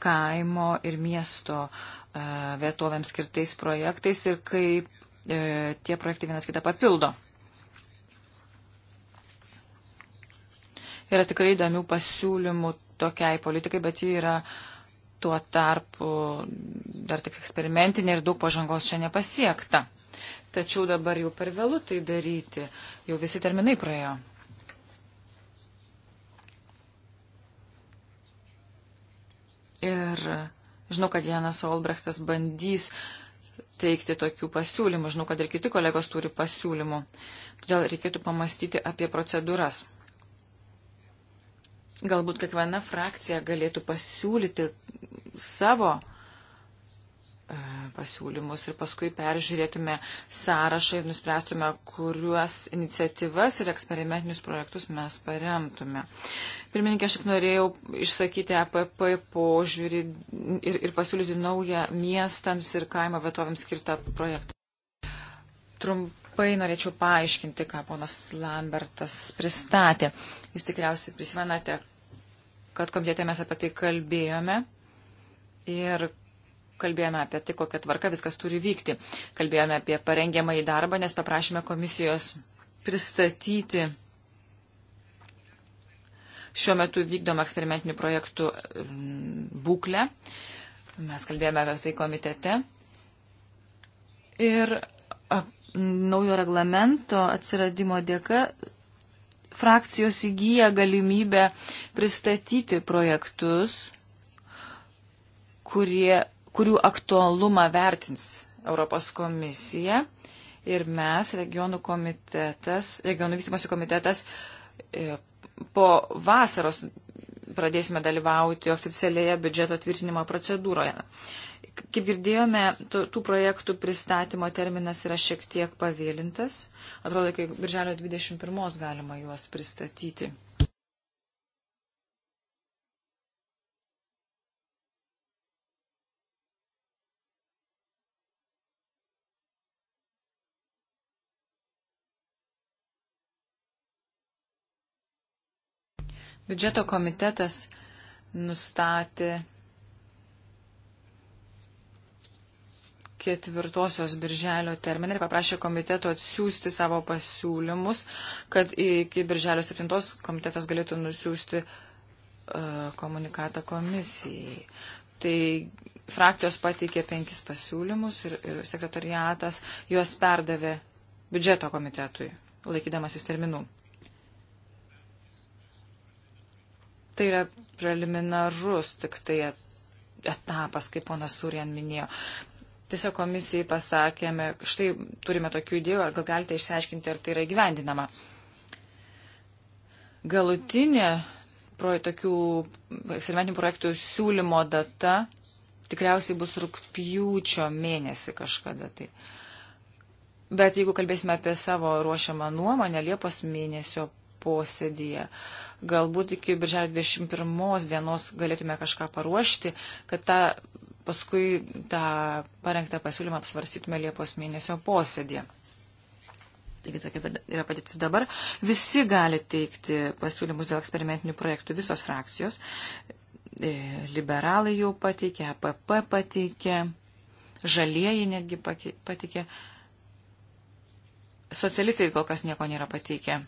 kaimo ir miesto uh, E, vietovėms skirtais projektais ir kaip e, tie projektai vienas kitą papildo. Yra tikrai įdomių pasiūlymų tokiai politikai, bet ji yra tuo tarpu dar tik eksperimentinė ir daug pažangos čia nepasiekta. Tačiau dabar jau per vėlų tai daryti, jau visi terminai praėjo. Ir Žinau, kad Janas Olbrechtas bandys teikti tokių pasiūlymų. Žinau, kad ir kiti kolegos turi pasiūlymų. Todėl reikėtų pamastyti apie procedūras. Galbūt kiekviena frakcija galėtų pasiūlyti savo E, pasiūlymus ir paskui peržiūrėtume sąrašą ir nuspręstume, kuriuos iniciatyvas ir eksperimentinius projektus mes paremtume. Pirmininkė, aš tik norėjau išsakyti APP požiūrį ir, ir pasiūlyti naują miestams ir kaimo vietovėms skirtą projektą. Trumpai norėčiau paaiškinti, ką ponas Lambertas pristatė. Jūs tikriausiai prisimenate, kad komitete mes apie tai kalbėjome ir kalbėjome apie tai, kokia tvarka viskas turi vykti. Kalbėjome apie parengiamą į darbą, nes paprašėme komisijos pristatyti šiuo metu vykdomą eksperimentinių projektų mm, būklę. Mes kalbėjome apie tai komitete. Ir naujo reglamento atsiradimo dėka frakcijos įgyja galimybę pristatyti projektus, kurie kurių aktualumą vertins Europos komisija ir mes, regionų komitetas, regionų vystimosi komitetas, e, po vasaros pradėsime dalyvauti oficialėje biudžeto tvirtinimo procedūroje. Kaip girdėjome, tų projektų pristatymo terminas yra šiek tiek pavėlintas. Atrodo, kai birželio 21 galima juos pristatyti. Biudžeto komitetas nustatė ketvirtosios birželio terminą ir paprašė komiteto atsiųsti savo pasiūlymus, kad iki birželio septintos komitetas galėtų nusiųsti uh, komunikatą komisijai. Tai frakcijos pateikė penkis pasiūlymus ir, ir sekretariatas juos perdavė biudžeto komitetui, laikydamasis terminų. Tai yra preliminarus tik tai etapas, kaip ponas Surian minėjo. Tiesiog komisijai pasakėme, štai turime tokių idėjų, ar gal galite išsiaiškinti, ar tai yra gyvendinama. Galutinė pro, tokių eksperimentinių projektų siūlymo data tikriausiai bus rūpjūčio mėnesį kažkada. Tai. Bet jeigu kalbėsime apie savo ruošiamą nuomonę, Liepos mėnesio posėdėje. Galbūt iki birželio 21 dienos galėtume kažką paruošti, kad tą, paskui tą parengtą pasiūlymą apsvarstytume Liepos mėnesio posėdėje. Taigi tokia yra padėtis dabar. Visi gali teikti pasiūlymus dėl eksperimentinių projektų, visos frakcijos. E, liberalai jau pateikė, APP pateikė, žalieji netgi pateikė. Socialistai kol kas nieko nėra pateikę.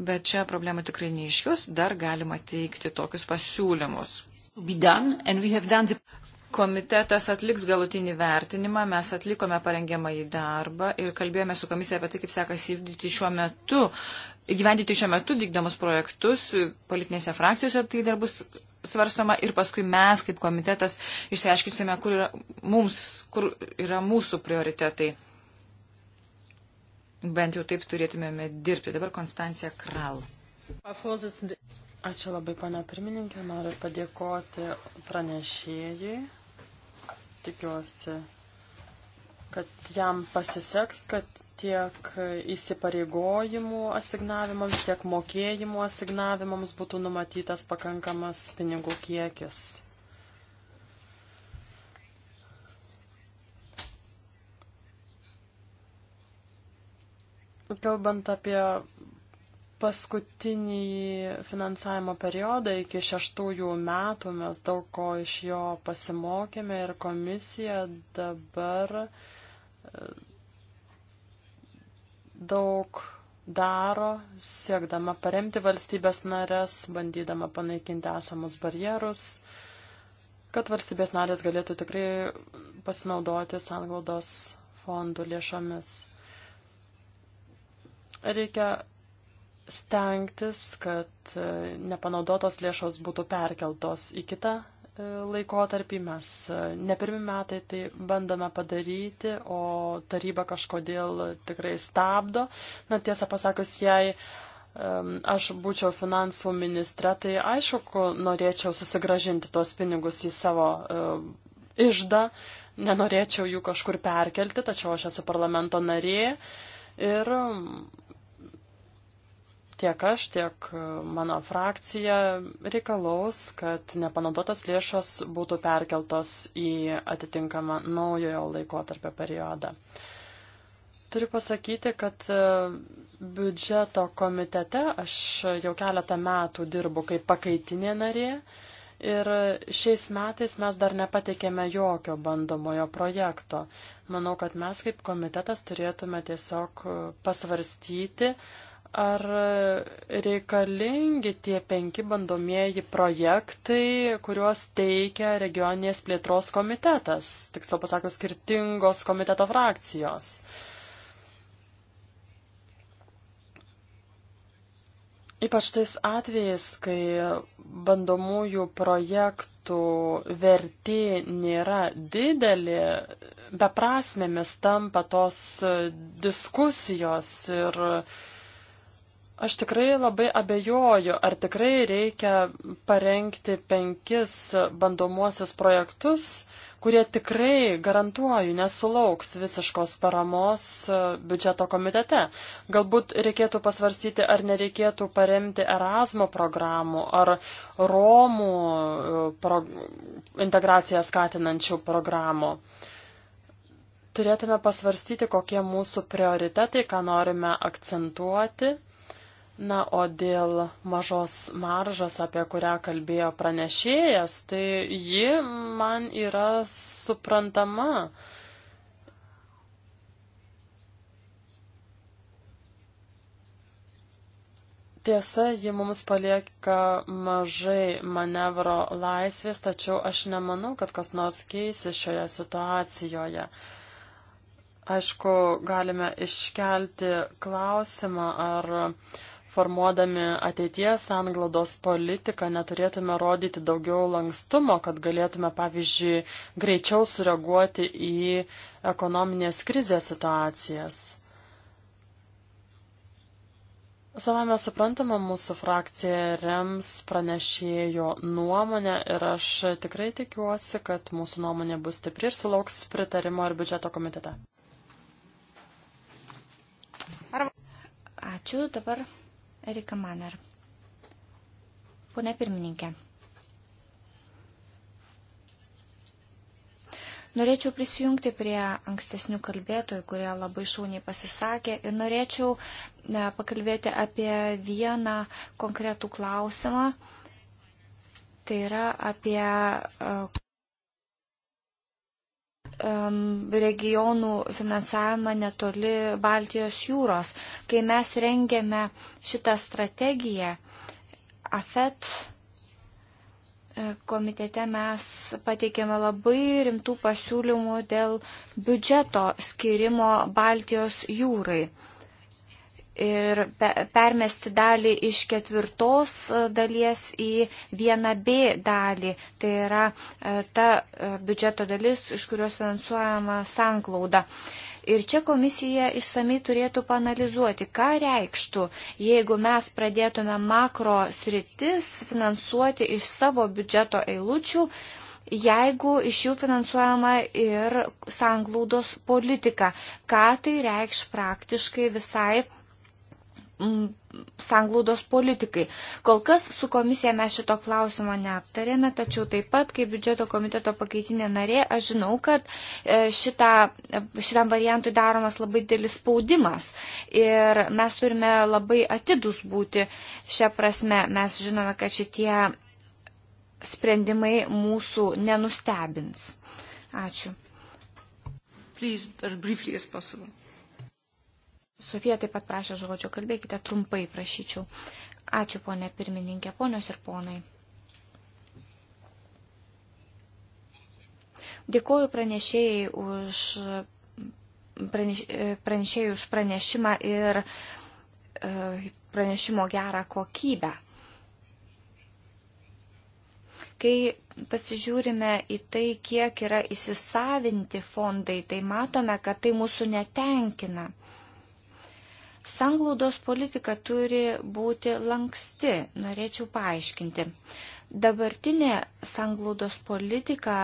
Bet čia problema tikrai neiškius, dar galima teikti tokius pasiūlymus. Komitetas atliks galutinį vertinimą, mes atlikome parengiamąjį darbą ir kalbėjome su komisija apie tai, kaip sekasi įvykdyti šiuo metu, įgyvendyti šiuo metu vykdomus projektus, politinėse frakcijose tai dar bus svarstoma ir paskui mes kaip komitetas išsiaiškinsime, kur yra, mums, kur yra mūsų prioritetai. Bent jau taip turėtumėme dirbti. Dabar Konstancija Kral. Ačiū labai, pana pirmininkė. Noriu padėkoti pranešėjai. Tikiuosi, kad jam pasiseks, kad tiek įsipareigojimų asignavimams, tiek mokėjimų asignavimams būtų numatytas pakankamas pinigų kiekis. Kalbant apie paskutinį finansavimo periodą iki šeštųjų metų mes daug ko iš jo pasimokėme ir komisija dabar e, daug daro, siekdama paremti valstybės narės, bandydama panaikinti esamus barjerus, kad valstybės narės galėtų tikrai pasinaudoti sanglaudos fondų lėšomis reikia stengtis, kad e, nepanaudotos lėšos būtų perkeltos į kitą e, laikotarpį. Mes e, ne pirmi metai tai bandome padaryti, o taryba kažkodėl tikrai stabdo. Na tiesą pasakius, jei aš būčiau finansų ministra, tai aišku, norėčiau susigražinti tuos pinigus į savo išdą, nenorėčiau jų kažkur perkelti, tačiau aš esu parlamento narė ir tiek aš, tiek e, mano frakcija reikalaus, kad nepanaudotas lėšas būtų perkeltos į atitinkamą naujojo laikotarpio periodą. Turiu pasakyti, kad e, biudžeto komitete aš jau keletą metų dirbu kaip pakaitinė narė ir šiais metais mes dar nepateikėme jokio bandomojo projekto. Manau, kad mes kaip komitetas turėtume tiesiog e, pasvarstyti, ar reikalingi tie penki bandomieji projektai, kuriuos teikia regioninės plėtros komitetas, tiksliau pasakiau, skirtingos komiteto frakcijos. Ypač tais atvejais, kai bandomųjų projektų vertė nėra didelė, beprasmėmis tampa tos diskusijos ir uh, Aš tikrai labai abejoju, ar tikrai reikia parengti penkis bandomuosius projektus, kurie tikrai, garantuoju, nesulauks visiškos paramos e, biudžeto komitete. Galbūt reikėtų pasvarstyti, ar nereikėtų paremti Erasmo programų ar Romų e, pro... integraciją skatinančių programų. Turėtume pasvarstyti, kokie mūsų prioritetai, ką norime akcentuoti. Na, o dėl mažos maržos, apie kurią kalbėjo pranešėjas, tai ji man yra suprantama. Tiesa, ji mums palieka mažai manevro laisvės, tačiau aš nemanau, kad kas nors keisi šioje situacijoje. Aišku, galime iškelti klausimą, ar Formuodami ateities anglados politiką neturėtume rodyti daugiau lankstumo, kad galėtume, pavyzdžiui, greičiau sureaguoti į ekonominės krizės situacijas. Savame suprantama, mūsų frakcija rems pranešėjo nuomonę ir aš tikrai tikiuosi, kad mūsų nuomonė bus stipri ir sulauks pritarimo ir biudžeto komitete. Ačiū, dabar Erika Maner. Pone pirmininkė. Norėčiau prisijungti prie ankstesnių kalbėtojų, kurie labai šauniai pasisakė ir norėčiau ne, pakalbėti apie vieną konkretų klausimą. Tai yra apie. Uh, regionų finansavimą netoli Baltijos jūros. Kai mes rengėme šitą strategiją, AFET e, komitete mes pateikėme labai rimtų pasiūlymų dėl biudžeto skirimo Baltijos jūrai ir pe permesti dalį iš ketvirtos e, dalies į vieną B dalį. Tai yra e, ta e, biudžeto dalis, iš kurios finansuojama sanklauda. Ir čia komisija išsamei turėtų panalizuoti, ką reikštų, jeigu mes pradėtume makro sritis finansuoti iš savo biudžeto eilučių, jeigu iš jų finansuojama ir sanglaudos politika. Ką tai reikš praktiškai visai sanglaudos politikai. Kol kas su komisija mes šito klausimo neaptarėme, tačiau taip pat, kaip biudžeto komiteto pakeitinė narė, aš žinau, kad e, šita, e, šitam variantui daromas labai dėlis spaudimas ir mes turime labai atidus būti šią prasme. Mes žinome, kad šitie sprendimai mūsų nenustebins. Ačiū. Please, as briefly as possible. Sofija taip pat prašė žodžio, kalbėkite trumpai, prašyčiau. Ačiū, ponė pirmininkė, ponios ir ponai. Dėkuoju pranešėjai už, praneš, pranešėjai už pranešimą ir e, pranešimo gerą kokybę. Kai pasižiūrime į tai, kiek yra įsisavinti fondai, tai matome, kad tai mūsų netenkina. Sanglaudos politika turi būti lanksti, norėčiau paaiškinti. Dabartinė sanglaudos politika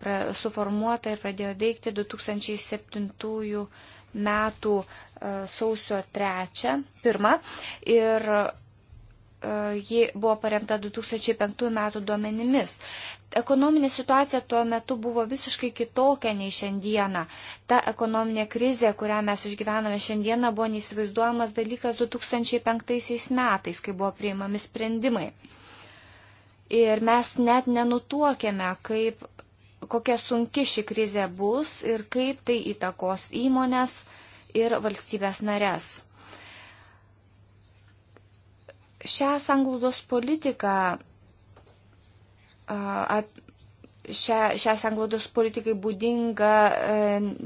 pra, suformuota ir pradėjo veikti 2007 metų sausio 3, 1 ir ji buvo paremta 2005 metų duomenimis. Ekonominė situacija tuo metu buvo visiškai kitokia nei šiandieną. Ta ekonominė krizė, kurią mes išgyvename šiandieną, buvo neįsivaizduojamas dalykas 2005 metais, kai buvo priimami sprendimai. Ir mes net nenutuokėme, kaip, kokia sunki ši krizė bus ir kaip tai įtakos įmonės ir valstybės narės. Šią sanglaudos politiką, šią, šią sanglaudos politikai būdinga, e,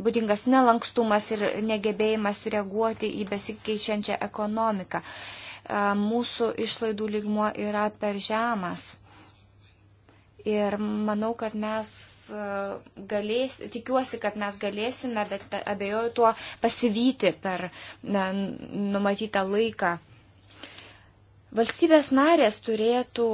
būdingas nelankstumas ir negebėjimas reaguoti į besikeičiančią ekonomiką. Mūsų išlaidų lygmuo yra per žemas. Ir manau, kad mes e, galės, tikiuosi, kad mes galėsime, bet abejoju tuo pasivyti per na, numatytą laiką. Valstybės narės turėtų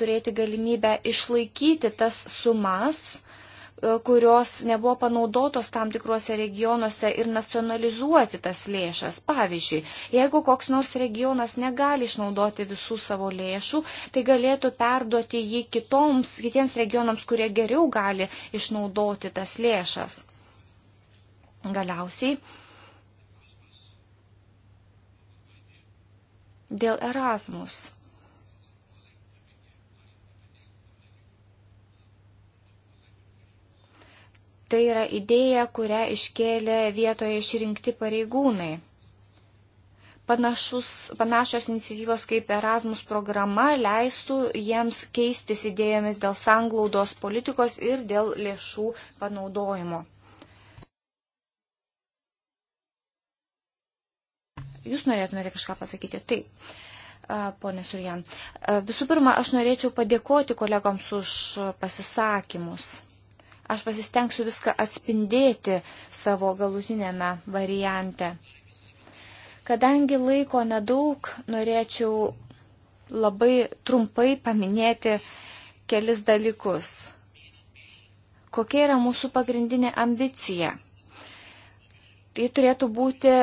turėti galimybę išlaikyti tas sumas, e, kurios nebuvo panaudotos tam tikrose regionuose ir nacionalizuoti tas lėšas. Pavyzdžiui, jeigu koks nors regionas negali išnaudoti visų savo lėšų, tai galėtų perduoti jį kitoms, kitiems regionams, kurie geriau gali išnaudoti tas lėšas. Galiausiai Dėl Erasmus. Tai yra idėja, kurią iškėlė vietoje išrinkti pareigūnai. Panašus, panašios iniciatyvos kaip Erasmus programa leistų jiems keistis idėjomis dėl sanglaudos politikos ir dėl lėšų panaudojimo. Jūs norėtumėte kažką pasakyti? Taip. Pone Surjan. Visų pirma, aš norėčiau padėkoti kolegoms už pasisakymus. Aš pasistengsiu viską atspindėti savo galutinėme variante. Kadangi laiko nedaug, norėčiau labai trumpai paminėti kelis dalykus. Kokia yra mūsų pagrindinė ambicija? Tai turėtų būti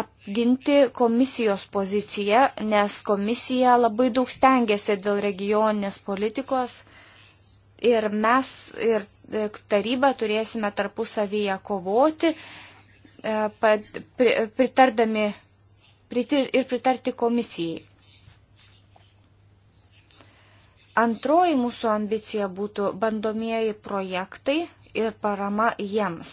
apginti komisijos poziciją, nes komisija labai daug stengiasi dėl regioninės politikos ir mes ir e, taryba turėsime tarpusavyje kovoti, e, pritardami ir pritarti komisijai. Antroji mūsų ambicija būtų bandomieji projektai ir parama jiems.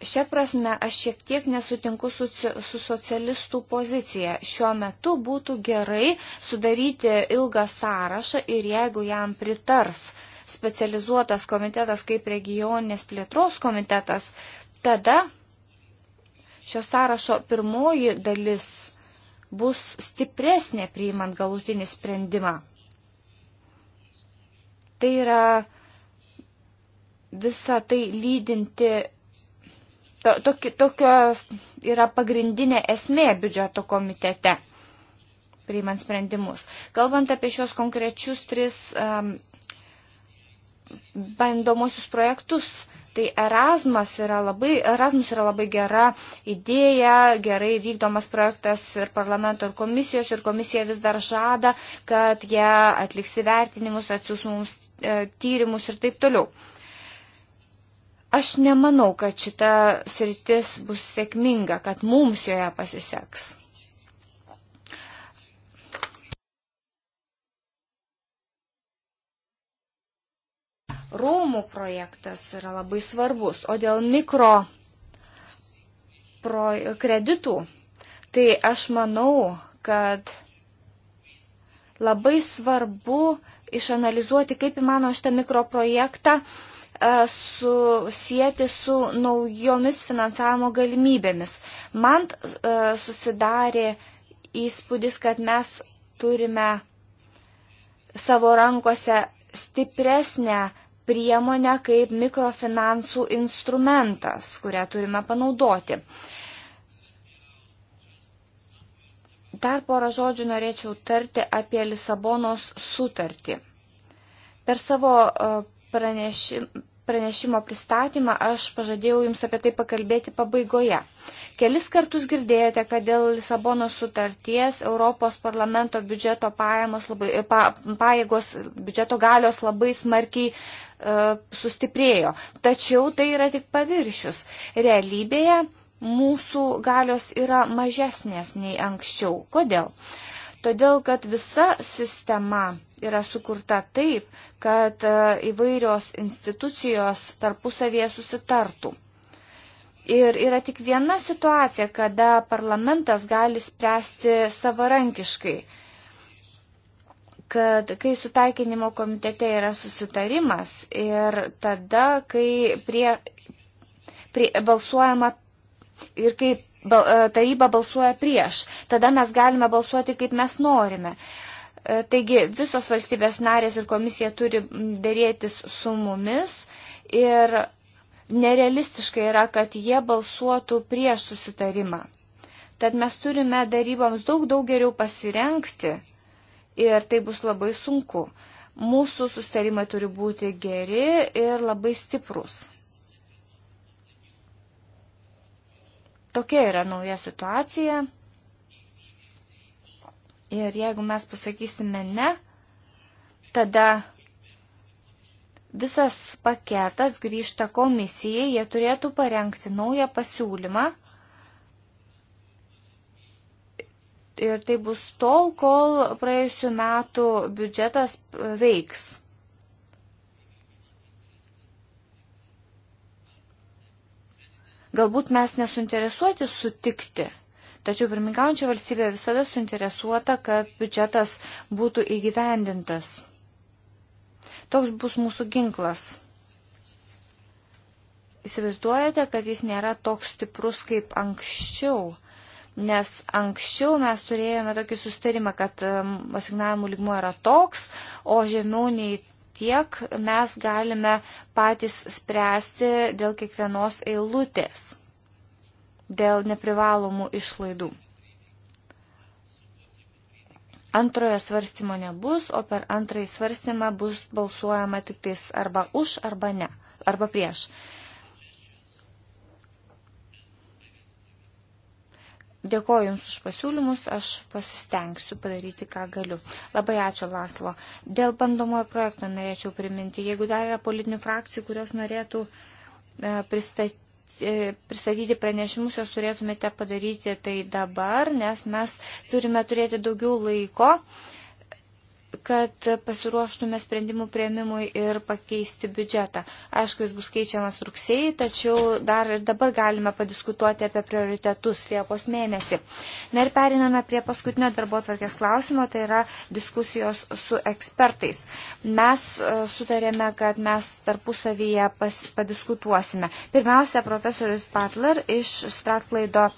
Šia prasme aš šiek tiek nesutinku su, su socialistų pozicija. Šiuo metu būtų gerai sudaryti ilgą sąrašą ir jeigu jam pritars specializuotas komitetas kaip regioninės plėtros komitetas, tada šio sąrašo pirmoji dalis bus stipresnė priimant galutinį sprendimą. Tai yra visa tai lydinti to, tokia, tokia yra pagrindinė esmė biudžeto komitete, priimant sprendimus. Kalbant apie šios konkrečius tris um, bandomosius projektus, tai Erasmus yra, labai, Erasmus yra labai gera idėja, gerai vykdomas projektas ir parlamento ir komisijos, ir komisija vis dar žada, kad jie atliks įvertinimus, atsiūs mums e, tyrimus ir taip toliau. Aš nemanau, kad šita sritis bus sėkminga, kad mums joje pasiseks. Rūmų projektas yra labai svarbus, o dėl mikro pro, kreditų, tai aš manau, kad labai svarbu išanalizuoti, kaip įmanoma šitą mikroprojektą uh, E, susijęti su naujomis finansavimo galimybėmis. Man e, susidarė įspūdis, kad mes turime savo rankose stipresnę priemonę kaip mikrofinansų instrumentas, kurią turime panaudoti. Dar porą žodžių norėčiau tarti apie Lisabonos sutartį. Per savo e, pranešimą, pranešimo pristatymą aš pažadėjau Jums apie tai pakalbėti pabaigoje. Kelis kartus girdėjote, kad dėl Lisabonos sutarties Europos parlamento biudžeto pajamos labai, pa, pajėgos, biudžeto galios labai smarkiai uh, sustiprėjo. Tačiau tai yra tik paviršius. Realybėje mūsų galios yra mažesnės nei anksčiau. Kodėl? Todėl, kad visa sistema yra sukurta taip, kad e, įvairios institucijos tarpusavėje susitartų. Ir yra tik viena situacija, kada parlamentas gali spręsti savarankiškai, kad kai sutaikinimo komitete yra susitarimas ir tada, kai prie, prie, balsuojama ir kaip e, taryba balsuoja prieš, tada mes galime balsuoti kaip mes norime. Uh, Taigi visos valstybės narės ir komisija turi dėrėtis su mumis ir nerealistiškai yra, kad jie balsuotų prieš susitarimą. Tad mes turime daryboms daug daug geriau pasirenkti ir tai bus labai sunku. Mūsų susitarimai turi būti geri ir labai stiprus. Tokia yra nauja situacija. Ir jeigu mes pasakysime ne, tada visas paketas grįžta komisijai, jie turėtų parengti naują pasiūlymą. Ir tai bus tol, kol praėjusiu metu biudžetas veiks. Galbūt mes nesuinteresuoti sutikti Tačiau pirmininkaujančia valstybė visada suinteresuota, kad biudžetas būtų įgyvendintas. Toks bus mūsų ginklas. Įsivaizduojate, kad jis nėra toks stiprus kaip anksčiau, nes anksčiau mes turėjome tokį sustarimą, kad um, asignavimų lygmo yra toks, o žemiau nei tiek mes galime patys spręsti dėl kiekvienos eilutės dėl neprivalomų išlaidų. Antrojo svarstymo nebus, o per antrąjį svarstymą bus balsuojama tik tais arba už, arba ne, arba prieš. Dėkoju Jums už pasiūlymus, aš pasistengsiu padaryti, ką galiu. Labai ačiū, Laslo. Dėl bandomojo projekto norėčiau priminti, jeigu dar yra politinių frakcijų, kurios norėtų e, pristatyti E, pristatyti pranešimus, jos turėtumėte padaryti tai dabar, nes mes turime turėti daugiau laiko kad pasiruoštume sprendimų prieimimui ir pakeisti biudžetą. Aišku, jis bus keičiamas rugsėjai, tačiau dar ir dabar galime padiskutuoti apie prioritetus Liepos mėnesį. Na ir periname prie paskutinio darbo tvarkės klausimo, tai yra diskusijos su ekspertais. Mes e, sutarėme, kad mes tarpusavyje pas, padiskutuosime. Pirmiausia, profesorius Patler iš Stratklaido e,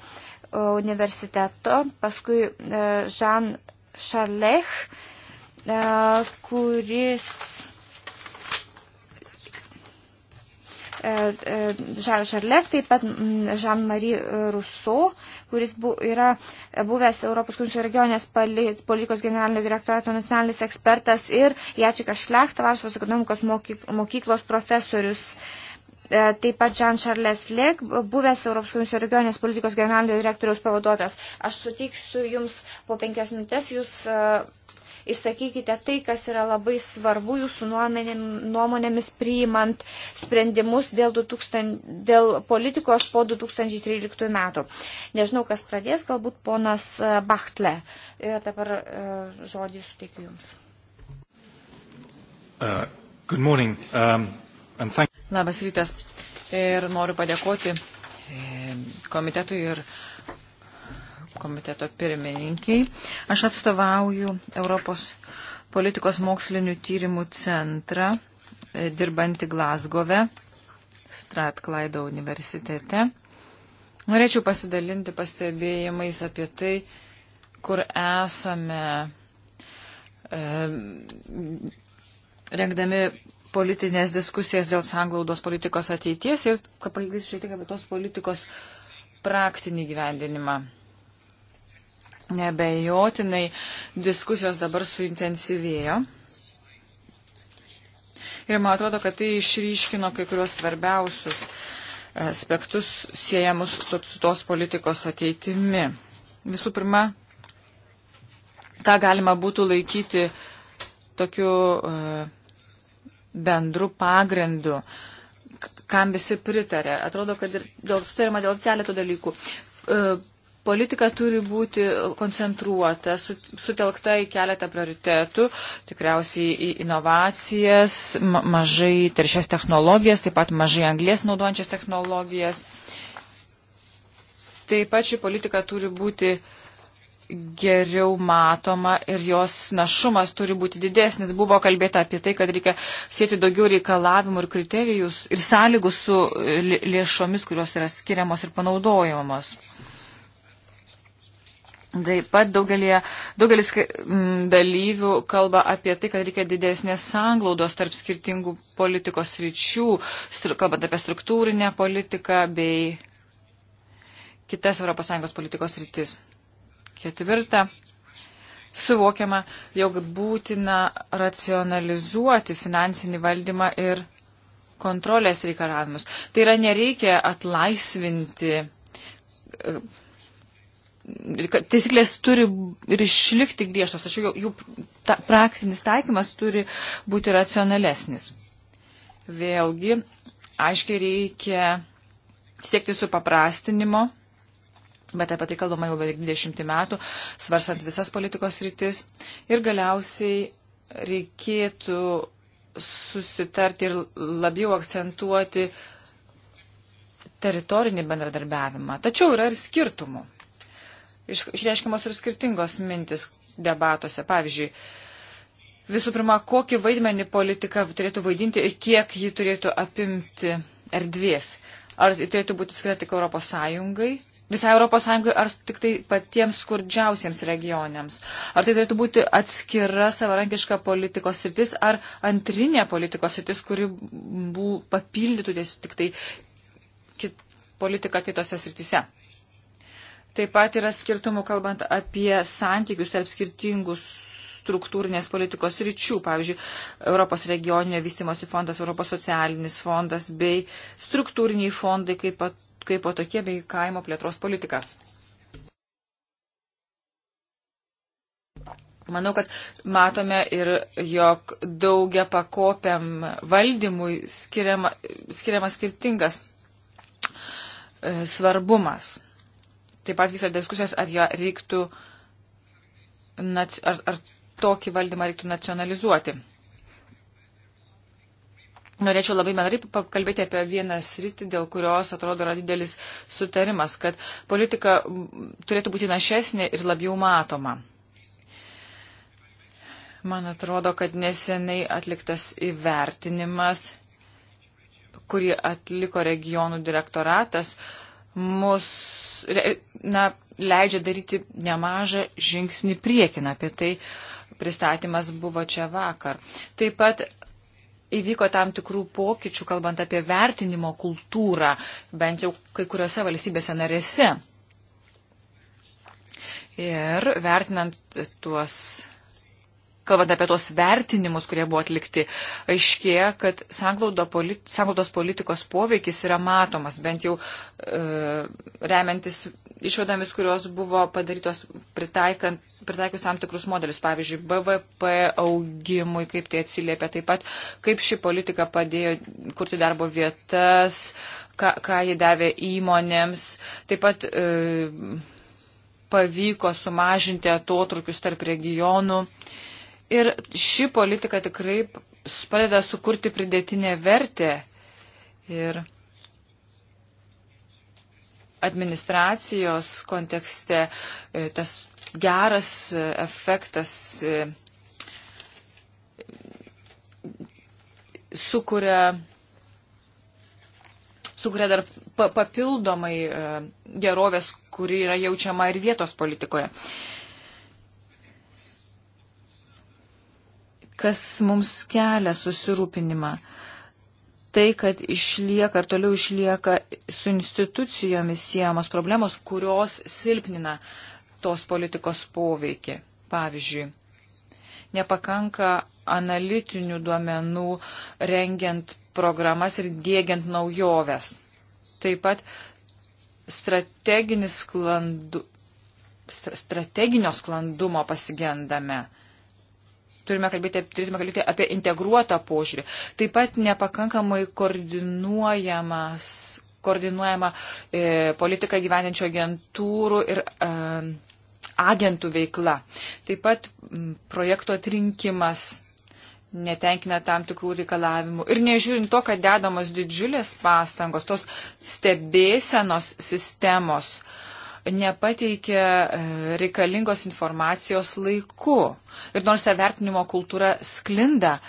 universiteto, paskui Žan e, Šarlech E, kuris e, e, Žaras Šarlek, taip pat Jean-Marie Rousseau, kuris bu, yra buvęs Europos komisijos regionės politikos generalinio direktorato nacionalinis ekspertas ir Jačikas Šlechta, Varšuvos ekonomikos mokyklos profesorius. Taip pat Jean Charles Lek, buvęs Europos komisijos regionės politikos generalinio direktoriaus pavaduotojas. Aš sutiksiu jums po penkias minutės, jūs Išsakykite tai, kas yra labai svarbu jūsų nuomonėmis priimant sprendimus dėl, 2000, dėl politikos po 2013 metų. Nežinau, kas pradės, galbūt ponas e, Bachtle. Ir dabar e, žodį suteikiu Jums. Uh, good morning. Um, and thank... Labas rytas. Ir noriu padėkoti e, komitetui ir uh, komiteto pirmininkiai. Aš atstovauju Europos politikos mokslinių tyrimų centrą, e, dirbantį Glasgove, Stratklaido universitete. Norėčiau pasidalinti pastebėjimais apie tai, kur esame e, rengdami politinės diskusijas dėl sanglaudos politikos ateities ir pakalbėsiu šiek tiek apie tos politikos praktinį gyvendinimą. Nebejotinai diskusijos dabar suintensyvėjo. Ir man atrodo, kad tai išryškino kai kurios svarbiausius aspektus siejamus su tos politikos ateitimi. Visų pirma, ką galima būtų laikyti tokiu e, bendru pagrindu, kam visi pritarė. Atrodo, kad ir dėl sutarima dėl keletų dalykų. E, politika turi būti koncentruota, sutelkta į keletą prioritetų, tikriausiai į inovacijas, mažai taršias technologijas, taip pat mažai anglės naudojančias technologijas. Taip pat ši politika turi būti geriau matoma ir jos našumas turi būti didesnis. Buvo kalbėta apie tai, kad reikia sėti daugiau reikalavimų ir kriterijus ir sąlygų su lėšomis, kurios yra skiriamos ir panaudojamos. Taip pat daugelie, daugelis mm, dalyvių kalba apie tai, kad reikia didesnės sanglaudos tarp skirtingų politikos ryčių, kalbant apie struktūrinę politiką bei kitas ES politikos rytis. Ketvirta, suvokiama, jog būtina racionalizuoti finansinį valdymą ir kontrolės reikalavimus. Tai yra nereikia atlaisvinti e, taisyklės turi ir išlikti griežtos, tačiau jų ta, praktinis taikymas turi būti racionalesnis. Vėlgi, aiškiai reikia siekti supaprastinimo, bet apie tai kalbama jau beveik 20 metų, svarstant visas politikos rytis. Ir galiausiai reikėtų susitarti ir labiau akcentuoti teritorinį bendradarbiavimą. Tačiau yra ir skirtumų išreiškiamos ir skirtingos mintis debatuose. Pavyzdžiui, visų pirma, kokį vaidmenį politika turėtų vaidinti ir kiek ji turėtų apimti erdvės. Ar turėtų būti skirta tik Europos Sąjungai, visai Europos Sąjungai, ar tik tai patiems skurdžiausiems regioniams? Ar tai turėtų būti atskira savarankiška politikos sritis, ar antrinė politikos sritis, kuri bū, papildytų tiesiog tik tai kit, politiką kitose sritise? Taip pat yra skirtumų kalbant apie santykius tarp skirtingus struktūrinės politikos ryčių, pavyzdžiui, Europos regioninio vystimosi fondas, Europos socialinis fondas bei struktūriniai fondai kaip, pat, kaip po tokie bei kaimo plėtros politika. Manau, kad matome ir, jog daugia pakopiam valdymui skiriama, skiriama skirtingas e, svarbumas. Taip pat vyksta diskusijos, ar ją reiktų, ar, ar tokį valdymą reiktų nacionalizuoti. Norėčiau labai bendrai pakalbėti apie vieną sritį, dėl kurios atrodo yra didelis sutarimas, kad politika turėtų būti našesnė ir labiau matoma. Man atrodo, kad neseniai atliktas įvertinimas, kurį atliko regionų direktoratas, mus na, leidžia daryti nemažą žingsnį priekin. Apie tai pristatymas buvo čia vakar. Taip pat įvyko tam tikrų pokyčių, kalbant apie vertinimo kultūrą, bent jau kai kuriuose valstybėse narėse. Ir vertinant tuos kalbant apie tuos vertinimus, kurie buvo atlikti, aiškėja, kad sanglaudos politikos poveikis yra matomas, bent jau e, remiantis išvadomis, kurios buvo padarytos pritaikius tam tikrus modelius, pavyzdžiui, BVP augimui, kaip tai atsiliepia, taip pat kaip ši politika padėjo kurti darbo vietas, ką, ką jie davė įmonėms, taip pat e, pavyko sumažinti atotrukius tarp regionų. E, Ir ši politika tikrai padeda sukurti pridėtinę vertę ir administracijos kontekste e, tas geras e, efektas e, sukuria sukuria dar papildomai gerovės, kuri yra jaučiama ir vietos politikoje. kas mums kelia susirūpinimą. Tai, kad išlieka ir toliau išlieka su institucijomis siejamos problemos, kurios silpnina tos politikos poveikį. Pavyzdžiui, nepakanka analitinių duomenų rengiant programas ir dėgiant naujoves. Taip pat strateginis sklandu, strateginio sklandumo pasigendame turime kalbėti, turėtume kalbėti apie integruotą požiūrį. Taip pat nepakankamai koordinuojamas koordinuojama e, politika gyvenančių agentūrų ir e, agentų veikla. Taip pat m, projektų atrinkimas netenkina tam tikrų reikalavimų. Ir nežiūrint to, kad dedamos didžiulės pastangos, tos stebėsenos sistemos, e, nepateikia e, reikalingos informacijos laiku. Ir nors ta vertinimo kultūra sklinda,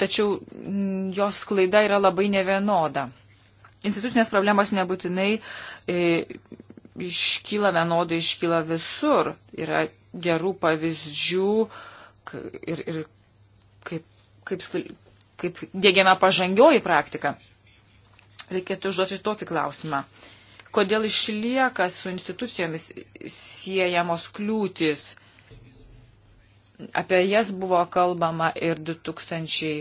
tačiau mm, jos klaida yra labai nevienoda. Institucinės problemos nebūtinai e, iškyla vienodai, iškyla visur. Yra gerų pavyzdžių ir, ir kaip, kaip, kaip dėgiame pažangioji praktika. Reikėtų užduoti tokį klausimą kodėl išlieka su institucijomis siejamos kliūtis. Apie jas buvo kalbama ir 2000.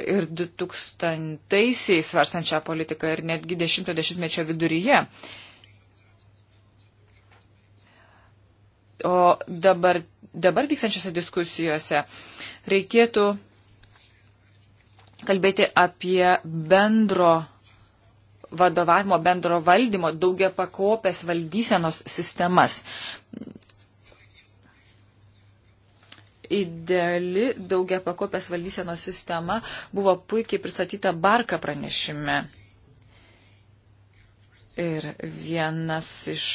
Ir 2000-aisiais varstančią politiką ir netgi 10-mečio viduryje. O dabar, dabar vykstančiose diskusijose reikėtų kalbėti apie bendro vadovavimo bendro valdymo daugia pakopės valdysenos sistemas. Ideali daugia pakopės valdysenos sistema buvo puikiai pristatyta Barka pranešime. Ir vienas iš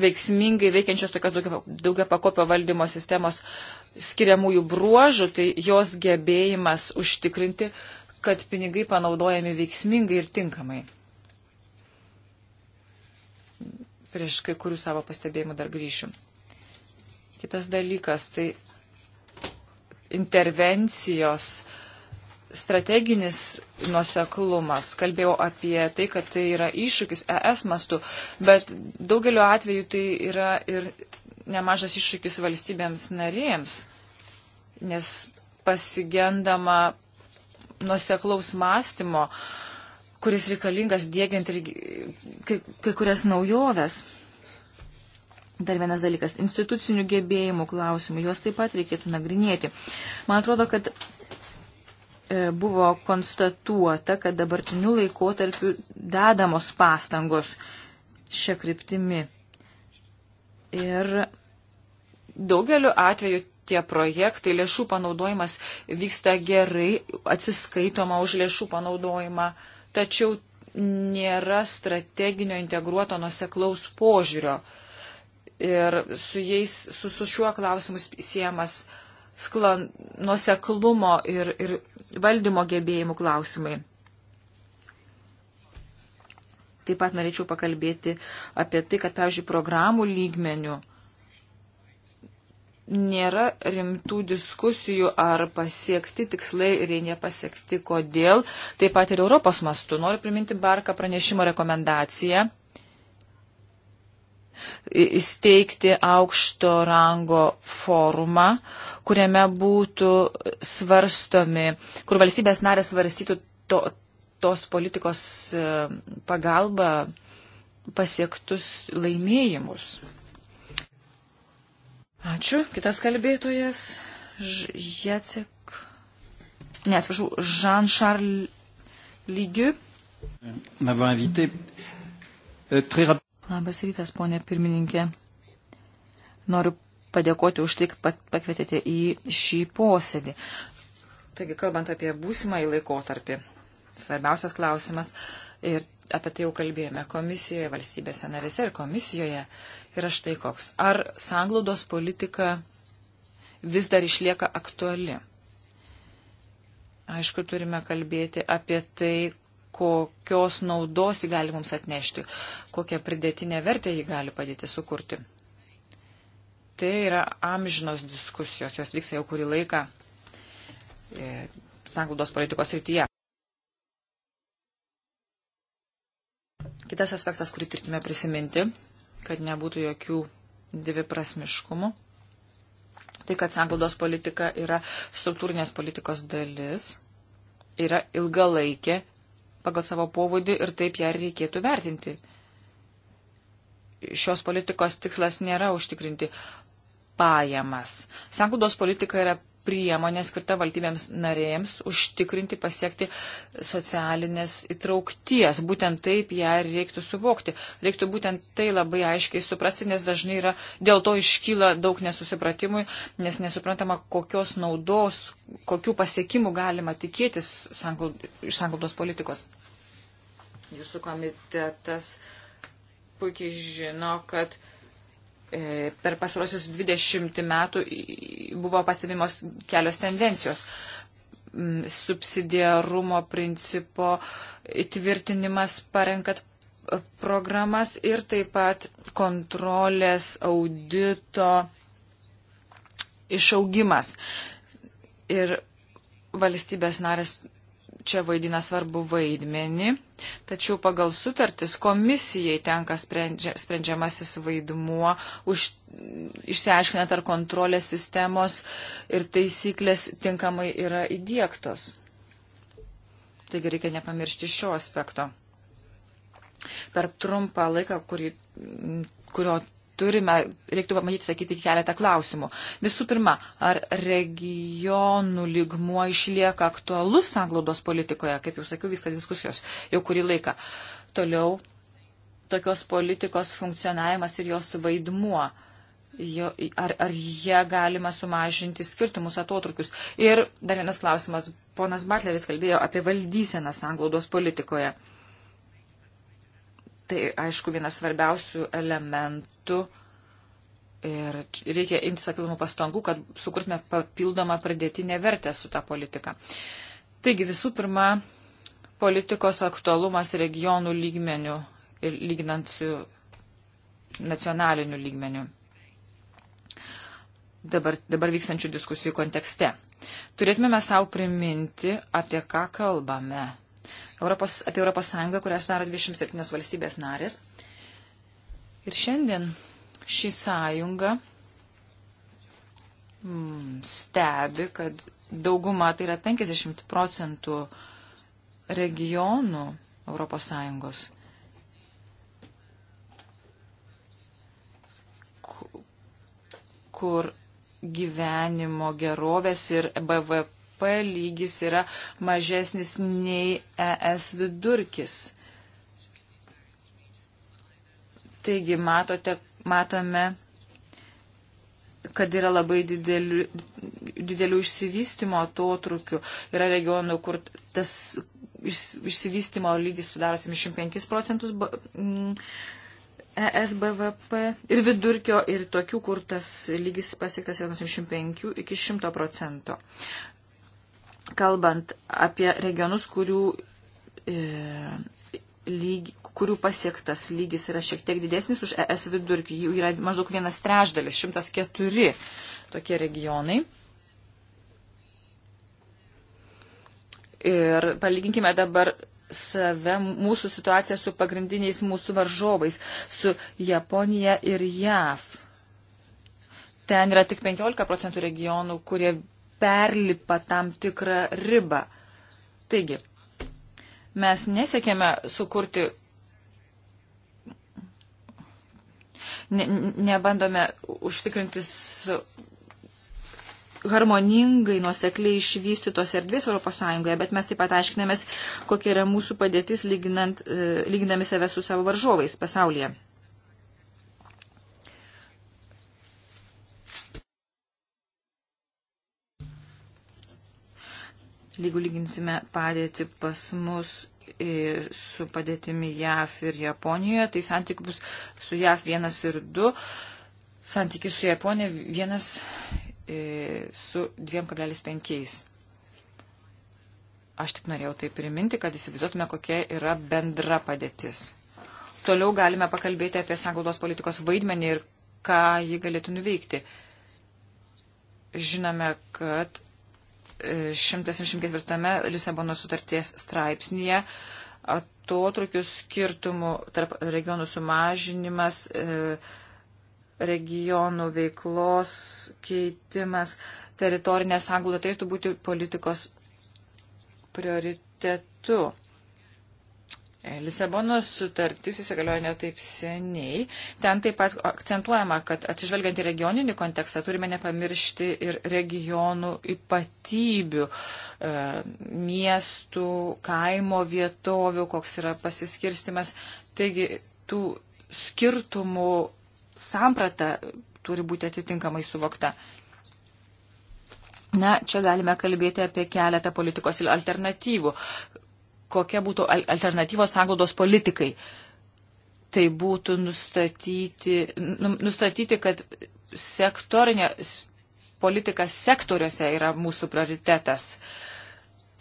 veiksmingai veikiančios tokios daugia pakopio valdymo sistemos skiriamųjų bruožų, tai jos gebėjimas užtikrinti uh, kad pinigai panaudojami veiksmingai ir tinkamai. Prieš kai kurių savo pastebėjimų dar grįšiu. Kitas dalykas tai intervencijos strateginis nuoseklumas. Kalbėjau apie tai, kad tai yra iššūkis ES mastu, bet daugeliu atveju tai yra ir nemažas iššūkis valstybėms narėms, nes pasigendama nuseklaus mąstymo, kuris reikalingas dėgiant ir kai, kai kurias naujoves. Dar vienas dalykas - institucinių gebėjimų klausimų. Juos taip pat reikėtų nagrinėti. Man atrodo, kad e, buvo konstatuota, kad dabartiniu laikotarpiu dedamos pastangos šią kryptimį. Ir daugeliu atveju tie projektai, lėšų panaudojimas vyksta gerai, atsiskaitoma už lėšų panaudojimą, tačiau nėra strateginio integruoto nuseklaus požiūrio. Ir su, jais, su, su šiuo klausimu siejamas sklan, nuseklumo ir, ir valdymo gebėjimų klausimai. Taip pat norėčiau pakalbėti apie tai, kad, pavyzdžiui, programų lygmenių nėra rimtų diskusijų, ar pasiekti tikslai ir jei nepasiekti, kodėl. Taip pat ir Europos mastu. Noriu priminti Barką pranešimo rekomendaciją įsteigti aukšto rango forumą, kuriame būtų svarstomi, kur valstybės narės svarstytų to, tos politikos e, pagalba pasiektus laimėjimus. Ačiū. Kitas kalbėtojas. Jacek. Ne, atsiprašau, Jean-Charles Lygiu. Euh, Labas rytas, ponė pirmininkė. Noriu padėkoti už tai, kad pakvietėte į šį posėdį. Taigi, kalbant apie būsimą į laikotarpį, svarbiausias klausimas ir apie tai jau kalbėjome komisijoje, valstybėse narėse ir komisijoje, yra štai koks. Ar sanglaudos politika vis dar išlieka aktuali? Aišku, turime kalbėti apie tai, kokios naudos jį gali mums atnešti, kokią pridėtinę vertę jį gali padėti sukurti. Tai yra amžinos diskusijos, jos vyksta jau kurį laiką e, sanglaudos politikos rytyje. Kitas aspektas, kurį turėtume prisiminti, kad nebūtų jokių dviprasmiškumų, tai kad sanglaudos politika yra struktūrinės politikos dalis, yra ilgalaikė pagal savo povodį ir taip ją reikėtų vertinti. Šios politikos tikslas nėra užtikrinti pajamas. Sanglaudos politika yra priemonė skirta valstybėms narėjams užtikrinti, pasiekti socialinės įtraukties. Būtent taip ją reiktų suvokti. Reiktų būtent tai labai aiškiai suprasti, nes dažnai yra, dėl to iškyla daug nesusipratimui, nes nesuprantama, kokios naudos, kokių pasiekimų galima tikėtis iš sanglaudos politikos. Jūsų komitetas puikiai žino, kad E, per pastarosius 20 metų buvo pastebimos kelios tendencijos. Mm, subsidiarumo principo įtvirtinimas parenkat programas ir taip pat kontrolės audito išaugimas. Ir valstybės narės čia vaidina svarbu vaidmenį, tačiau pagal sutartis komisijai tenka sprendžia, sprendžiamasis vaidmuo, už, išsiaiškinant ar kontrolės sistemos ir taisyklės tinkamai yra įdėktos. Taigi reikia nepamiršti šio aspekto. Per trumpą laiką, kurį, kurio turime, reiktų pamatyti, sakyti keletą klausimų. Visų pirma, ar regionų ligmuo išlieka aktualus sanglaudos politikoje, kaip jau sakiau, viskas diskusijos jau kurį laiką. Toliau, tokios politikos funkcionavimas ir jos vaidmuo. Jo, ar, ar jie galima sumažinti skirtumus atotrukius. Ir dar vienas klausimas. Ponas Batleris kalbėjo apie valdyseną sanglaudos politikoje. Uh, Tai aišku vienas svarbiausių elementų ir reikia imtis papildomų pastangų, kad sukurtume papildomą pridėtinę vertę su tą politiką. Taigi visų pirma, politikos aktualumas regionų lygmenių ir lyginant su nacionaliniu lygmeniu dabar, dabar vykstančių diskusijų kontekste. Turėtume savo priminti, apie ką kalbame Europos, apie Europos Sąjungą, kurią sudaro 27 valstybės narės. Ir šiandien šį sąjungą mm, stebi, kad dauguma, tai yra 50 procentų regionų Europos Sąjungos, kur gyvenimo gerovės ir BVP BVP lygis yra mažesnis nei ES vidurkis. Taigi matote, matome, kad yra labai didelių, didelių išsivystimo atotrukių. Yra regionų, kur tas išsivystimo lygis sudaro 75 procentus ES BVP ir vidurkio ir tokių, kur tas lygis pasiektas 75 iki 100 procento kalbant apie regionus, kurių, e, lyg, kurių pasiektas lygis yra šiek tiek didesnis už ES vidurkį, jų yra maždaug vienas trešdalis, 104 tokie regionai. Ir palyginkime dabar save, mūsų situaciją su pagrindiniais mūsų varžovais, su Japonija ir JAV. Ten yra tik 15 procentų regionų, kurie perlipa tam tikrą ribą. Taigi, mes nesiekėme sukurti, ne, nebandome užtikrintis harmoningai, nuosekliai išvystytos erdvės ES, bet mes taip pat aiškinamės, kokia yra mūsų padėtis lyginant, e, lyginami save su savo varžovais pasaulyje. Jeigu lyginsime padėtį pas mus su padėtimi JAF ir Japonijoje, tai santykis su JAF vienas ir du, santykis su Japonija vienas su 2,5. Aš tik norėjau tai priminti, kad įsivizuotume, kokia yra bendra padėtis. Toliau galime pakalbėti apie sanglaudos politikos vaidmenį ir ką ji galėtų nuveikti. Žinome, kad 174 Lisabono sutarties straipsnėje atotrukių skirtumų tarp regionų sumažinimas, e, regionų veiklos keitimas, teritorinė sanglauda turėtų būti politikos prioritetu. Lisabonos sutartis įsigaliojo ne taip seniai. Ten taip pat akcentuojama, kad atsižvelgiant į regioninį kontekstą turime nepamiršti ir regionų ypatybių, e, miestų, kaimo vietovių, koks yra pasiskirstimas. Taigi tų skirtumų samprata turi būti atitinkamai suvokta. Na, čia galime kalbėti apie keletą politikos alternatyvų kokia būtų alternatyvos sanglaudos politikai. Tai būtų nustatyti, nu, nustatyti kad sektorinė politika sektoriuose yra mūsų prioritetas.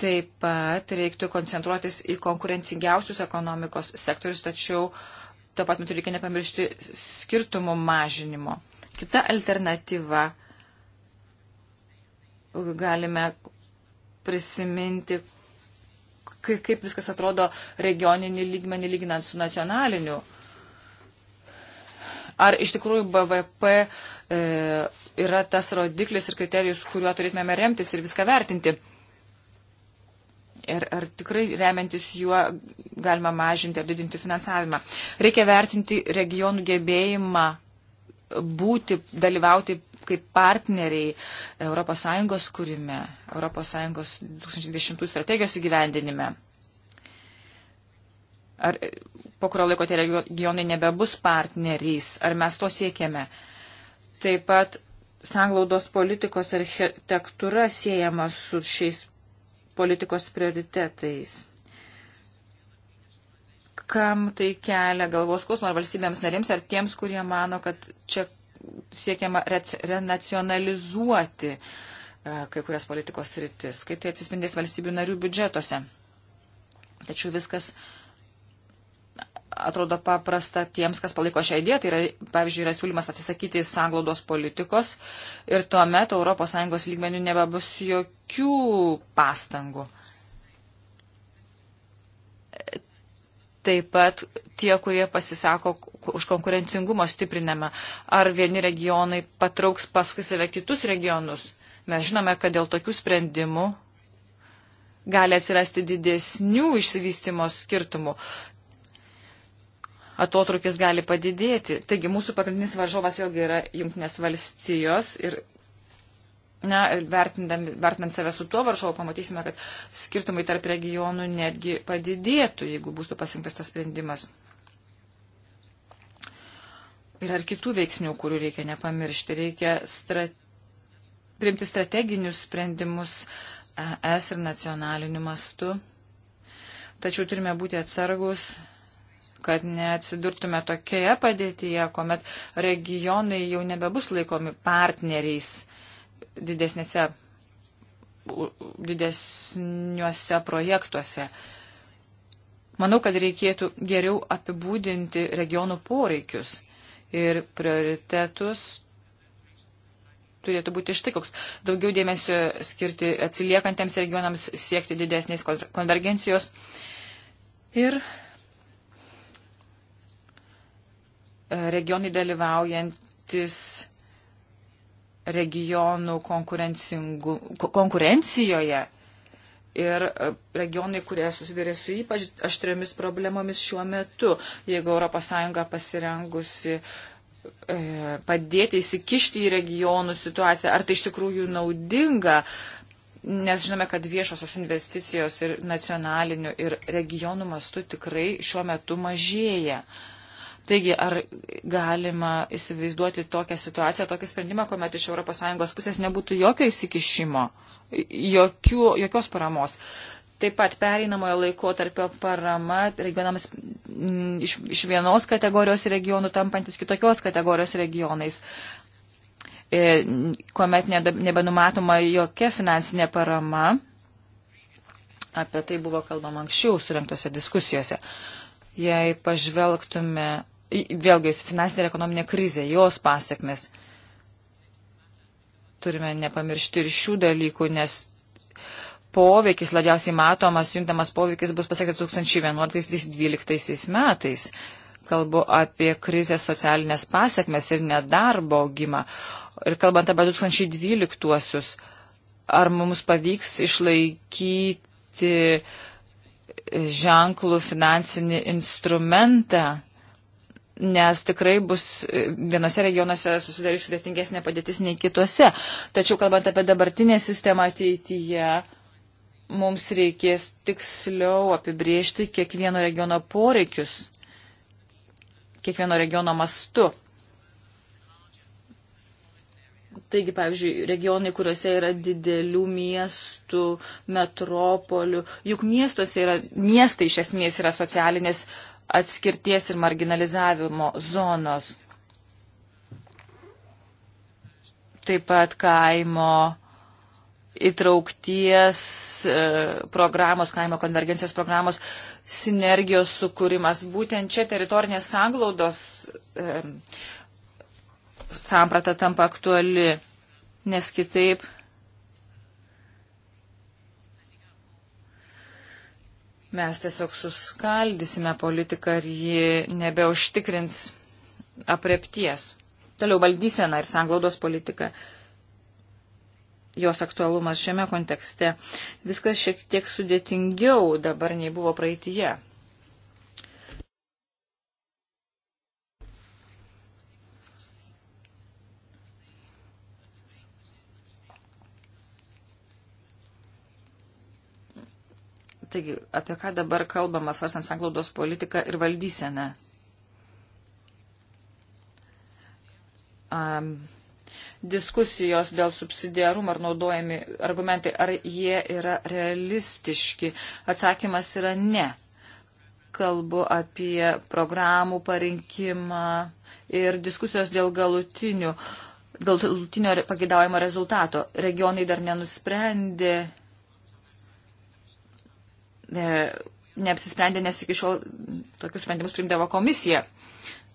Taip pat reiktų koncentruotis į konkurencingiausius ekonomikos sektorius, tačiau tuo pat metu reikia nepamiršti skirtumų mažinimo. Kita alternatyva galime prisiminti kaip viskas atrodo regioninį lygmenį lyginant su nacionaliniu. Ar iš tikrųjų BVP e, yra tas rodiklis ir kriterijus, kuriuo turėtume remtis ir viską vertinti? Ir ar tikrai remiantis juo galima mažinti ar didinti finansavimą? Reikia vertinti regionų gebėjimą būti, dalyvauti kaip partneriai ES kūrime, ES 2010 strategijos įgyvendinime. Ar e, po kurio laiko tie regionai nebebus partneriais, ar mes to siekiame. Taip pat sanglaudos politikos architektūra siejama su šiais politikos prioritetais kam tai kelia galvos skausmą ar valstybėms narėms, ar tiems, kurie mano, kad čia siekiama renacionalizuoti e, kai kurias politikos rytis, kaip tai atsispindės valstybių narių biudžetuose. Tačiau viskas atrodo paprasta tiems, kas palaiko šią idėją. Tai yra, pavyzdžiui, yra siūlymas atsisakyti sanglaudos politikos ir tuomet ES lygmenių nebebus jokių pastangų taip pat tie, kurie pasisako už konkurencingumo stiprinimą. Ar vieni regionai patrauks paskui save kitus regionus? Mes žinome, kad dėl tokių sprendimų gali atsirasti didesnių išsivystimo skirtumų. Atotrukis gali padidėti. Taigi mūsų pagrindinis varžovas vėlgi yra jungtinės valstijos ir Na, vertinant save su tuo varžovu, pamatysime, kad skirtumai tarp regionų netgi padidėtų, jeigu būtų pasirinktas tas sprendimas. Ir ar kitų veiksnių, kurių reikia nepamiršti, reikia strate priimti strateginius sprendimus ES ir nacionaliniu mastu. Tačiau turime būti atsargus, kad neatsidurtume tokioje padėtyje, kuomet regionai jau nebebus laikomi partneriais didesnėse, didesniuose projektuose. Manau, kad reikėtų geriau apibūdinti regionų poreikius ir prioritetus turėtų būti štai koks. Daugiau dėmesio skirti atsiliekantiems regionams, siekti didesnės konvergencijos. Ir e, regionai dalyvaujantis regionų konkurencijoje ir e, regionai, kurie susiduria su ypač aštriomis problemomis šiuo metu, jeigu ES pasirengusi e, padėti įsikišti į regionų situaciją, ar tai iš tikrųjų naudinga, nes žinome, kad viešosios investicijos ir nacionalinių ir regionų mastų tikrai šiuo metu mažėja. Uh, Taigi, ar galima įsivaizduoti tokią situaciją, tokį sprendimą, kuomet iš ES pusės nebūtų jokio įsikišimo, jokių, jokios paramos? Taip pat pereinamojo laiko tarpio parama regionams m, mm, iš, iš vienos kategorijos regionų tampantis kitokios kategorijos regionais e, kuomet nebenumatoma jokia finansinė parama. Apie tai buvo kalbama anksčiau surinktose diskusijose. Jei pažvelgtume vėlgi finansinė ir ekonominė krizė, jos pasiekmes. Turime nepamiršti ir šių dalykų, nes poveikis, labiausiai matomas, juntamas poveikis bus pasiektas 2011-2012 metais. Kalbu apie krizės socialinės pasiekmes ir nedarbo augimą. Ir kalbant apie 2012-uosius, ar mums pavyks išlaikyti ženklų finansinį instrumentą nes tikrai bus e, vienose regionuose susidarys sudėtingesnė padėtis nei kitose. Tačiau kalbant apie dabartinę sistemą ateityje, mums reikės tiksliau apibriežti kiekvieno regiono poreikius, kiekvieno regiono mastu. Taigi, pavyzdžiui, regionai, kuriuose yra didelių miestų, metropolių, juk miestuose yra, miestai iš esmės yra socialinės uh, atskirties ir marginalizavimo zonos. Taip pat kaimo įtraukties e, programos, kaimo konvergencijos programos, sinergijos sukūrimas. Būtent čia teritorinės sanglaudos e, samprata tampa aktuali, nes kitaip Mes tiesiog suskaldysime politiką ir ji nebeužtikrins aprepties. Toliau valdysena ir sanglaudos politika. Jos aktualumas šiame kontekste. Viskas šiek tiek sudėtingiau dabar nei buvo praeitie. Taigi, apie ką dabar kalbama, svarstant sanglaudos politiką ir valdyseną? Um, diskusijos dėl subsidiarumo ar naudojami argumentai, ar jie yra realistiški? Atsakymas yra ne. Kalbu apie programų parinkimą ir diskusijos dėl galutinių, galutinio pagidaujamo rezultato. Regionai dar nenusprendė E, neapsisprendė, nes iki šiol tokius sprendimus priimdavo komisija.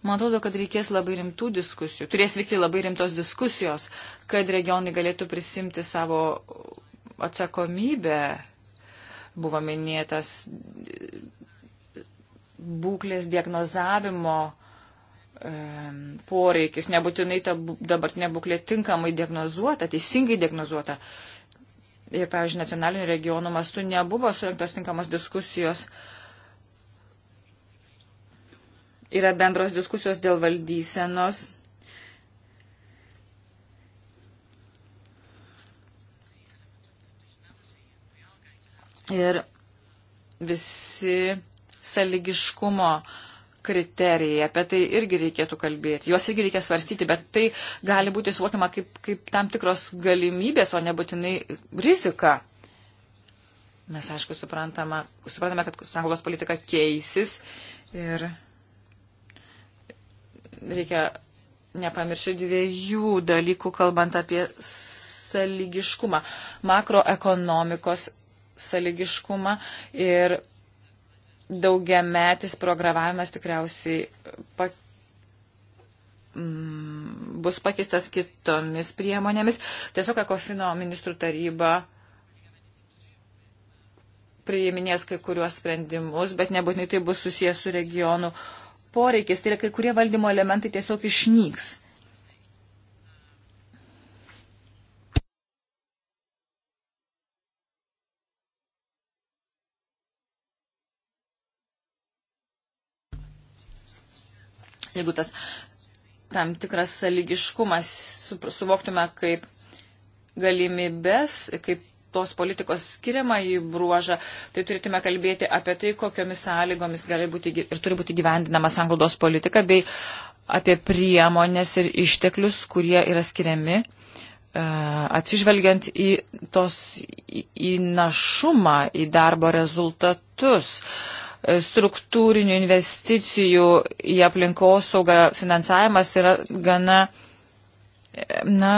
Man atrodo, kad reikės labai rimtų diskusijų. Turės vykti labai rimtos diskusijos, kad regionai galėtų prisimti savo atsakomybę. Buvo minėtas būklės diagnozavimo e, poreikis, nebūtinai ta dabartinė būklė tinkamai diagnozuota, teisingai diagnozuota ir, pavyzdžiui, nacionalinių regionų mastu nebuvo surinktos tinkamos diskusijos. Yra bendros diskusijos dėl valdysenos. Ir visi saligiškumo uh, kriterijai, apie tai irgi reikėtų kalbėti, juos irgi reikia svarstyti, bet tai gali būti suvokiama kaip, kaip tam tikros galimybės, o nebūtinai rizika. Mes, aišku, suprantame, suprantame kad sąjungos politika keisis ir reikia nepamiršti dviejų dalykų, kalbant apie saligiškumą. Makroekonomikos saligiškumą ir daugiametis programavimas tikriausiai pa, mm, bus pakistas kitomis priemonėmis. Tiesiog Ekofino ministrų taryba priiminės kai kuriuos sprendimus, bet nebūtinai tai bus susijęs su regionų poreikiais. Tai yra kai kurie valdymo elementai tiesiog išnyks. jeigu tas tam tikras saligiškumas su, suvoktume kaip galimybės, kaip tos politikos skiriamą į bruožą, tai turėtume kalbėti apie tai, kokiomis sąlygomis gali būti ir turi būti gyvendinama sanglaudos politika, bei apie priemonės ir išteklius, kurie yra skiriami e, atsižvelgiant į tos į našumą, į darbo rezultatus. Uh, struktūrinių investicijų į aplinkosaugą finansavimas yra gana na,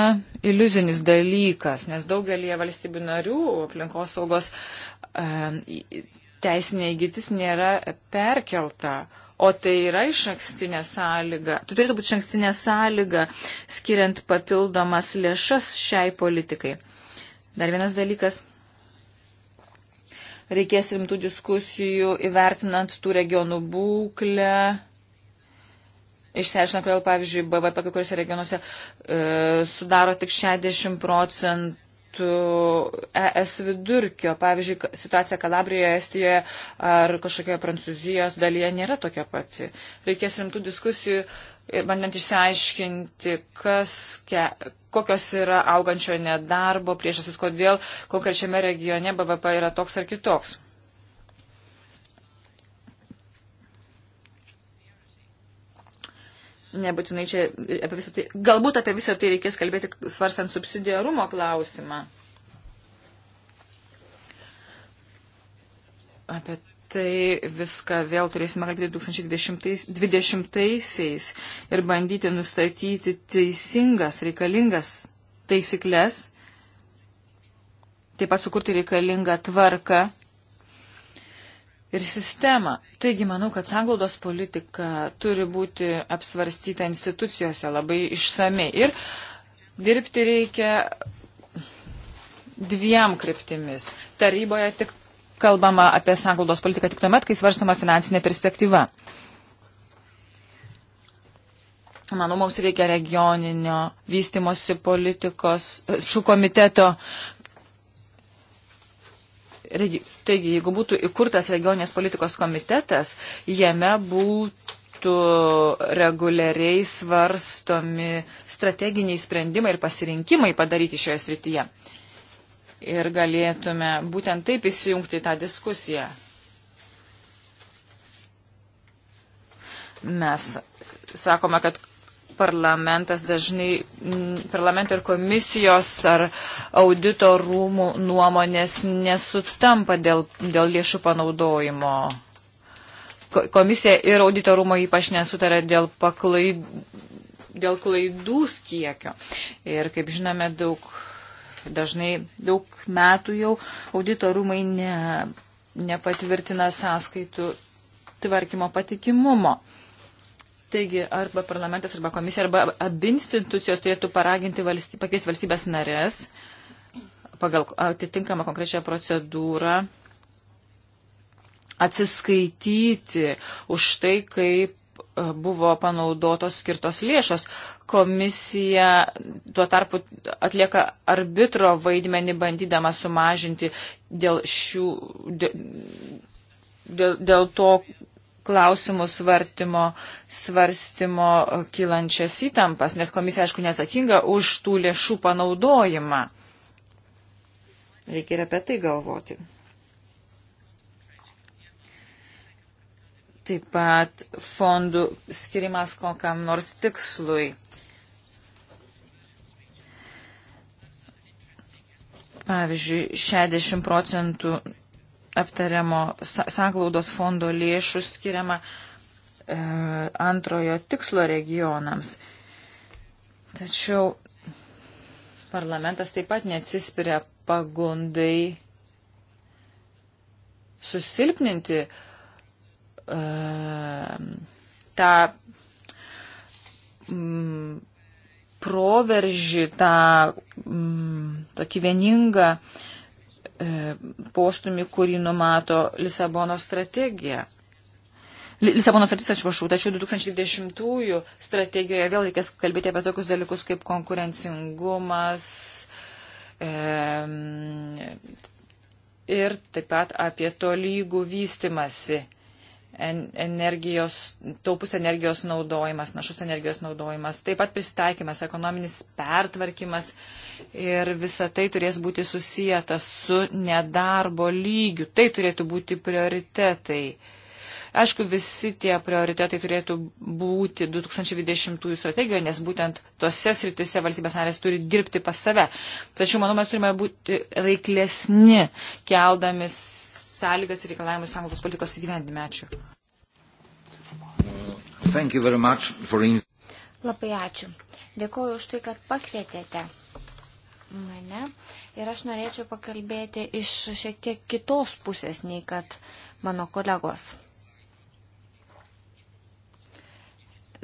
iliuzinis dalykas, nes daugelie valstybių narių aplinkosaugos e, teisinė įgytis nėra perkelta. O tai yra iš ankstinė sąlyga. Tu tai turėtų būti iš ankstinė sąlyga, skiriant papildomas lėšas šiai politikai. Dar vienas dalykas reikės rimtų diskusijų įvertinant tų regionų būklę. Išsiaiškinant, kodėl, pavyzdžiui, BVP kai kuriuose regionuose e, sudaro tik 60 procentų ES vidurkio. Pavyzdžiui, situacija Kalabrijoje, Estijoje ar kažkokioje Prancūzijos dalyje nėra tokia pati. Reikės rimtų diskusijų. E, bandant išsiaiškinti, kas, ke, kokios yra augančio nedarbo priežasis, kodėl konkrečiame regione BVP yra toks ar kitoks. Nebūtinai čia apie visą tai, galbūt apie visą tai reikės kalbėti svarstant subsidiarumo klausimą. Apie tai viską vėl turėsime kalbėti 2020-aisiais ir bandyti nustatyti teisingas, reikalingas taisyklės, taip pat sukurti reikalingą tvarką ir sistemą. Taigi manau, kad sanglaudos politika turi būti apsvarstyta institucijose labai išsamei ir dirbti reikia dviem kryptimis. Taryboje tik kalbama apie sanglaudos politiką tik tuomet, kai svarstama finansinė perspektyva. Manau, mums reikia regioninio vystimosi politikos šių komiteto. Taigi, jeigu būtų įkurtas regioninės politikos komitetas, jame būtų reguliariai svarstomi strateginiai sprendimai ir pasirinkimai padaryti šioje srityje ir galėtume būtent taip įsijungti į tą diskusiją. Mes sakome, kad parlamentas dažnai, parlamento ir komisijos ar audito rūmų nuomonės nesutampa dėl, dėl lėšų panaudojimo. Komisija ir audito rūmo ypač nesutarė dėl, paklaid, dėl klaidų kiekio. Ir kaip žinome, daug Dažnai daug metų jau auditorumai ne, nepatvirtina sąskaitų tvarkymo patikimumo. Taigi, arba parlamentas, arba komisija, arba abi institucijos turėtų paraginti valsty, pakeisti valstybės narės pagal atitinkamą konkrečią procedūrą atsiskaityti už tai, kaip E, buvo panaudotos skirtos lėšos. Komisija tuo tarpu atlieka arbitro vaidmenį bandydama sumažinti dėl šių. Dėl, dėl to klausimų svartimo, svarstymo kylančias įtampas, nes komisija, aišku, neatsakinga už tų lėšų panaudojimą. Reikia ir apie tai galvoti. taip pat fondų skirimas kokiam nors tikslui. Pavyzdžiui, 60 procentų aptariamo sanglaudos fondo lėšų skiriama e, antrojo tikslo regionams. Tačiau parlamentas taip pat neatsispiria pagundai susilpninti uh, Ehm, tą mm, proveržį, tą mm, tokį vieningą ehm, postumį, kurį numato Lisabono strategija. Lisabono strategija, aš prašau, tačiau 2020-ųjų strategijoje vėl reikės kalbėti apie tokius dalykus kaip konkurencingumas e, ir taip pat apie tolygų vystimasi. E, energijos, taupus energijos naudojimas, našus energijos naudojimas, taip pat pristaikymas, ekonominis pertvarkymas ir visa tai turės būti susijęta su nedarbo lygiu. Tai turėtų būti prioritetai. Aišku, visi tie prioritetai turėtų būti 2020 strategijoje, nes būtent tose sritise valstybės narės turi dirbti pas save. Tačiau, manau, mes turime būti reiklesni, keldamis sąlygas ir reikalavimus sąjungos politikos įgyvendime. Ačiū. For... Labai ačiū. Dėkuoju už tai, kad pakvietėte mane. Ir aš norėčiau pakalbėti iš šiek tiek kitos pusės, nei kad mano kolegos.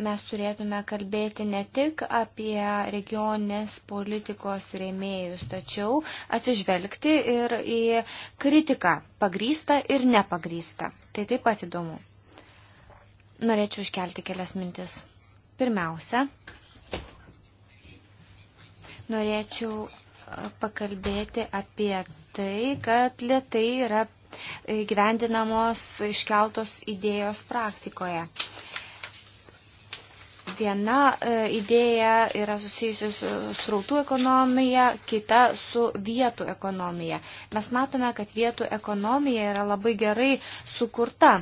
mes turėtume kalbėti ne tik apie regioninės politikos rėmėjus, tačiau atsižvelgti ir į kritiką, pagrystą ir nepagrystą. Tai taip pat įdomu. Norėčiau iškelti kelias mintis. Pirmiausia, norėčiau e, pakalbėti apie tai, kad lietai yra e, gyvendinamos iškeltos idėjos praktikoje. Viena e, idėja yra susijusi su srautų ekonomija, kita su vietų ekonomija. Mes matome, kad vietų ekonomija yra labai gerai sukurta.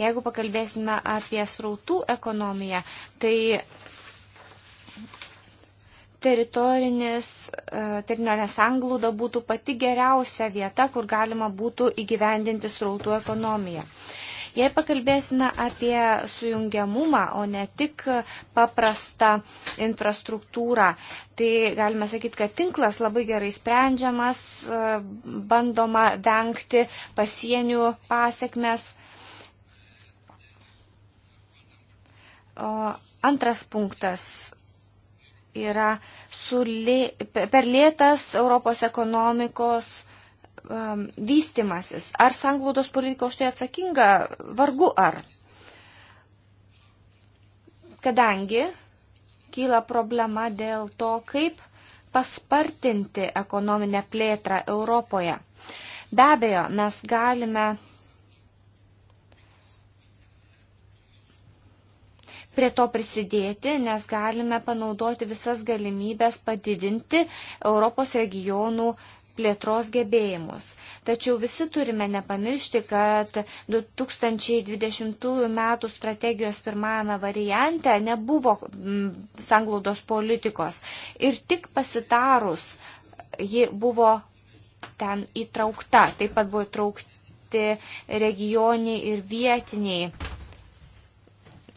Jeigu pakalbėsime apie srautų ekonomiją, tai teritorinis, e, teritorinė sanglauda būtų pati geriausia vieta, kur galima būtų įgyvendinti srautų ekonomiją. Jei pakalbėsime apie sujungiamumą, o ne tik paprastą infrastruktūrą, tai galime sakyti, kad tinklas labai gerai sprendžiamas, bandoma vengti pasienių pasiekmes. O antras punktas yra sulė, per lėtas Europos ekonomikos um, vystimasis. Ar sanglaudos politika už tai atsakinga? Vargu ar. Kadangi kyla problema dėl to, kaip paspartinti ekonominę plėtrą Europoje. Be abejo, mes galime prie to prisidėti, nes galime panaudoti visas galimybės padidinti Europos regionų plėtros gebėjimus. Tačiau visi turime nepamiršti, kad 2020 m. strategijos pirmajame variante nebuvo mm, sanglaudos politikos ir tik pasitarus ji buvo ten įtraukta. Taip pat buvo įtraukti regioniai ir vietiniai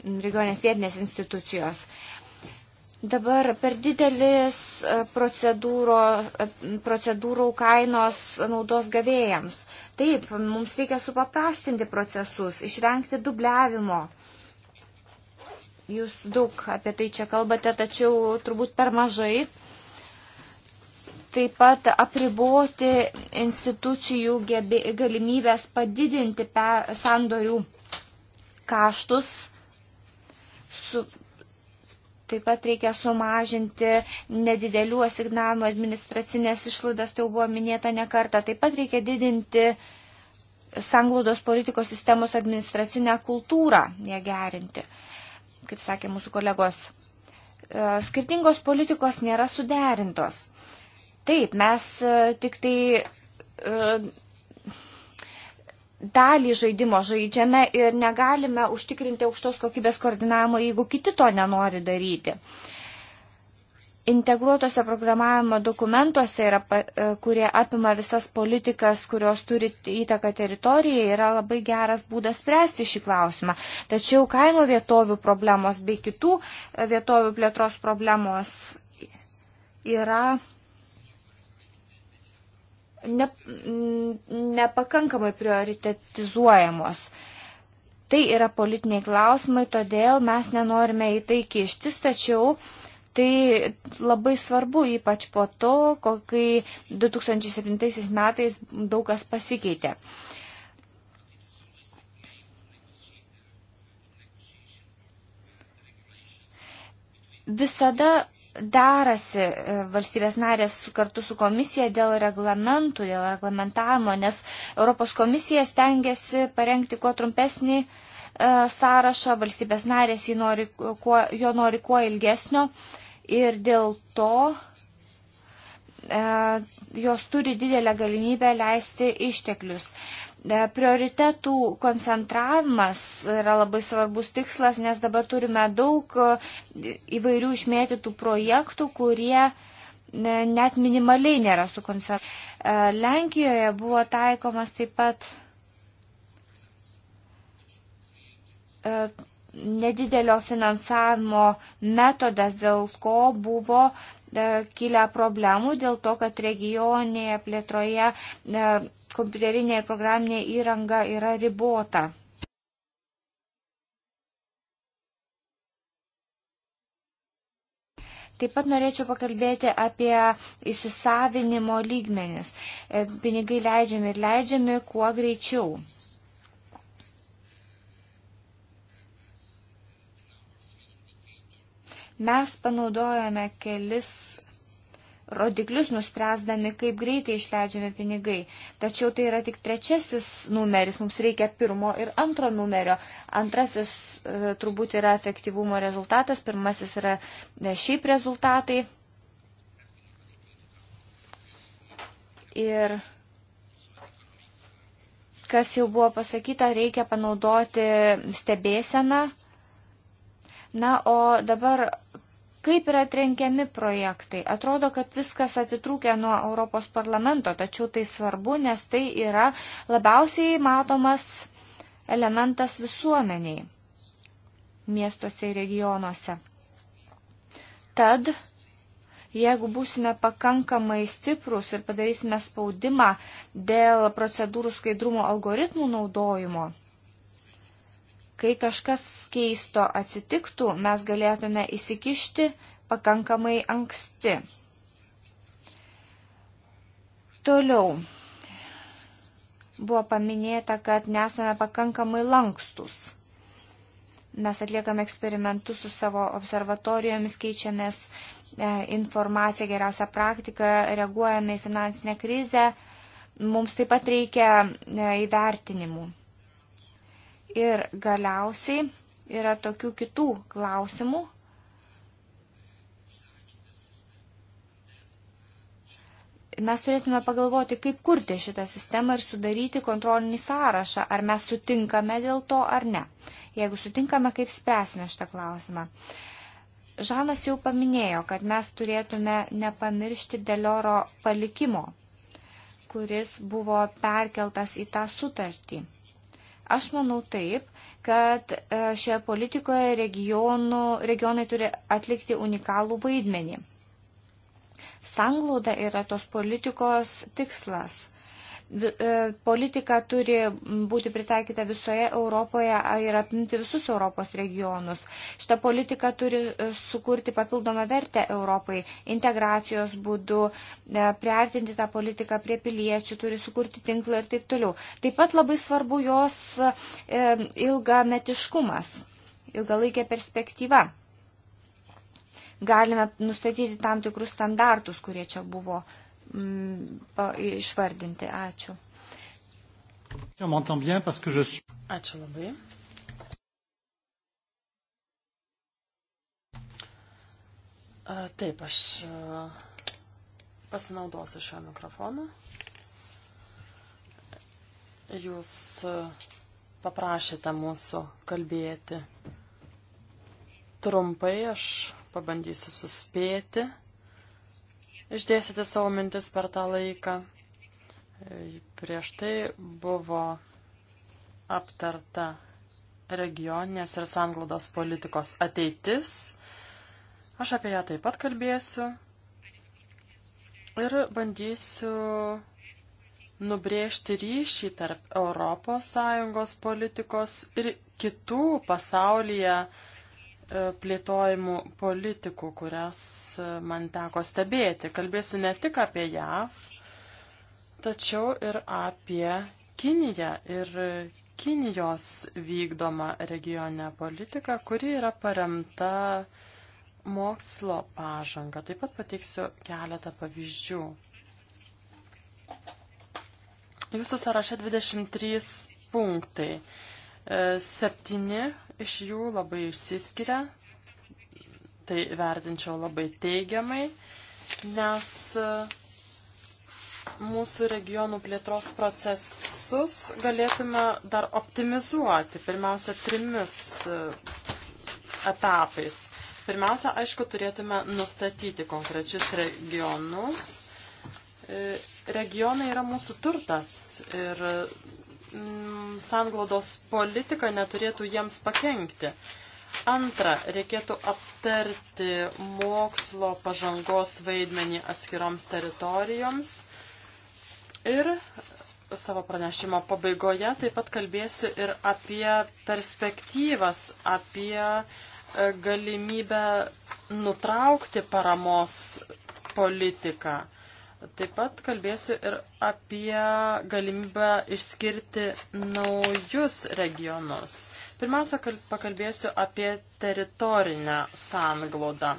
regionės vietinės institucijos. Uh, Dabar per didelis e, e, procedūrų kainos naudos gavėjams. Taip, mums reikia supaprastinti procesus, išvengti dubliavimo. Jūs daug apie tai čia kalbate, tačiau turbūt per mažai. Taip pat apriboti institucijų gebė, galimybės padidinti pe, sandorių kaštus, su, Taip pat reikia sumažinti nedidelių asignavimų administracinės išlaidas, tai jau buvo minėta ne kartą. Taip pat reikia didinti sanglaudos politikos sistemos administracinę kultūrą, ją gerinti, kaip sakė mūsų kolegos. E, skirtingos politikos nėra suderintos. Taip, mes e, tik tai e, dalį žaidimo žaidžiame ir negalime užtikrinti aukštos kokybės koordinavimo, jeigu kiti to nenori daryti. Integruotose programavimo dokumentuose, yra, e, kurie apima visas politikas, kurios turi įtaką teritorijai, yra labai geras būdas spręsti šį klausimą. Tačiau kaimo vietovių problemos bei kitų e, vietovių plėtros problemos yra ne, nepakankamai prioritetizuojamos. Tai yra politiniai klausimai, todėl mes nenorime į tai kištis, tačiau tai labai svarbu, ypač po to, kai 2007 metais daug kas pasikeitė. Visada darasi e, valstybės narės kartu su komisija dėl reglamentų, dėl reglamentavimo, nes Europos komisija stengiasi parengti kuo trumpesnį e, sąrašą, valstybės narės nori, kuo, jo nori kuo ilgesnio ir dėl to e, jos turi didelę galimybę leisti išteklius. E, E, prioritetų koncentravimas yra labai svarbus tikslas, nes dabar turime daug e, įvairių išmėtytų projektų, kurie e, net minimaliai nėra sukoncentruoti. Lenkijoje buvo taikomas taip pat nedidelio finansavimo metodas, dėl ko buvo E, kilę problemų dėl to, kad regioninėje plėtroje e, kompiuterinė ir programinė įranga yra ribota. Taip pat norėčiau pakalbėti apie įsisavinimo lygmenis. E, pinigai leidžiami ir leidžiami kuo greičiau. Mes panaudojame kelis rodiklius nuspręsdami, kaip greitai išleidžiami pinigai. Tačiau tai yra tik trečiasis numeris, mums reikia pirmo ir antro numerio. Antrasis e, turbūt yra efektyvumo rezultatas, pirmasis yra e, šiaip rezultatai. Ir kas jau buvo pasakyta, reikia panaudoti stebėseną Na, o dabar kaip yra trenkiami projektai. Atrodo, kad viskas atitrūkia nuo Europos parlamento, tačiau tai svarbu, nes tai yra labiausiai matomas elementas visuomeniai miestuose ir regionuose. Tad, jeigu būsime pakankamai stiprus ir padarysime spaudimą dėl procedūrų skaidrumo algoritmų naudojimo, Kai kažkas keisto atsitiktų, mes galėtume įsikišti pakankamai anksti. Toliau buvo paminėta, kad nesame pakankamai lankstus. Mes atliekame eksperimentus su savo observatorijomis, keičiamės e, informaciją, geriausią praktiką, reaguojame į finansinę krizę. Mums taip pat reikia e, įvertinimų. Ir galiausiai yra tokių kitų klausimų. Mes turėtume pagalvoti, kaip kurti šitą sistemą ir sudaryti kontrolinį sąrašą, ar mes sutinkame dėl to ar ne. Jeigu sutinkame, kaip spręsime šitą klausimą. Žanas jau paminėjo, kad mes turėtume nepamiršti Delioro palikimo, kuris buvo perkeltas į tą sutartį. Aš manau taip, kad e, šioje politikoje regionų, regionai turi atlikti unikalų vaidmenį. Sanglauda yra tos politikos tikslas. E, politika turi būti pritaikyta visoje Europoje ir apimti visus Europos regionus. Šita politika turi e, sukurti papildomą vertę Europai integracijos būdu, e, priartinti tą politiką prie piliečių, turi sukurti tinklą ir taip toliau. Taip pat labai svarbu jos ilgametiškumas, ilgalaikė perspektyva galime nustatyti tam tikrus standartus, kurie čia buvo Mm, išvardinti. Ačiū. Ačiū labai. Taip, aš pasinaudosiu šio mikrofonu. Jūs paprašėte mūsų kalbėti trumpai, aš pabandysiu suspėti išdėsyti savo mintis per tą laiką. E, prieš tai buvo aptarta regioninės ir sanglaudos politikos ateitis. Aš apie ją taip pat kalbėsiu ir bandysiu nubrėžti ryšį tarp ES politikos ir kitų pasaulyje E, plėtojimų politikų, kurias e, man teko stebėti. Kalbėsiu ne tik apie JAV, tačiau ir apie Kiniją ir Kinijos vykdomą regionę politiką, kuri yra paremta mokslo pažanga. Taip pat pateiksiu keletą pavyzdžių. Jūsų sąraše 23 punktai. E, septyni iš jų labai išsiskiria, tai vertinčiau labai teigiamai, nes e, mūsų regionų plėtros procesus galėtume dar optimizuoti, pirmiausia, trimis e, etapais. Pirmiausia, aišku, turėtume nustatyti konkrečius regionus. E, regionai yra mūsų turtas ir Mm, sanglaudos politika neturėtų jiems pakengti. Antra, reikėtų aptarti mokslo pažangos vaidmenį atskiroms teritorijoms. Ir savo pranešimo pabaigoje taip pat kalbėsiu ir apie perspektyvas, apie e, galimybę nutraukti paramos politiką. Taip pat kalbėsiu ir apie galimybę išskirti naujus regionus. Pirmiausia, pakalbėsiu apie teritorinę sanglodą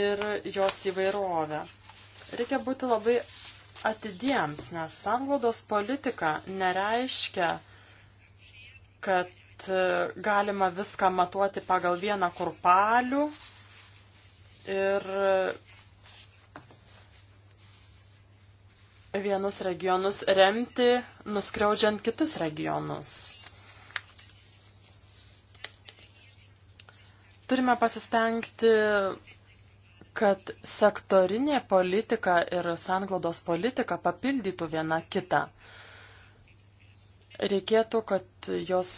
ir jos įvairovę. Reikia būti labai atidiems, nes sanglodos politika nereiškia, kad e, galima viską matuoti pagal vieną kurpalių ir vienus regionus remti, nuskriaudžiant kitus regionus. Turime pasistengti, kad sektorinė politika ir sanglaudos politika papildytų viena kitą. Reikėtų, kad jos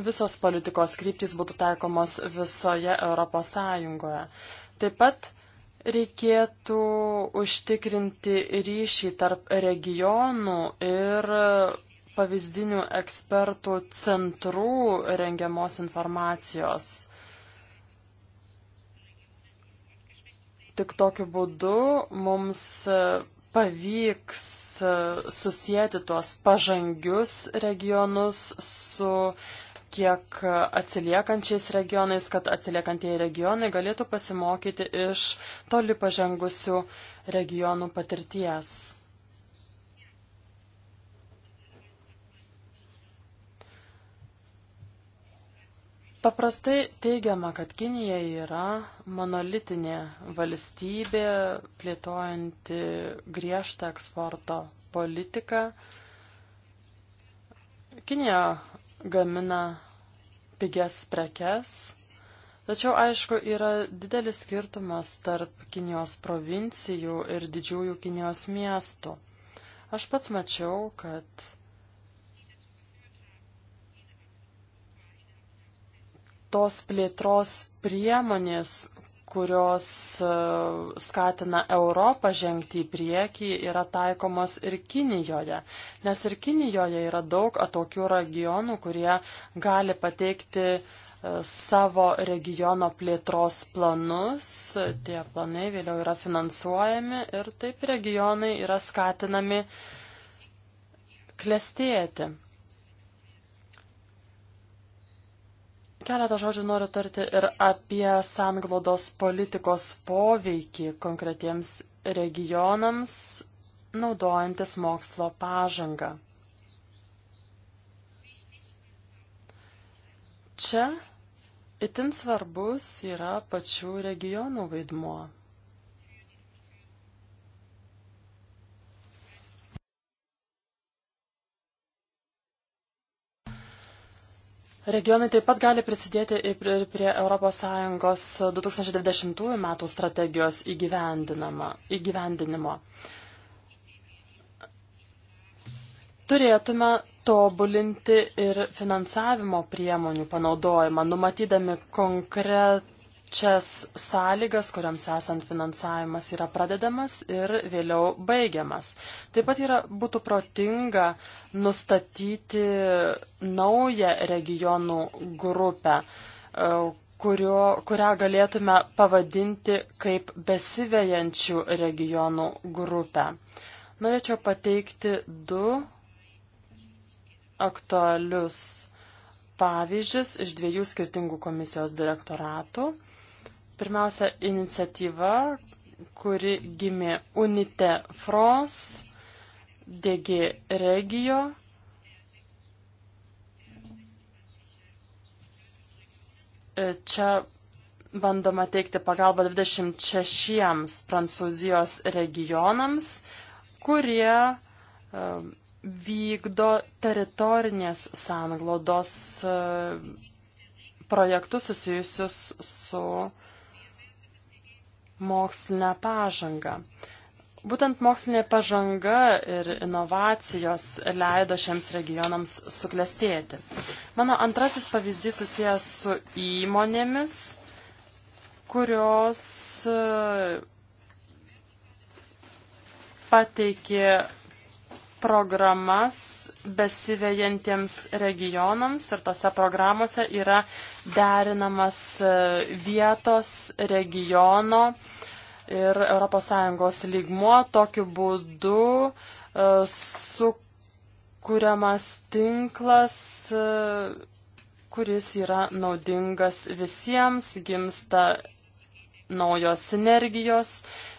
visos politikos kryptys būtų taikomos visoje Europos Sąjungoje. Taip pat Reikėtų užtikrinti ryšį tarp regionų ir pavyzdinių ekspertų centrų rengiamos informacijos. Tik tokiu būdu mums pavyks susijęti tuos pažangius regionus su kiek atsiliekančiais regionais, kad atsiliekantieji regionai galėtų pasimokyti iš toli pažengusių regionų patirties. Paprastai teigiama, kad Kinija yra monolitinė valstybė, plėtojanti griežtą eksporto politiką. Kinija gamina pigias prekes. Tačiau, aišku, yra didelis skirtumas tarp Kinijos provincijų ir didžiųjų Kinijos miestų. Aš pats mačiau, kad tos plėtros priemonės, kurios e, skatina Europą žengti į priekį, yra taikomos ir Kinijoje. Nes ir Kinijoje yra daug atokių regionų, kurie gali pateikti e, savo regiono plėtros planus. Tie planai vėliau yra finansuojami ir taip regionai yra skatinami klestėti. Keletą žodžių noriu tarti ir apie sanglodos politikos poveikį konkretiems regionams, naudojantis mokslo pažangą. Čia itin svarbus yra pačių regionų vaidmuo. Regionai taip pat gali prisidėti prie, prie ES 2020 metų strategijos įgyvendinimo. Turėtume tobulinti ir finansavimo priemonių panaudojimą, numatydami konkretų pačias sąlygas, kuriams esant finansavimas yra pradedamas ir vėliau baigiamas. Taip pat yra, būtų protinga nustatyti naują regionų grupę, e, kurio, kurią galėtume pavadinti kaip besivejančių regionų grupę. Norėčiau pateikti du aktualius pavyzdžius iš dviejų skirtingų komisijos direktoratų. Pirmiausia, iniciatyva, kuri gimė Unite France, DG Regio. E, čia bandoma teikti pagalbą 26 Prancūzijos regionams, kurie e, vykdo teritorinės sanglodos e, projektus susijusius su mokslinę pažangą. Būtent mokslinė pažanga ir inovacijos leido šiems regionams suklestėti. Mano antrasis pavyzdys susijęs su įmonėmis, kurios e, pateikė programas besivejantiems regionams ir tose programuose yra derinamas e, vietos regiono ir ES lygmuo. Tokiu būdu e, sukūriamas tinklas e, kuris yra naudingas visiems, gimsta naujos sinergijos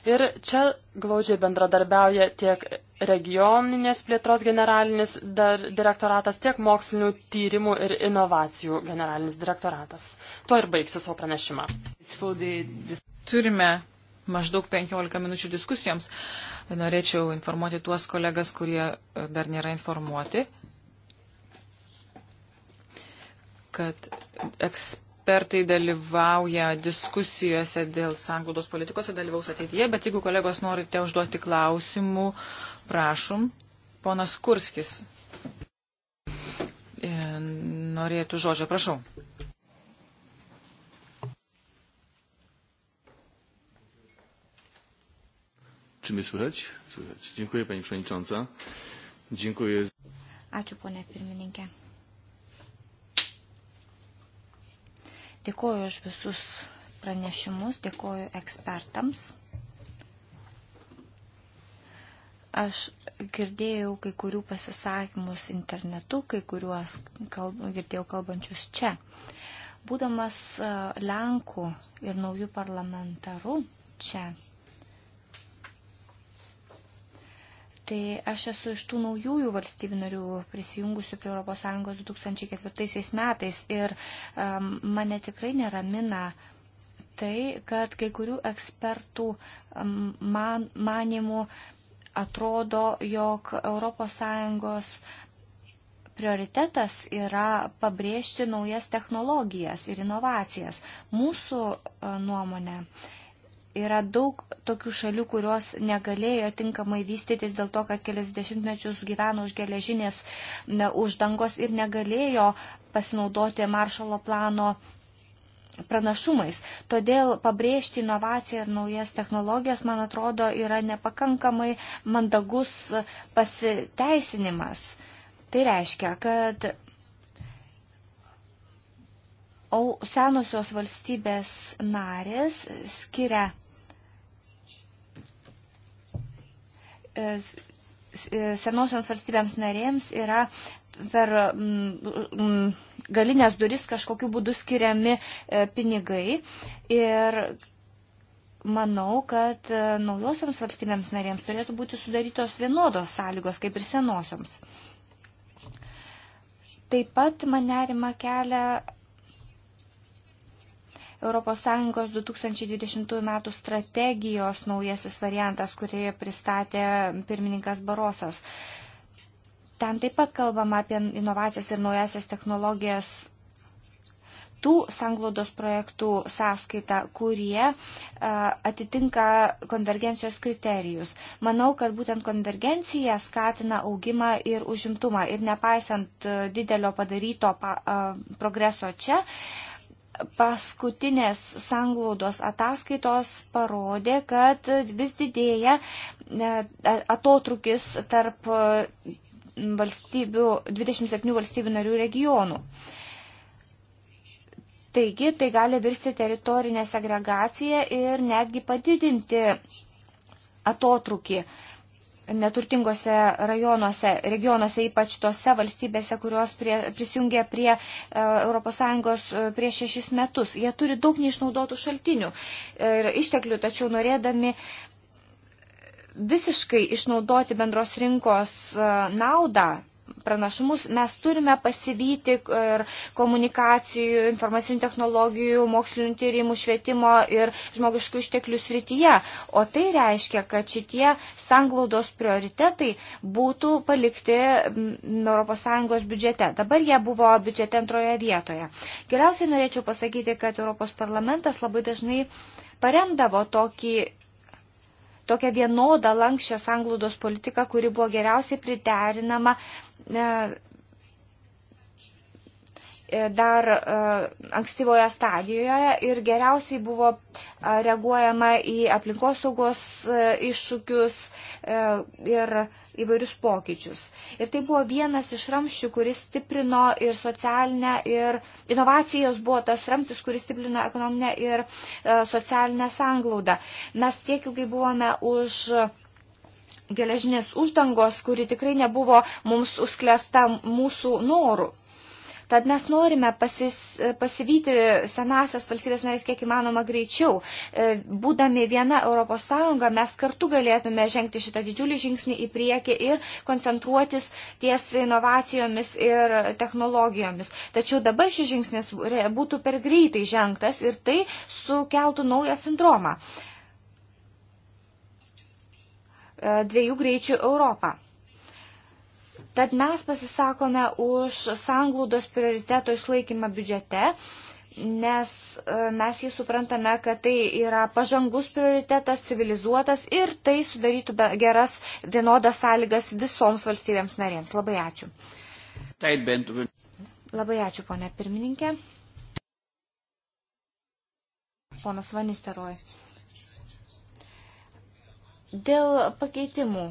ir čia glaudžiai bendradarbiauja tiek regioninės plėtros generalinis direktoratas, tiek mokslinių tyrimų ir inovacijų generalinis direktoratas. Tuo ir baigsiu savo pranešimą. Turime maždaug 15 minučių diskusijoms. Norėčiau informuoti tuos kolegas, kurie dar nėra informuoti, kad ekspertai ekspertai dalyvauja diskusijose dėl sanglaudos politikos ir dalyvaus ateityje, bet jeigu kolegos norite užduoti klausimų, uh, Prašom, ponas Kurskis e, norėtų žodžio. Prašau. Czy mnie słychać? Słychać. Dziękuję Pani Przewodnicząca. Dziękuję. Ačiū, ponė pirmininkė. Dėkuoju už visus pranešimus, dėkuoju ekspertams. Aš girdėjau kai kurių pasisakymus internetu, kai kuriuos kalb, girdėjau kalbančius čia. Būdamas Lenkų ir naujų parlamentarų čia, tai aš esu iš tų naujųjų valstybių narių prisijungusių prie ES 2004 metais ir um, mane tikrai neramina tai, kad kai kurių ekspertų um, man, manimų uh, atrodo, jog ES prioritetas yra pabrėžti naujas technologijas ir inovacijas. Mūsų e, nuomonė yra daug tokių šalių, kurios negalėjo tinkamai vystytis dėl to, kad kelias dešimtmečius gyveno už geležinės e, uždangos ir negalėjo pasinaudoti maršalo plano pranašumais. Todėl pabrėžti inovaciją ir naujas technologijas, man atrodo, yra nepakankamai mandagus pasiteisinimas. Tai reiškia, kad senosios valstybės narės skiria e, e, senosioms valstybėms narėms yra per mm, mm, galinės duris kažkokiu būdu skiriami e, pinigai. Ir manau, kad e, naujosioms valstybėms narėms turėtų būti sudarytos vienodos sąlygos kaip ir senosioms. Taip pat man nerima kelia ES 2020 m. strategijos naujasis variantas, kurį pristatė pirmininkas Barosas. Ten taip pat kalbama apie inovacijas ir naujasias technologijas tų sanglaudos projektų sąskaita, kurie a, atitinka konvergencijos kriterijus. Manau, kad būtent konvergencija skatina augimą ir užimtumą. Ir nepaisant a, didelio padaryto pa, a, progreso čia, paskutinės sanglaudos ataskaitos parodė, kad vis didėja atotrukis tarp valstybių, 27 valstybių narių regionų. Taigi tai gali virsti teritorinę segregaciją ir netgi padidinti atotrukį neturtingose rajonuose, regionuose, ypač tose valstybėse, kurios prie, prisijungė prie ES e, prieš šešis metus. Jie turi daug neišnaudotų šaltinių ir išteklių, tačiau norėdami visiškai išnaudoti bendros rinkos e, naudą, pranašumus, mes turime pasivyti ir komunikacijų, informacinių technologijų, mokslinių tyrimų, švietimo ir žmogiškų išteklių srityje. O tai reiškia, kad šitie sanglaudos prioritetai būtų palikti mm, ES biudžete. Dabar jie buvo biudžete antroje vietoje. Geriausiai norėčiau pasakyti, kad Europos parlamentas labai dažnai paremdavo tokį tokią vienodą lankščią sanglaudos politiką, kuri buvo geriausiai priderinama e, dar e, ankstyvoje stadijoje ir geriausiai buvo e, reaguojama į aplinkosaugos e, iššūkius ir įvairius pokyčius. Ir tai buvo vienas iš ramščių, kuris stiprino ir socialinę, ir inovacijos buvo tas ramstis, kuris stiprino ekonominę ir socialinę sanglaudą. Mes tiek ilgai buvome už geležinės uždangos, kuri tikrai nebuvo mums užklesta mūsų norų. Tad mes norime pasis, pasivyti senasias valstybės narės kiek įmanoma greičiau. E, būdami viena ES, mes kartu galėtume žengti šitą didžiulį žingsnį į priekį ir koncentruotis ties inovacijomis ir technologijomis. Tačiau dabar šis žingsnis būtų per greitai žengtas ir tai sukeltų naują sindromą. E, dviejų greičių Europą. Tad mes pasisakome už sanglaudos prioriteto išlaikymą biudžete, nes e, mes jį suprantame, kad tai yra pažangus prioritetas, civilizuotas ir tai sudarytų geras vienodas sąlygas visoms valstybėms narėms. Labai ačiū. Labai ačiū, ponė pirmininkė. Ponas Vanisteroj. Dėl pakeitimų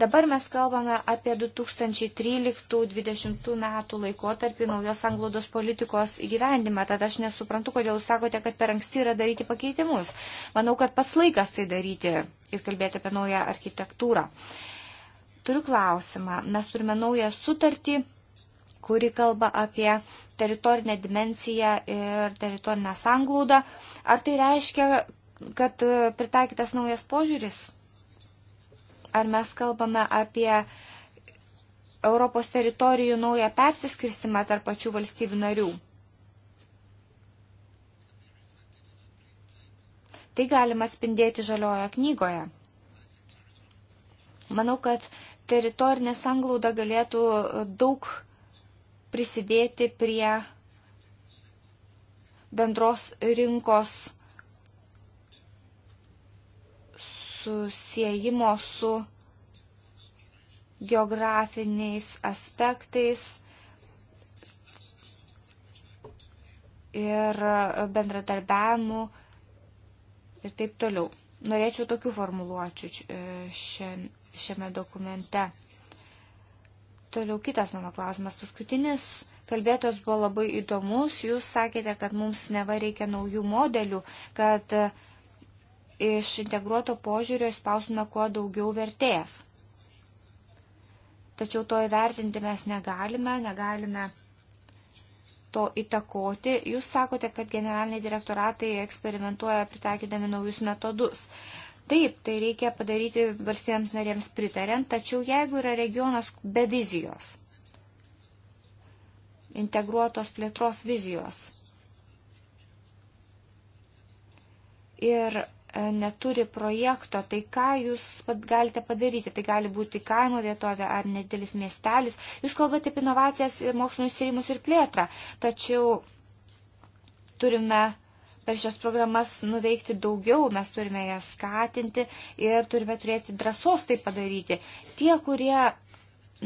Dabar mes kalbame apie 2013-2020 metų laikotarpį naujos anglodos politikos įgyvendimą, tad aš nesuprantu, kodėl jūs sakote, kad per anksti yra daryti pakeitimus. Manau, kad pats laikas tai daryti ir kalbėti apie naują architektūrą. Turiu klausimą. Mes turime naują sutartį, kuri kalba apie teritorinę dimensiją ir teritorinę sanglaudą. Ar tai reiškia, kad pritaikytas naujas požiūris? ar mes kalbame apie Europos teritorijų naują persiskirstimą tarp pačių valstybių narių. Tai galima atspindėti žaliojo knygoje. Manau, kad teritorinė sanglauda galėtų daug prisidėti prie bendros rinkos susijimo su geografiniais aspektais ir bendradarbiavimu ir taip toliau. Norėčiau tokių formuluočių e, šiame dokumente. Toliau kitas mano klausimas, paskutinis. Kalbėtojas buvo labai įdomus, jūs sakėte, kad mums neva reikia naujų modelių, kad uh, iš integruoto požiūrio išspausime kuo daugiau vertės. Tačiau to įvertinti mes negalime, negalime to įtakoti. Jūs sakote, kad generaliniai direktoratai eksperimentuoja pritaikydami naujus metodus. Taip, tai reikia padaryti valstybėms narėms pritariant, tačiau jeigu yra regionas be vizijos, integruotos plėtros vizijos ir E, neturi projekto, tai ką jūs galite padaryti? Tai gali būti kaimo vietovė ar nedėlis miestelis. Jūs kalbate apie inovacijas ir mokslinius tyrimus ir plėtrą, tačiau turime per šias programas nuveikti daugiau, mes turime jas skatinti ir turime turėti drąsos tai padaryti. Tie, kurie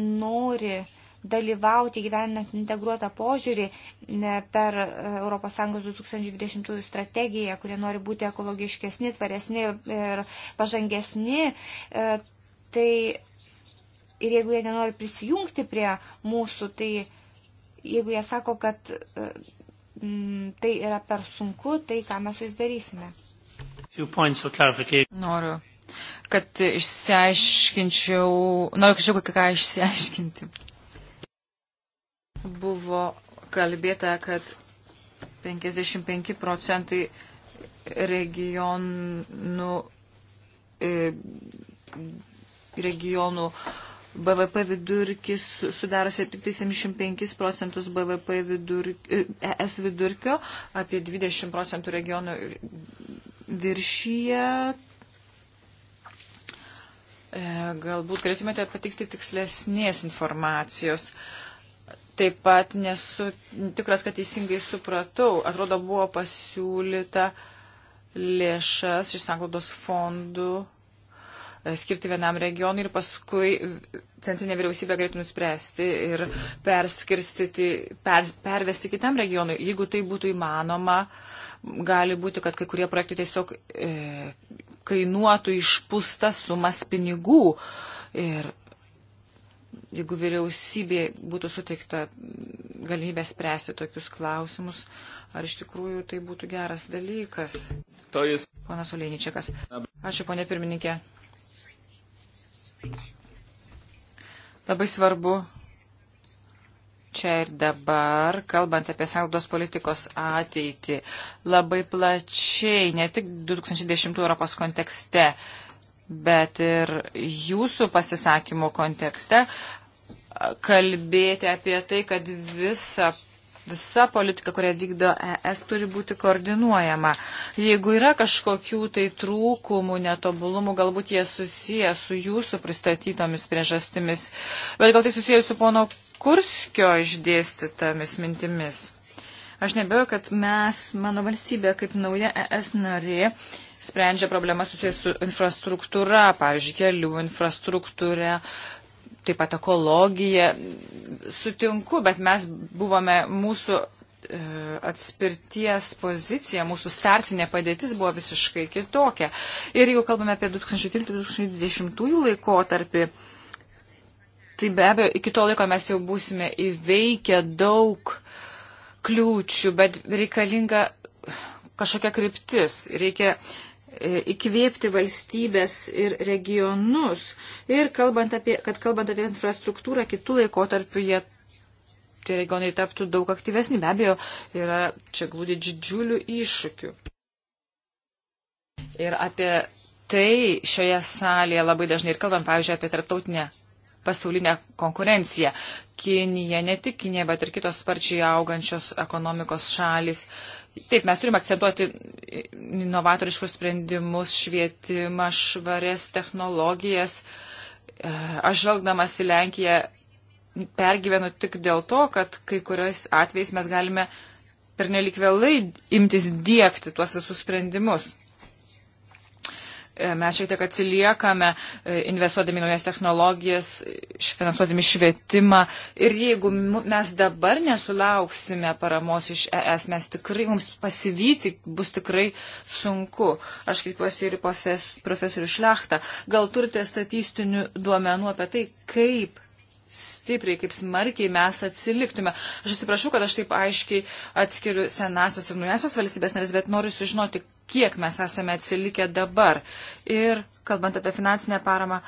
nori uh, dalyvauti gyvenant integruotą požiūrį per ES 2020 strategiją, kurie nori būti ekologiškesni, tvaresni ir pažangesni. E, tai ir jeigu jie nenori prisijungti prie mūsų, tai jeigu jie sako, kad mm, tai yra per sunku, tai ką mes su jais darysime. Noriu, kad išsiaiškinčiau, noriu kažkokį ką išsiaiškinti buvo kalbėta, kad 55 procentai regionų, e, regionų BVP vidurkis sudaro 75 procentus BVP vidurkio, ES e vidurkio, apie 20 procentų regionų viršyje. E, galbūt galėtumėte patiksti tikslesnės informacijos. Uh, Taip pat nesu tikras, kad teisingai supratau. Atrodo, buvo pasiūlyta lėšas iš sanglaudos fondų e, skirti vienam regionui ir paskui centrinė vyriausybė galėtų nuspręsti ir perskirstyti, per, pervesti kitam regionui. Jeigu tai būtų įmanoma, gali būti, kad kai kurie projektai tiesiog e, kainuotų išpūstas sumas pinigų. Ir jeigu vyriausybė būtų suteikta galimybė spręsti tokius klausimus, ar iš tikrųjų tai būtų geras dalykas. To jis. Ponas Olėničiakas. Ačiū, ponė pirmininkė. Labai svarbu čia ir dabar, kalbant apie sąjungos politikos ateitį, labai plačiai, ne tik 2010 Europos kontekste, bet ir jūsų pasisakymų kontekste kalbėti apie tai, kad visa, visa politika, kurią vykdo ES, turi būti koordinuojama. Jeigu yra kažkokių tai trūkumų, netobulumų, galbūt jie susiję su jūsų pristatytomis priežastimis, bet gal tai susiję su pono Kurskio išdėstytomis mintimis. Aš nebejoju, kad mes, mano valstybė, kaip nauja ES narė, sprendžia problemas susijęs su infrastruktūra, pavyzdžiui, kelių infrastruktūra, taip pat ekologija. Sutinku, bet mes buvome mūsų e, atspirties pozicija, mūsų startinė padėtis buvo visiškai kitokia. Ir jeigu kalbame apie 2013-2020 laikotarpį, tai be abejo, iki to laiko mes jau būsime įveikę daug kliūčių, bet reikalinga kažkokia kryptis. Reikia E, įkvėpti valstybės ir regionus. Ir kalbant apie, kad kalbant apie infrastruktūrą, kitų laikotarpių jie tie regionai taptų daug aktyvesni. Be abejo, yra čia glūdė didžiulių iššūkių. Ir apie tai šioje salėje labai dažnai ir kalbam, pavyzdžiui, apie tarptautinę pasaulinę konkurenciją. Kinija, ne tik Kinija, bet ir kitos sparčiai augančios ekonomikos šalis Taip, mes turime akcentuoti inovatoriškus sprendimus, švietimą, švarės technologijas. E, aš žvelgdamas į Lenkiją pergyvenu tik dėl to, kad kai kuriais atvejais mes galime per nelik vėlai imtis dėkti tuos visus sprendimus. E, mes šiek tiek atsiliekame, e, investuodami naujas technologijas, finansuodami švietimą. Ir jeigu mes dabar nesulauksime paramos iš ES, mes tikrai, mums pasivyti bus tikrai sunku. Aš kreipiuosi ir į profesorių Šlechtą. Gal turite statistinių duomenų apie tai, kaip stipriai, kaip smarkiai mes atsiliktume. Aš atsiprašau, kad aš taip aiškiai atskiriu senasias ir naujasias valstybės narės, bet noriu sužinoti, kiek mes esame atsilikę dabar. Ir kalbant apie finansinę paramą,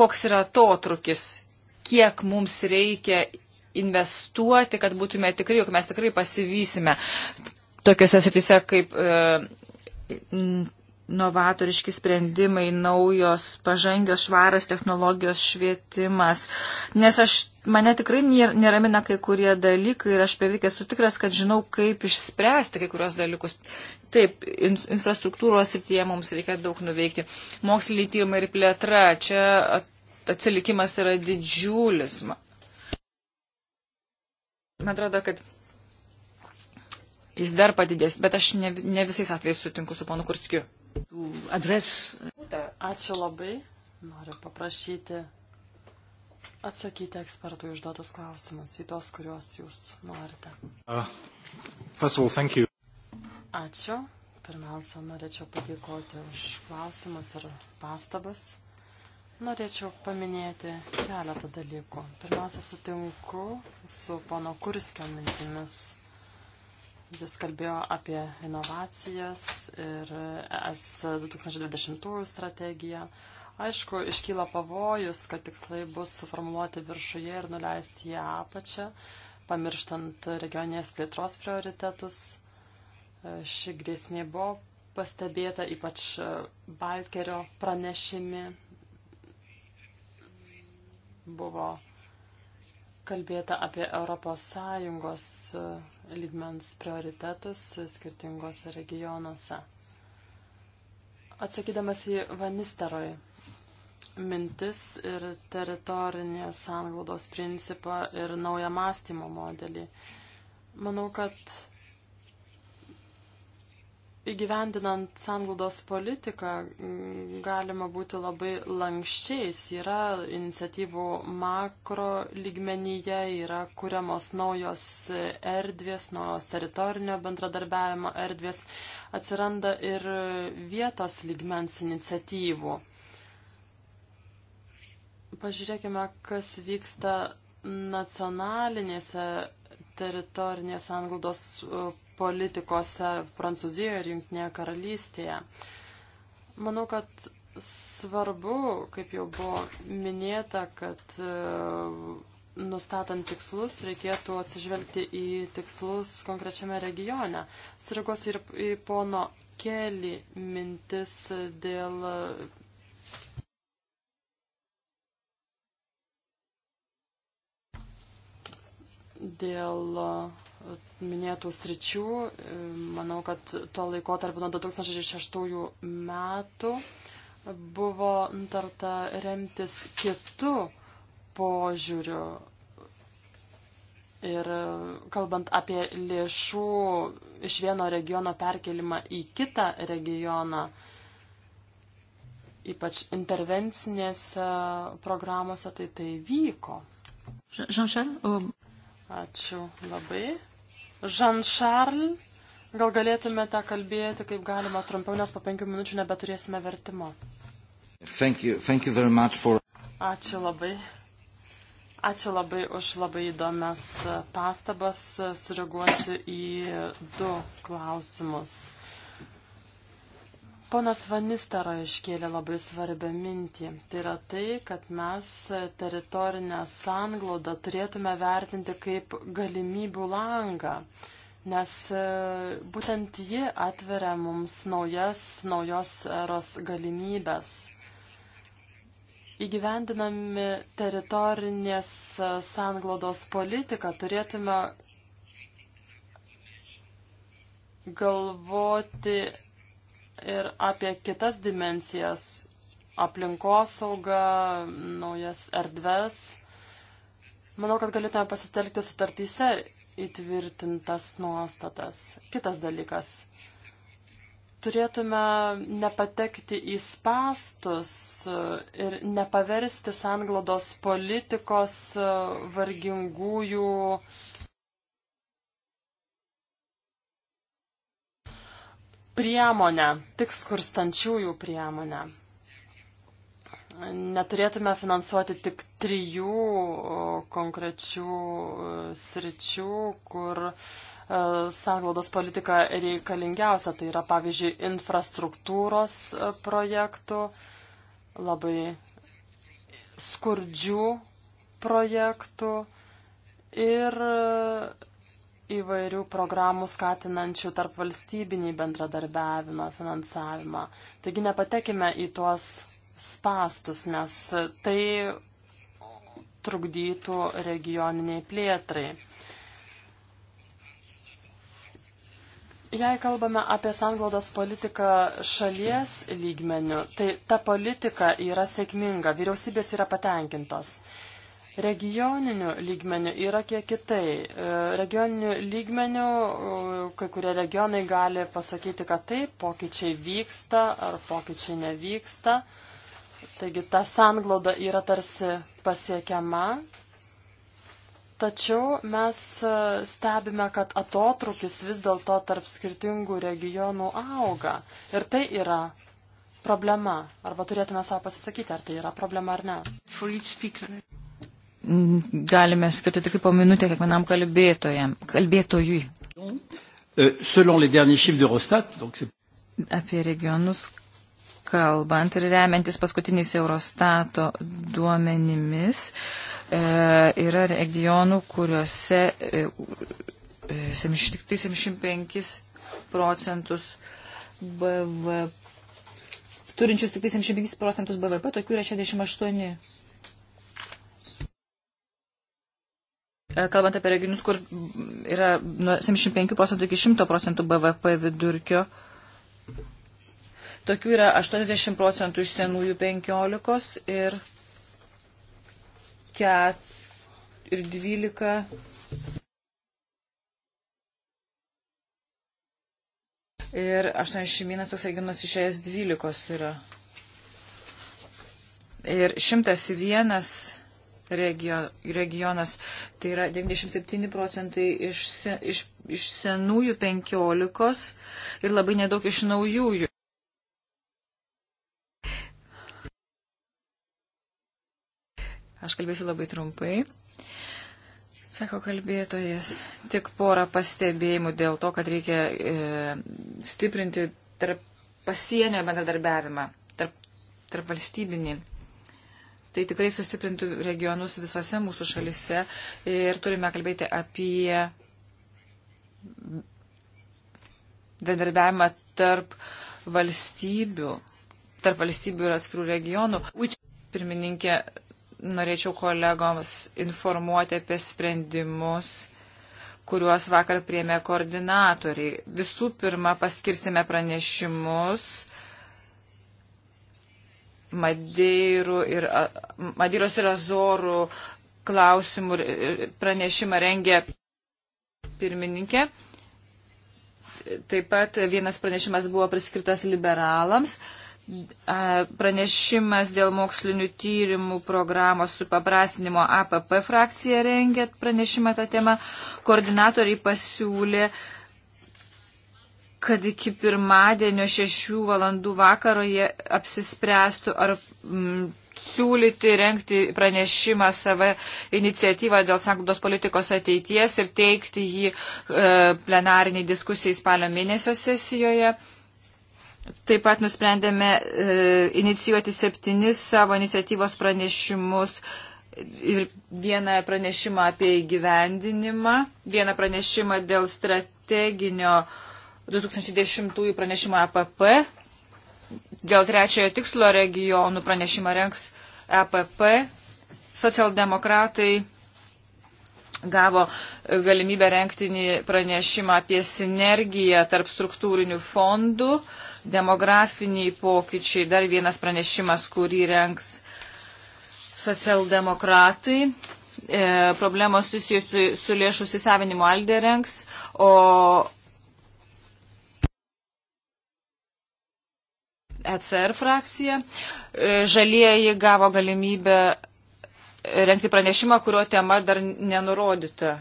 koks yra to trukis, kiek mums reikia investuoti, kad būtume tikri, jog mes tikrai pasivysime tokiuose srityse kaip. E, novatoriški sprendimai, naujos, pažangios, švaros technologijos švietimas. Nes aš, mane tikrai neramina kai kurie dalykai ir aš beveik esu tikras, kad žinau, kaip išspręsti kai kurios dalykus. Taip, in, infrastruktūros srityje mums reikia daug nuveikti. Moksliniai tyrimai ir plėtra, čia atsilikimas yra didžiulis. Man atrodo, kad jis dar padidės, bet aš ne, ne visais atvejais sutinku su ponu Kurskiu. Ačiū labai. Noriu paprašyti atsakyti ekspertų užduotus klausimus į tos, kuriuos jūs norite. Uh, all, Ačiū. Pirmiausia, norėčiau padėkoti už klausimus ir pastabas. Norėčiau paminėti keletą dalykų. Pirmiausia, sutinku su pono Kurskio mintimis Jis kalbėjo apie inovacijas ir ES 2020 strategiją. Aišku, iškyla pavojus, kad tikslai bus suformuoluoti viršuje ir nuleisti į apačią, pamirštant regioninės plėtros prioritetus. Ši grėsmė buvo pastebėta ypač Balkerio pranešimi. Buvo kalbėta apie ES e, lygmens prioritetus e, skirtingose regionuose. Atsakydamas į Vanisteroj mintis ir teritorinės sanglaudos principą ir naują mąstymo modelį, manau, kad įgyvendinant sanglaudos politiką galima būti labai lankščiais. Yra iniciatyvų makro lygmenyje, yra kuriamos naujos erdvės, naujos teritorinio bendradarbiavimo erdvės, atsiranda ir vietos lygmens iniciatyvų. Pažiūrėkime, kas vyksta nacionalinėse teritorinės anglodos e, politikose Prancūzijoje ir Junktinėje karalystėje. Manau, kad svarbu, kaip jau buvo minėta, kad e, nustatant tikslus reikėtų atsižvelgti į tikslus konkrečiame regione. Sureaguosiu ir į pono Kelį mintis dėl dėl e, minėtų sričių. E, manau, kad tuo laikotarpiu nuo 2006 metų buvo nutarta remtis kitų požiūrių. Ir kalbant apie lėšų iš vieno regiono perkelimą į kitą regioną, ypač intervencinėse programuose, tai tai vyko. Jean-Charles, Ačiū labai. Jean-Charles, gal galėtumėte kalbėti kaip galima trumpiau, nes po penkių minučių nebeturėsime vertimo. Thank you. Thank you very much for... Ačiū labai. Ačiū labai už labai įdomias e, pastabas. E, sureaguosiu į du klausimus. Ponas Vanistero iškėlė labai svarbią mintį. Tai yra tai, kad mes teritorinę sanglaudą turėtume vertinti kaip galimybių langą, nes e, būtent ji atveria mums naujas, naujos eros galimybės. Įgyvendinami teritorinės e, sanglaudos politiką turėtume galvoti ir apie kitas dimensijas - aplinkosaugą, naujas erdves. Manau, kad galėtume pasitelkti sutartyse įtvirtintas nuostatas. Kitas dalykas turėtume nepatekti į spastus ir nepaversti sanglodos politikos vargingųjų priemonę, tik skurstančiųjų priemonę. Neturėtume finansuoti tik trijų konkrečių sričių, kur e, sąglaudos politika reikalingiausia. Tai yra, pavyzdžiui, infrastruktūros e, projektų, labai skurdžių projektų ir įvairių programų skatinančių tarp valstybinį bendradarbiavimą, finansavimą. Taigi nepatekime į tuos spastus, nes tai trukdytų regioniniai plėtrai. Jei kalbame apie sanglaudos politiką šalies lygmenių, tai ta politika yra sėkminga, vyriausybės yra patenkintos. Regioniniu lygmeniu yra kiek kitai. E, regioniniu lygmeniu kai kurie regionai gali pasakyti, kad taip, pokyčiai vyksta ar pokyčiai nevyksta. Taigi ta sanglauda yra tarsi pasiekiama. Tačiau mes e, stebime, kad atotrukis vis dėlto tarp skirtingų regionų auga. Ir tai yra problema. Arba turėtume savo pasisakyti, ar tai yra problema ar ne galime skirti tik po minutę kiekvienam kalbėtojui. Euh, Apie regionus kalbant ir remiantis paskutiniais Eurostato duomenimis, e, yra regionų, kuriuose e, 75 e, procentus BVP, turinčius tik 75 procentus BVP, tokių yra 68. E, kalbant apie regionus, kur yra nuo 75 procentų iki 100 procentų BVP vidurkio, tokių yra 80 procentų iš senųjų 15 ir, 4, ir 12. Ir 81 toks regionas iš ES 12 yra. Ir 101 regio, regionas. Tai yra 97 procentai iš, iš, iš senųjų 15 ir labai nedaug iš naujųjų. Aš kalbėsiu labai trumpai. Sako kalbėtojas, tik porą pastebėjimų dėl to, kad reikia e, stiprinti tarp pasienio bendradarbiavimą, tarp, tarp valstybinį Tai tikrai sustiprintų regionus visose mūsų šalise ir turime kalbėti apie bendradarbiavimą tarp valstybių, tarp valstybių ir atskirų regionų. Pirmininkė, norėčiau kolegoms informuoti apie sprendimus kuriuos vakar priemė koordinatoriai. Visų pirma, paskirsime pranešimus Madeirų ir, Madeiros ir Azorų klausimų pranešimą rengė pirmininkė. Taip pat vienas pranešimas buvo priskirtas liberalams. Pranešimas dėl mokslinių tyrimų programos supaprasinimo APP frakcija rengė pranešimą tą temą. Koordinatoriai pasiūlė uh, kad iki pirmadienio 6 valandų vakaro jie apsispręstų ar mm, siūlyti renkti pranešimą savo iniciatyvą dėl sanklaudos politikos ateities ir teikti jį e, plenariniai diskusijai spalio mėnesio sesijoje. Taip pat nusprendėme e, inicijuoti septynis savo iniciatyvos pranešimus ir vieną pranešimą apie įgyvendinimą, vieną pranešimą dėl strateginio e, 2010 pranešimo EPP. Dėl trečiojo tikslo regionų pranešimą renks EPP. Socialdemokratai gavo galimybę renktinį pranešimą apie sinergiją tarp struktūrinių fondų, demografiniai pokyčiai, dar vienas pranešimas, kurį renks socialdemokratai. E, problemos susijusių su, su lėšų įsisavinimo aldė renks, o ECR frakcija. E, žalieji gavo galimybę renkti pranešimą, kurio tema dar nenurodyta.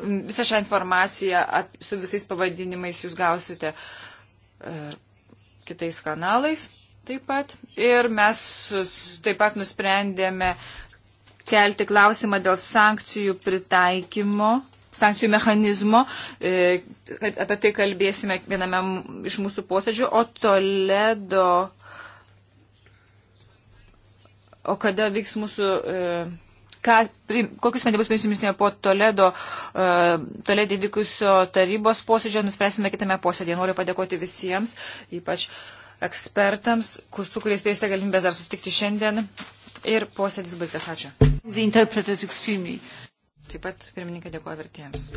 Visą šią informaciją su visais pavadinimais jūs gausite e, kitais kanalais taip pat. Ir mes taip pat nusprendėme kelti klausimą dėl sankcijų pritaikymo sankcijų mechanizmo. E, apie tai kalbėsime viename iš mūsų posėdžių. O Toledo. O kada vyks mūsų. E, ką, kokius sprendimus priimsime po Toledo, e, Toledė vykusio tarybos posėdžio, nuspręsime kitame posėdėje. Noriu padėkoti visiems, ypač ekspertams, su kuriais turėsite galimybės dar susitikti šiandien. Ir posėdis baigtas. Ačiū. Taip pat pirmininkė dėkoja vertėjams.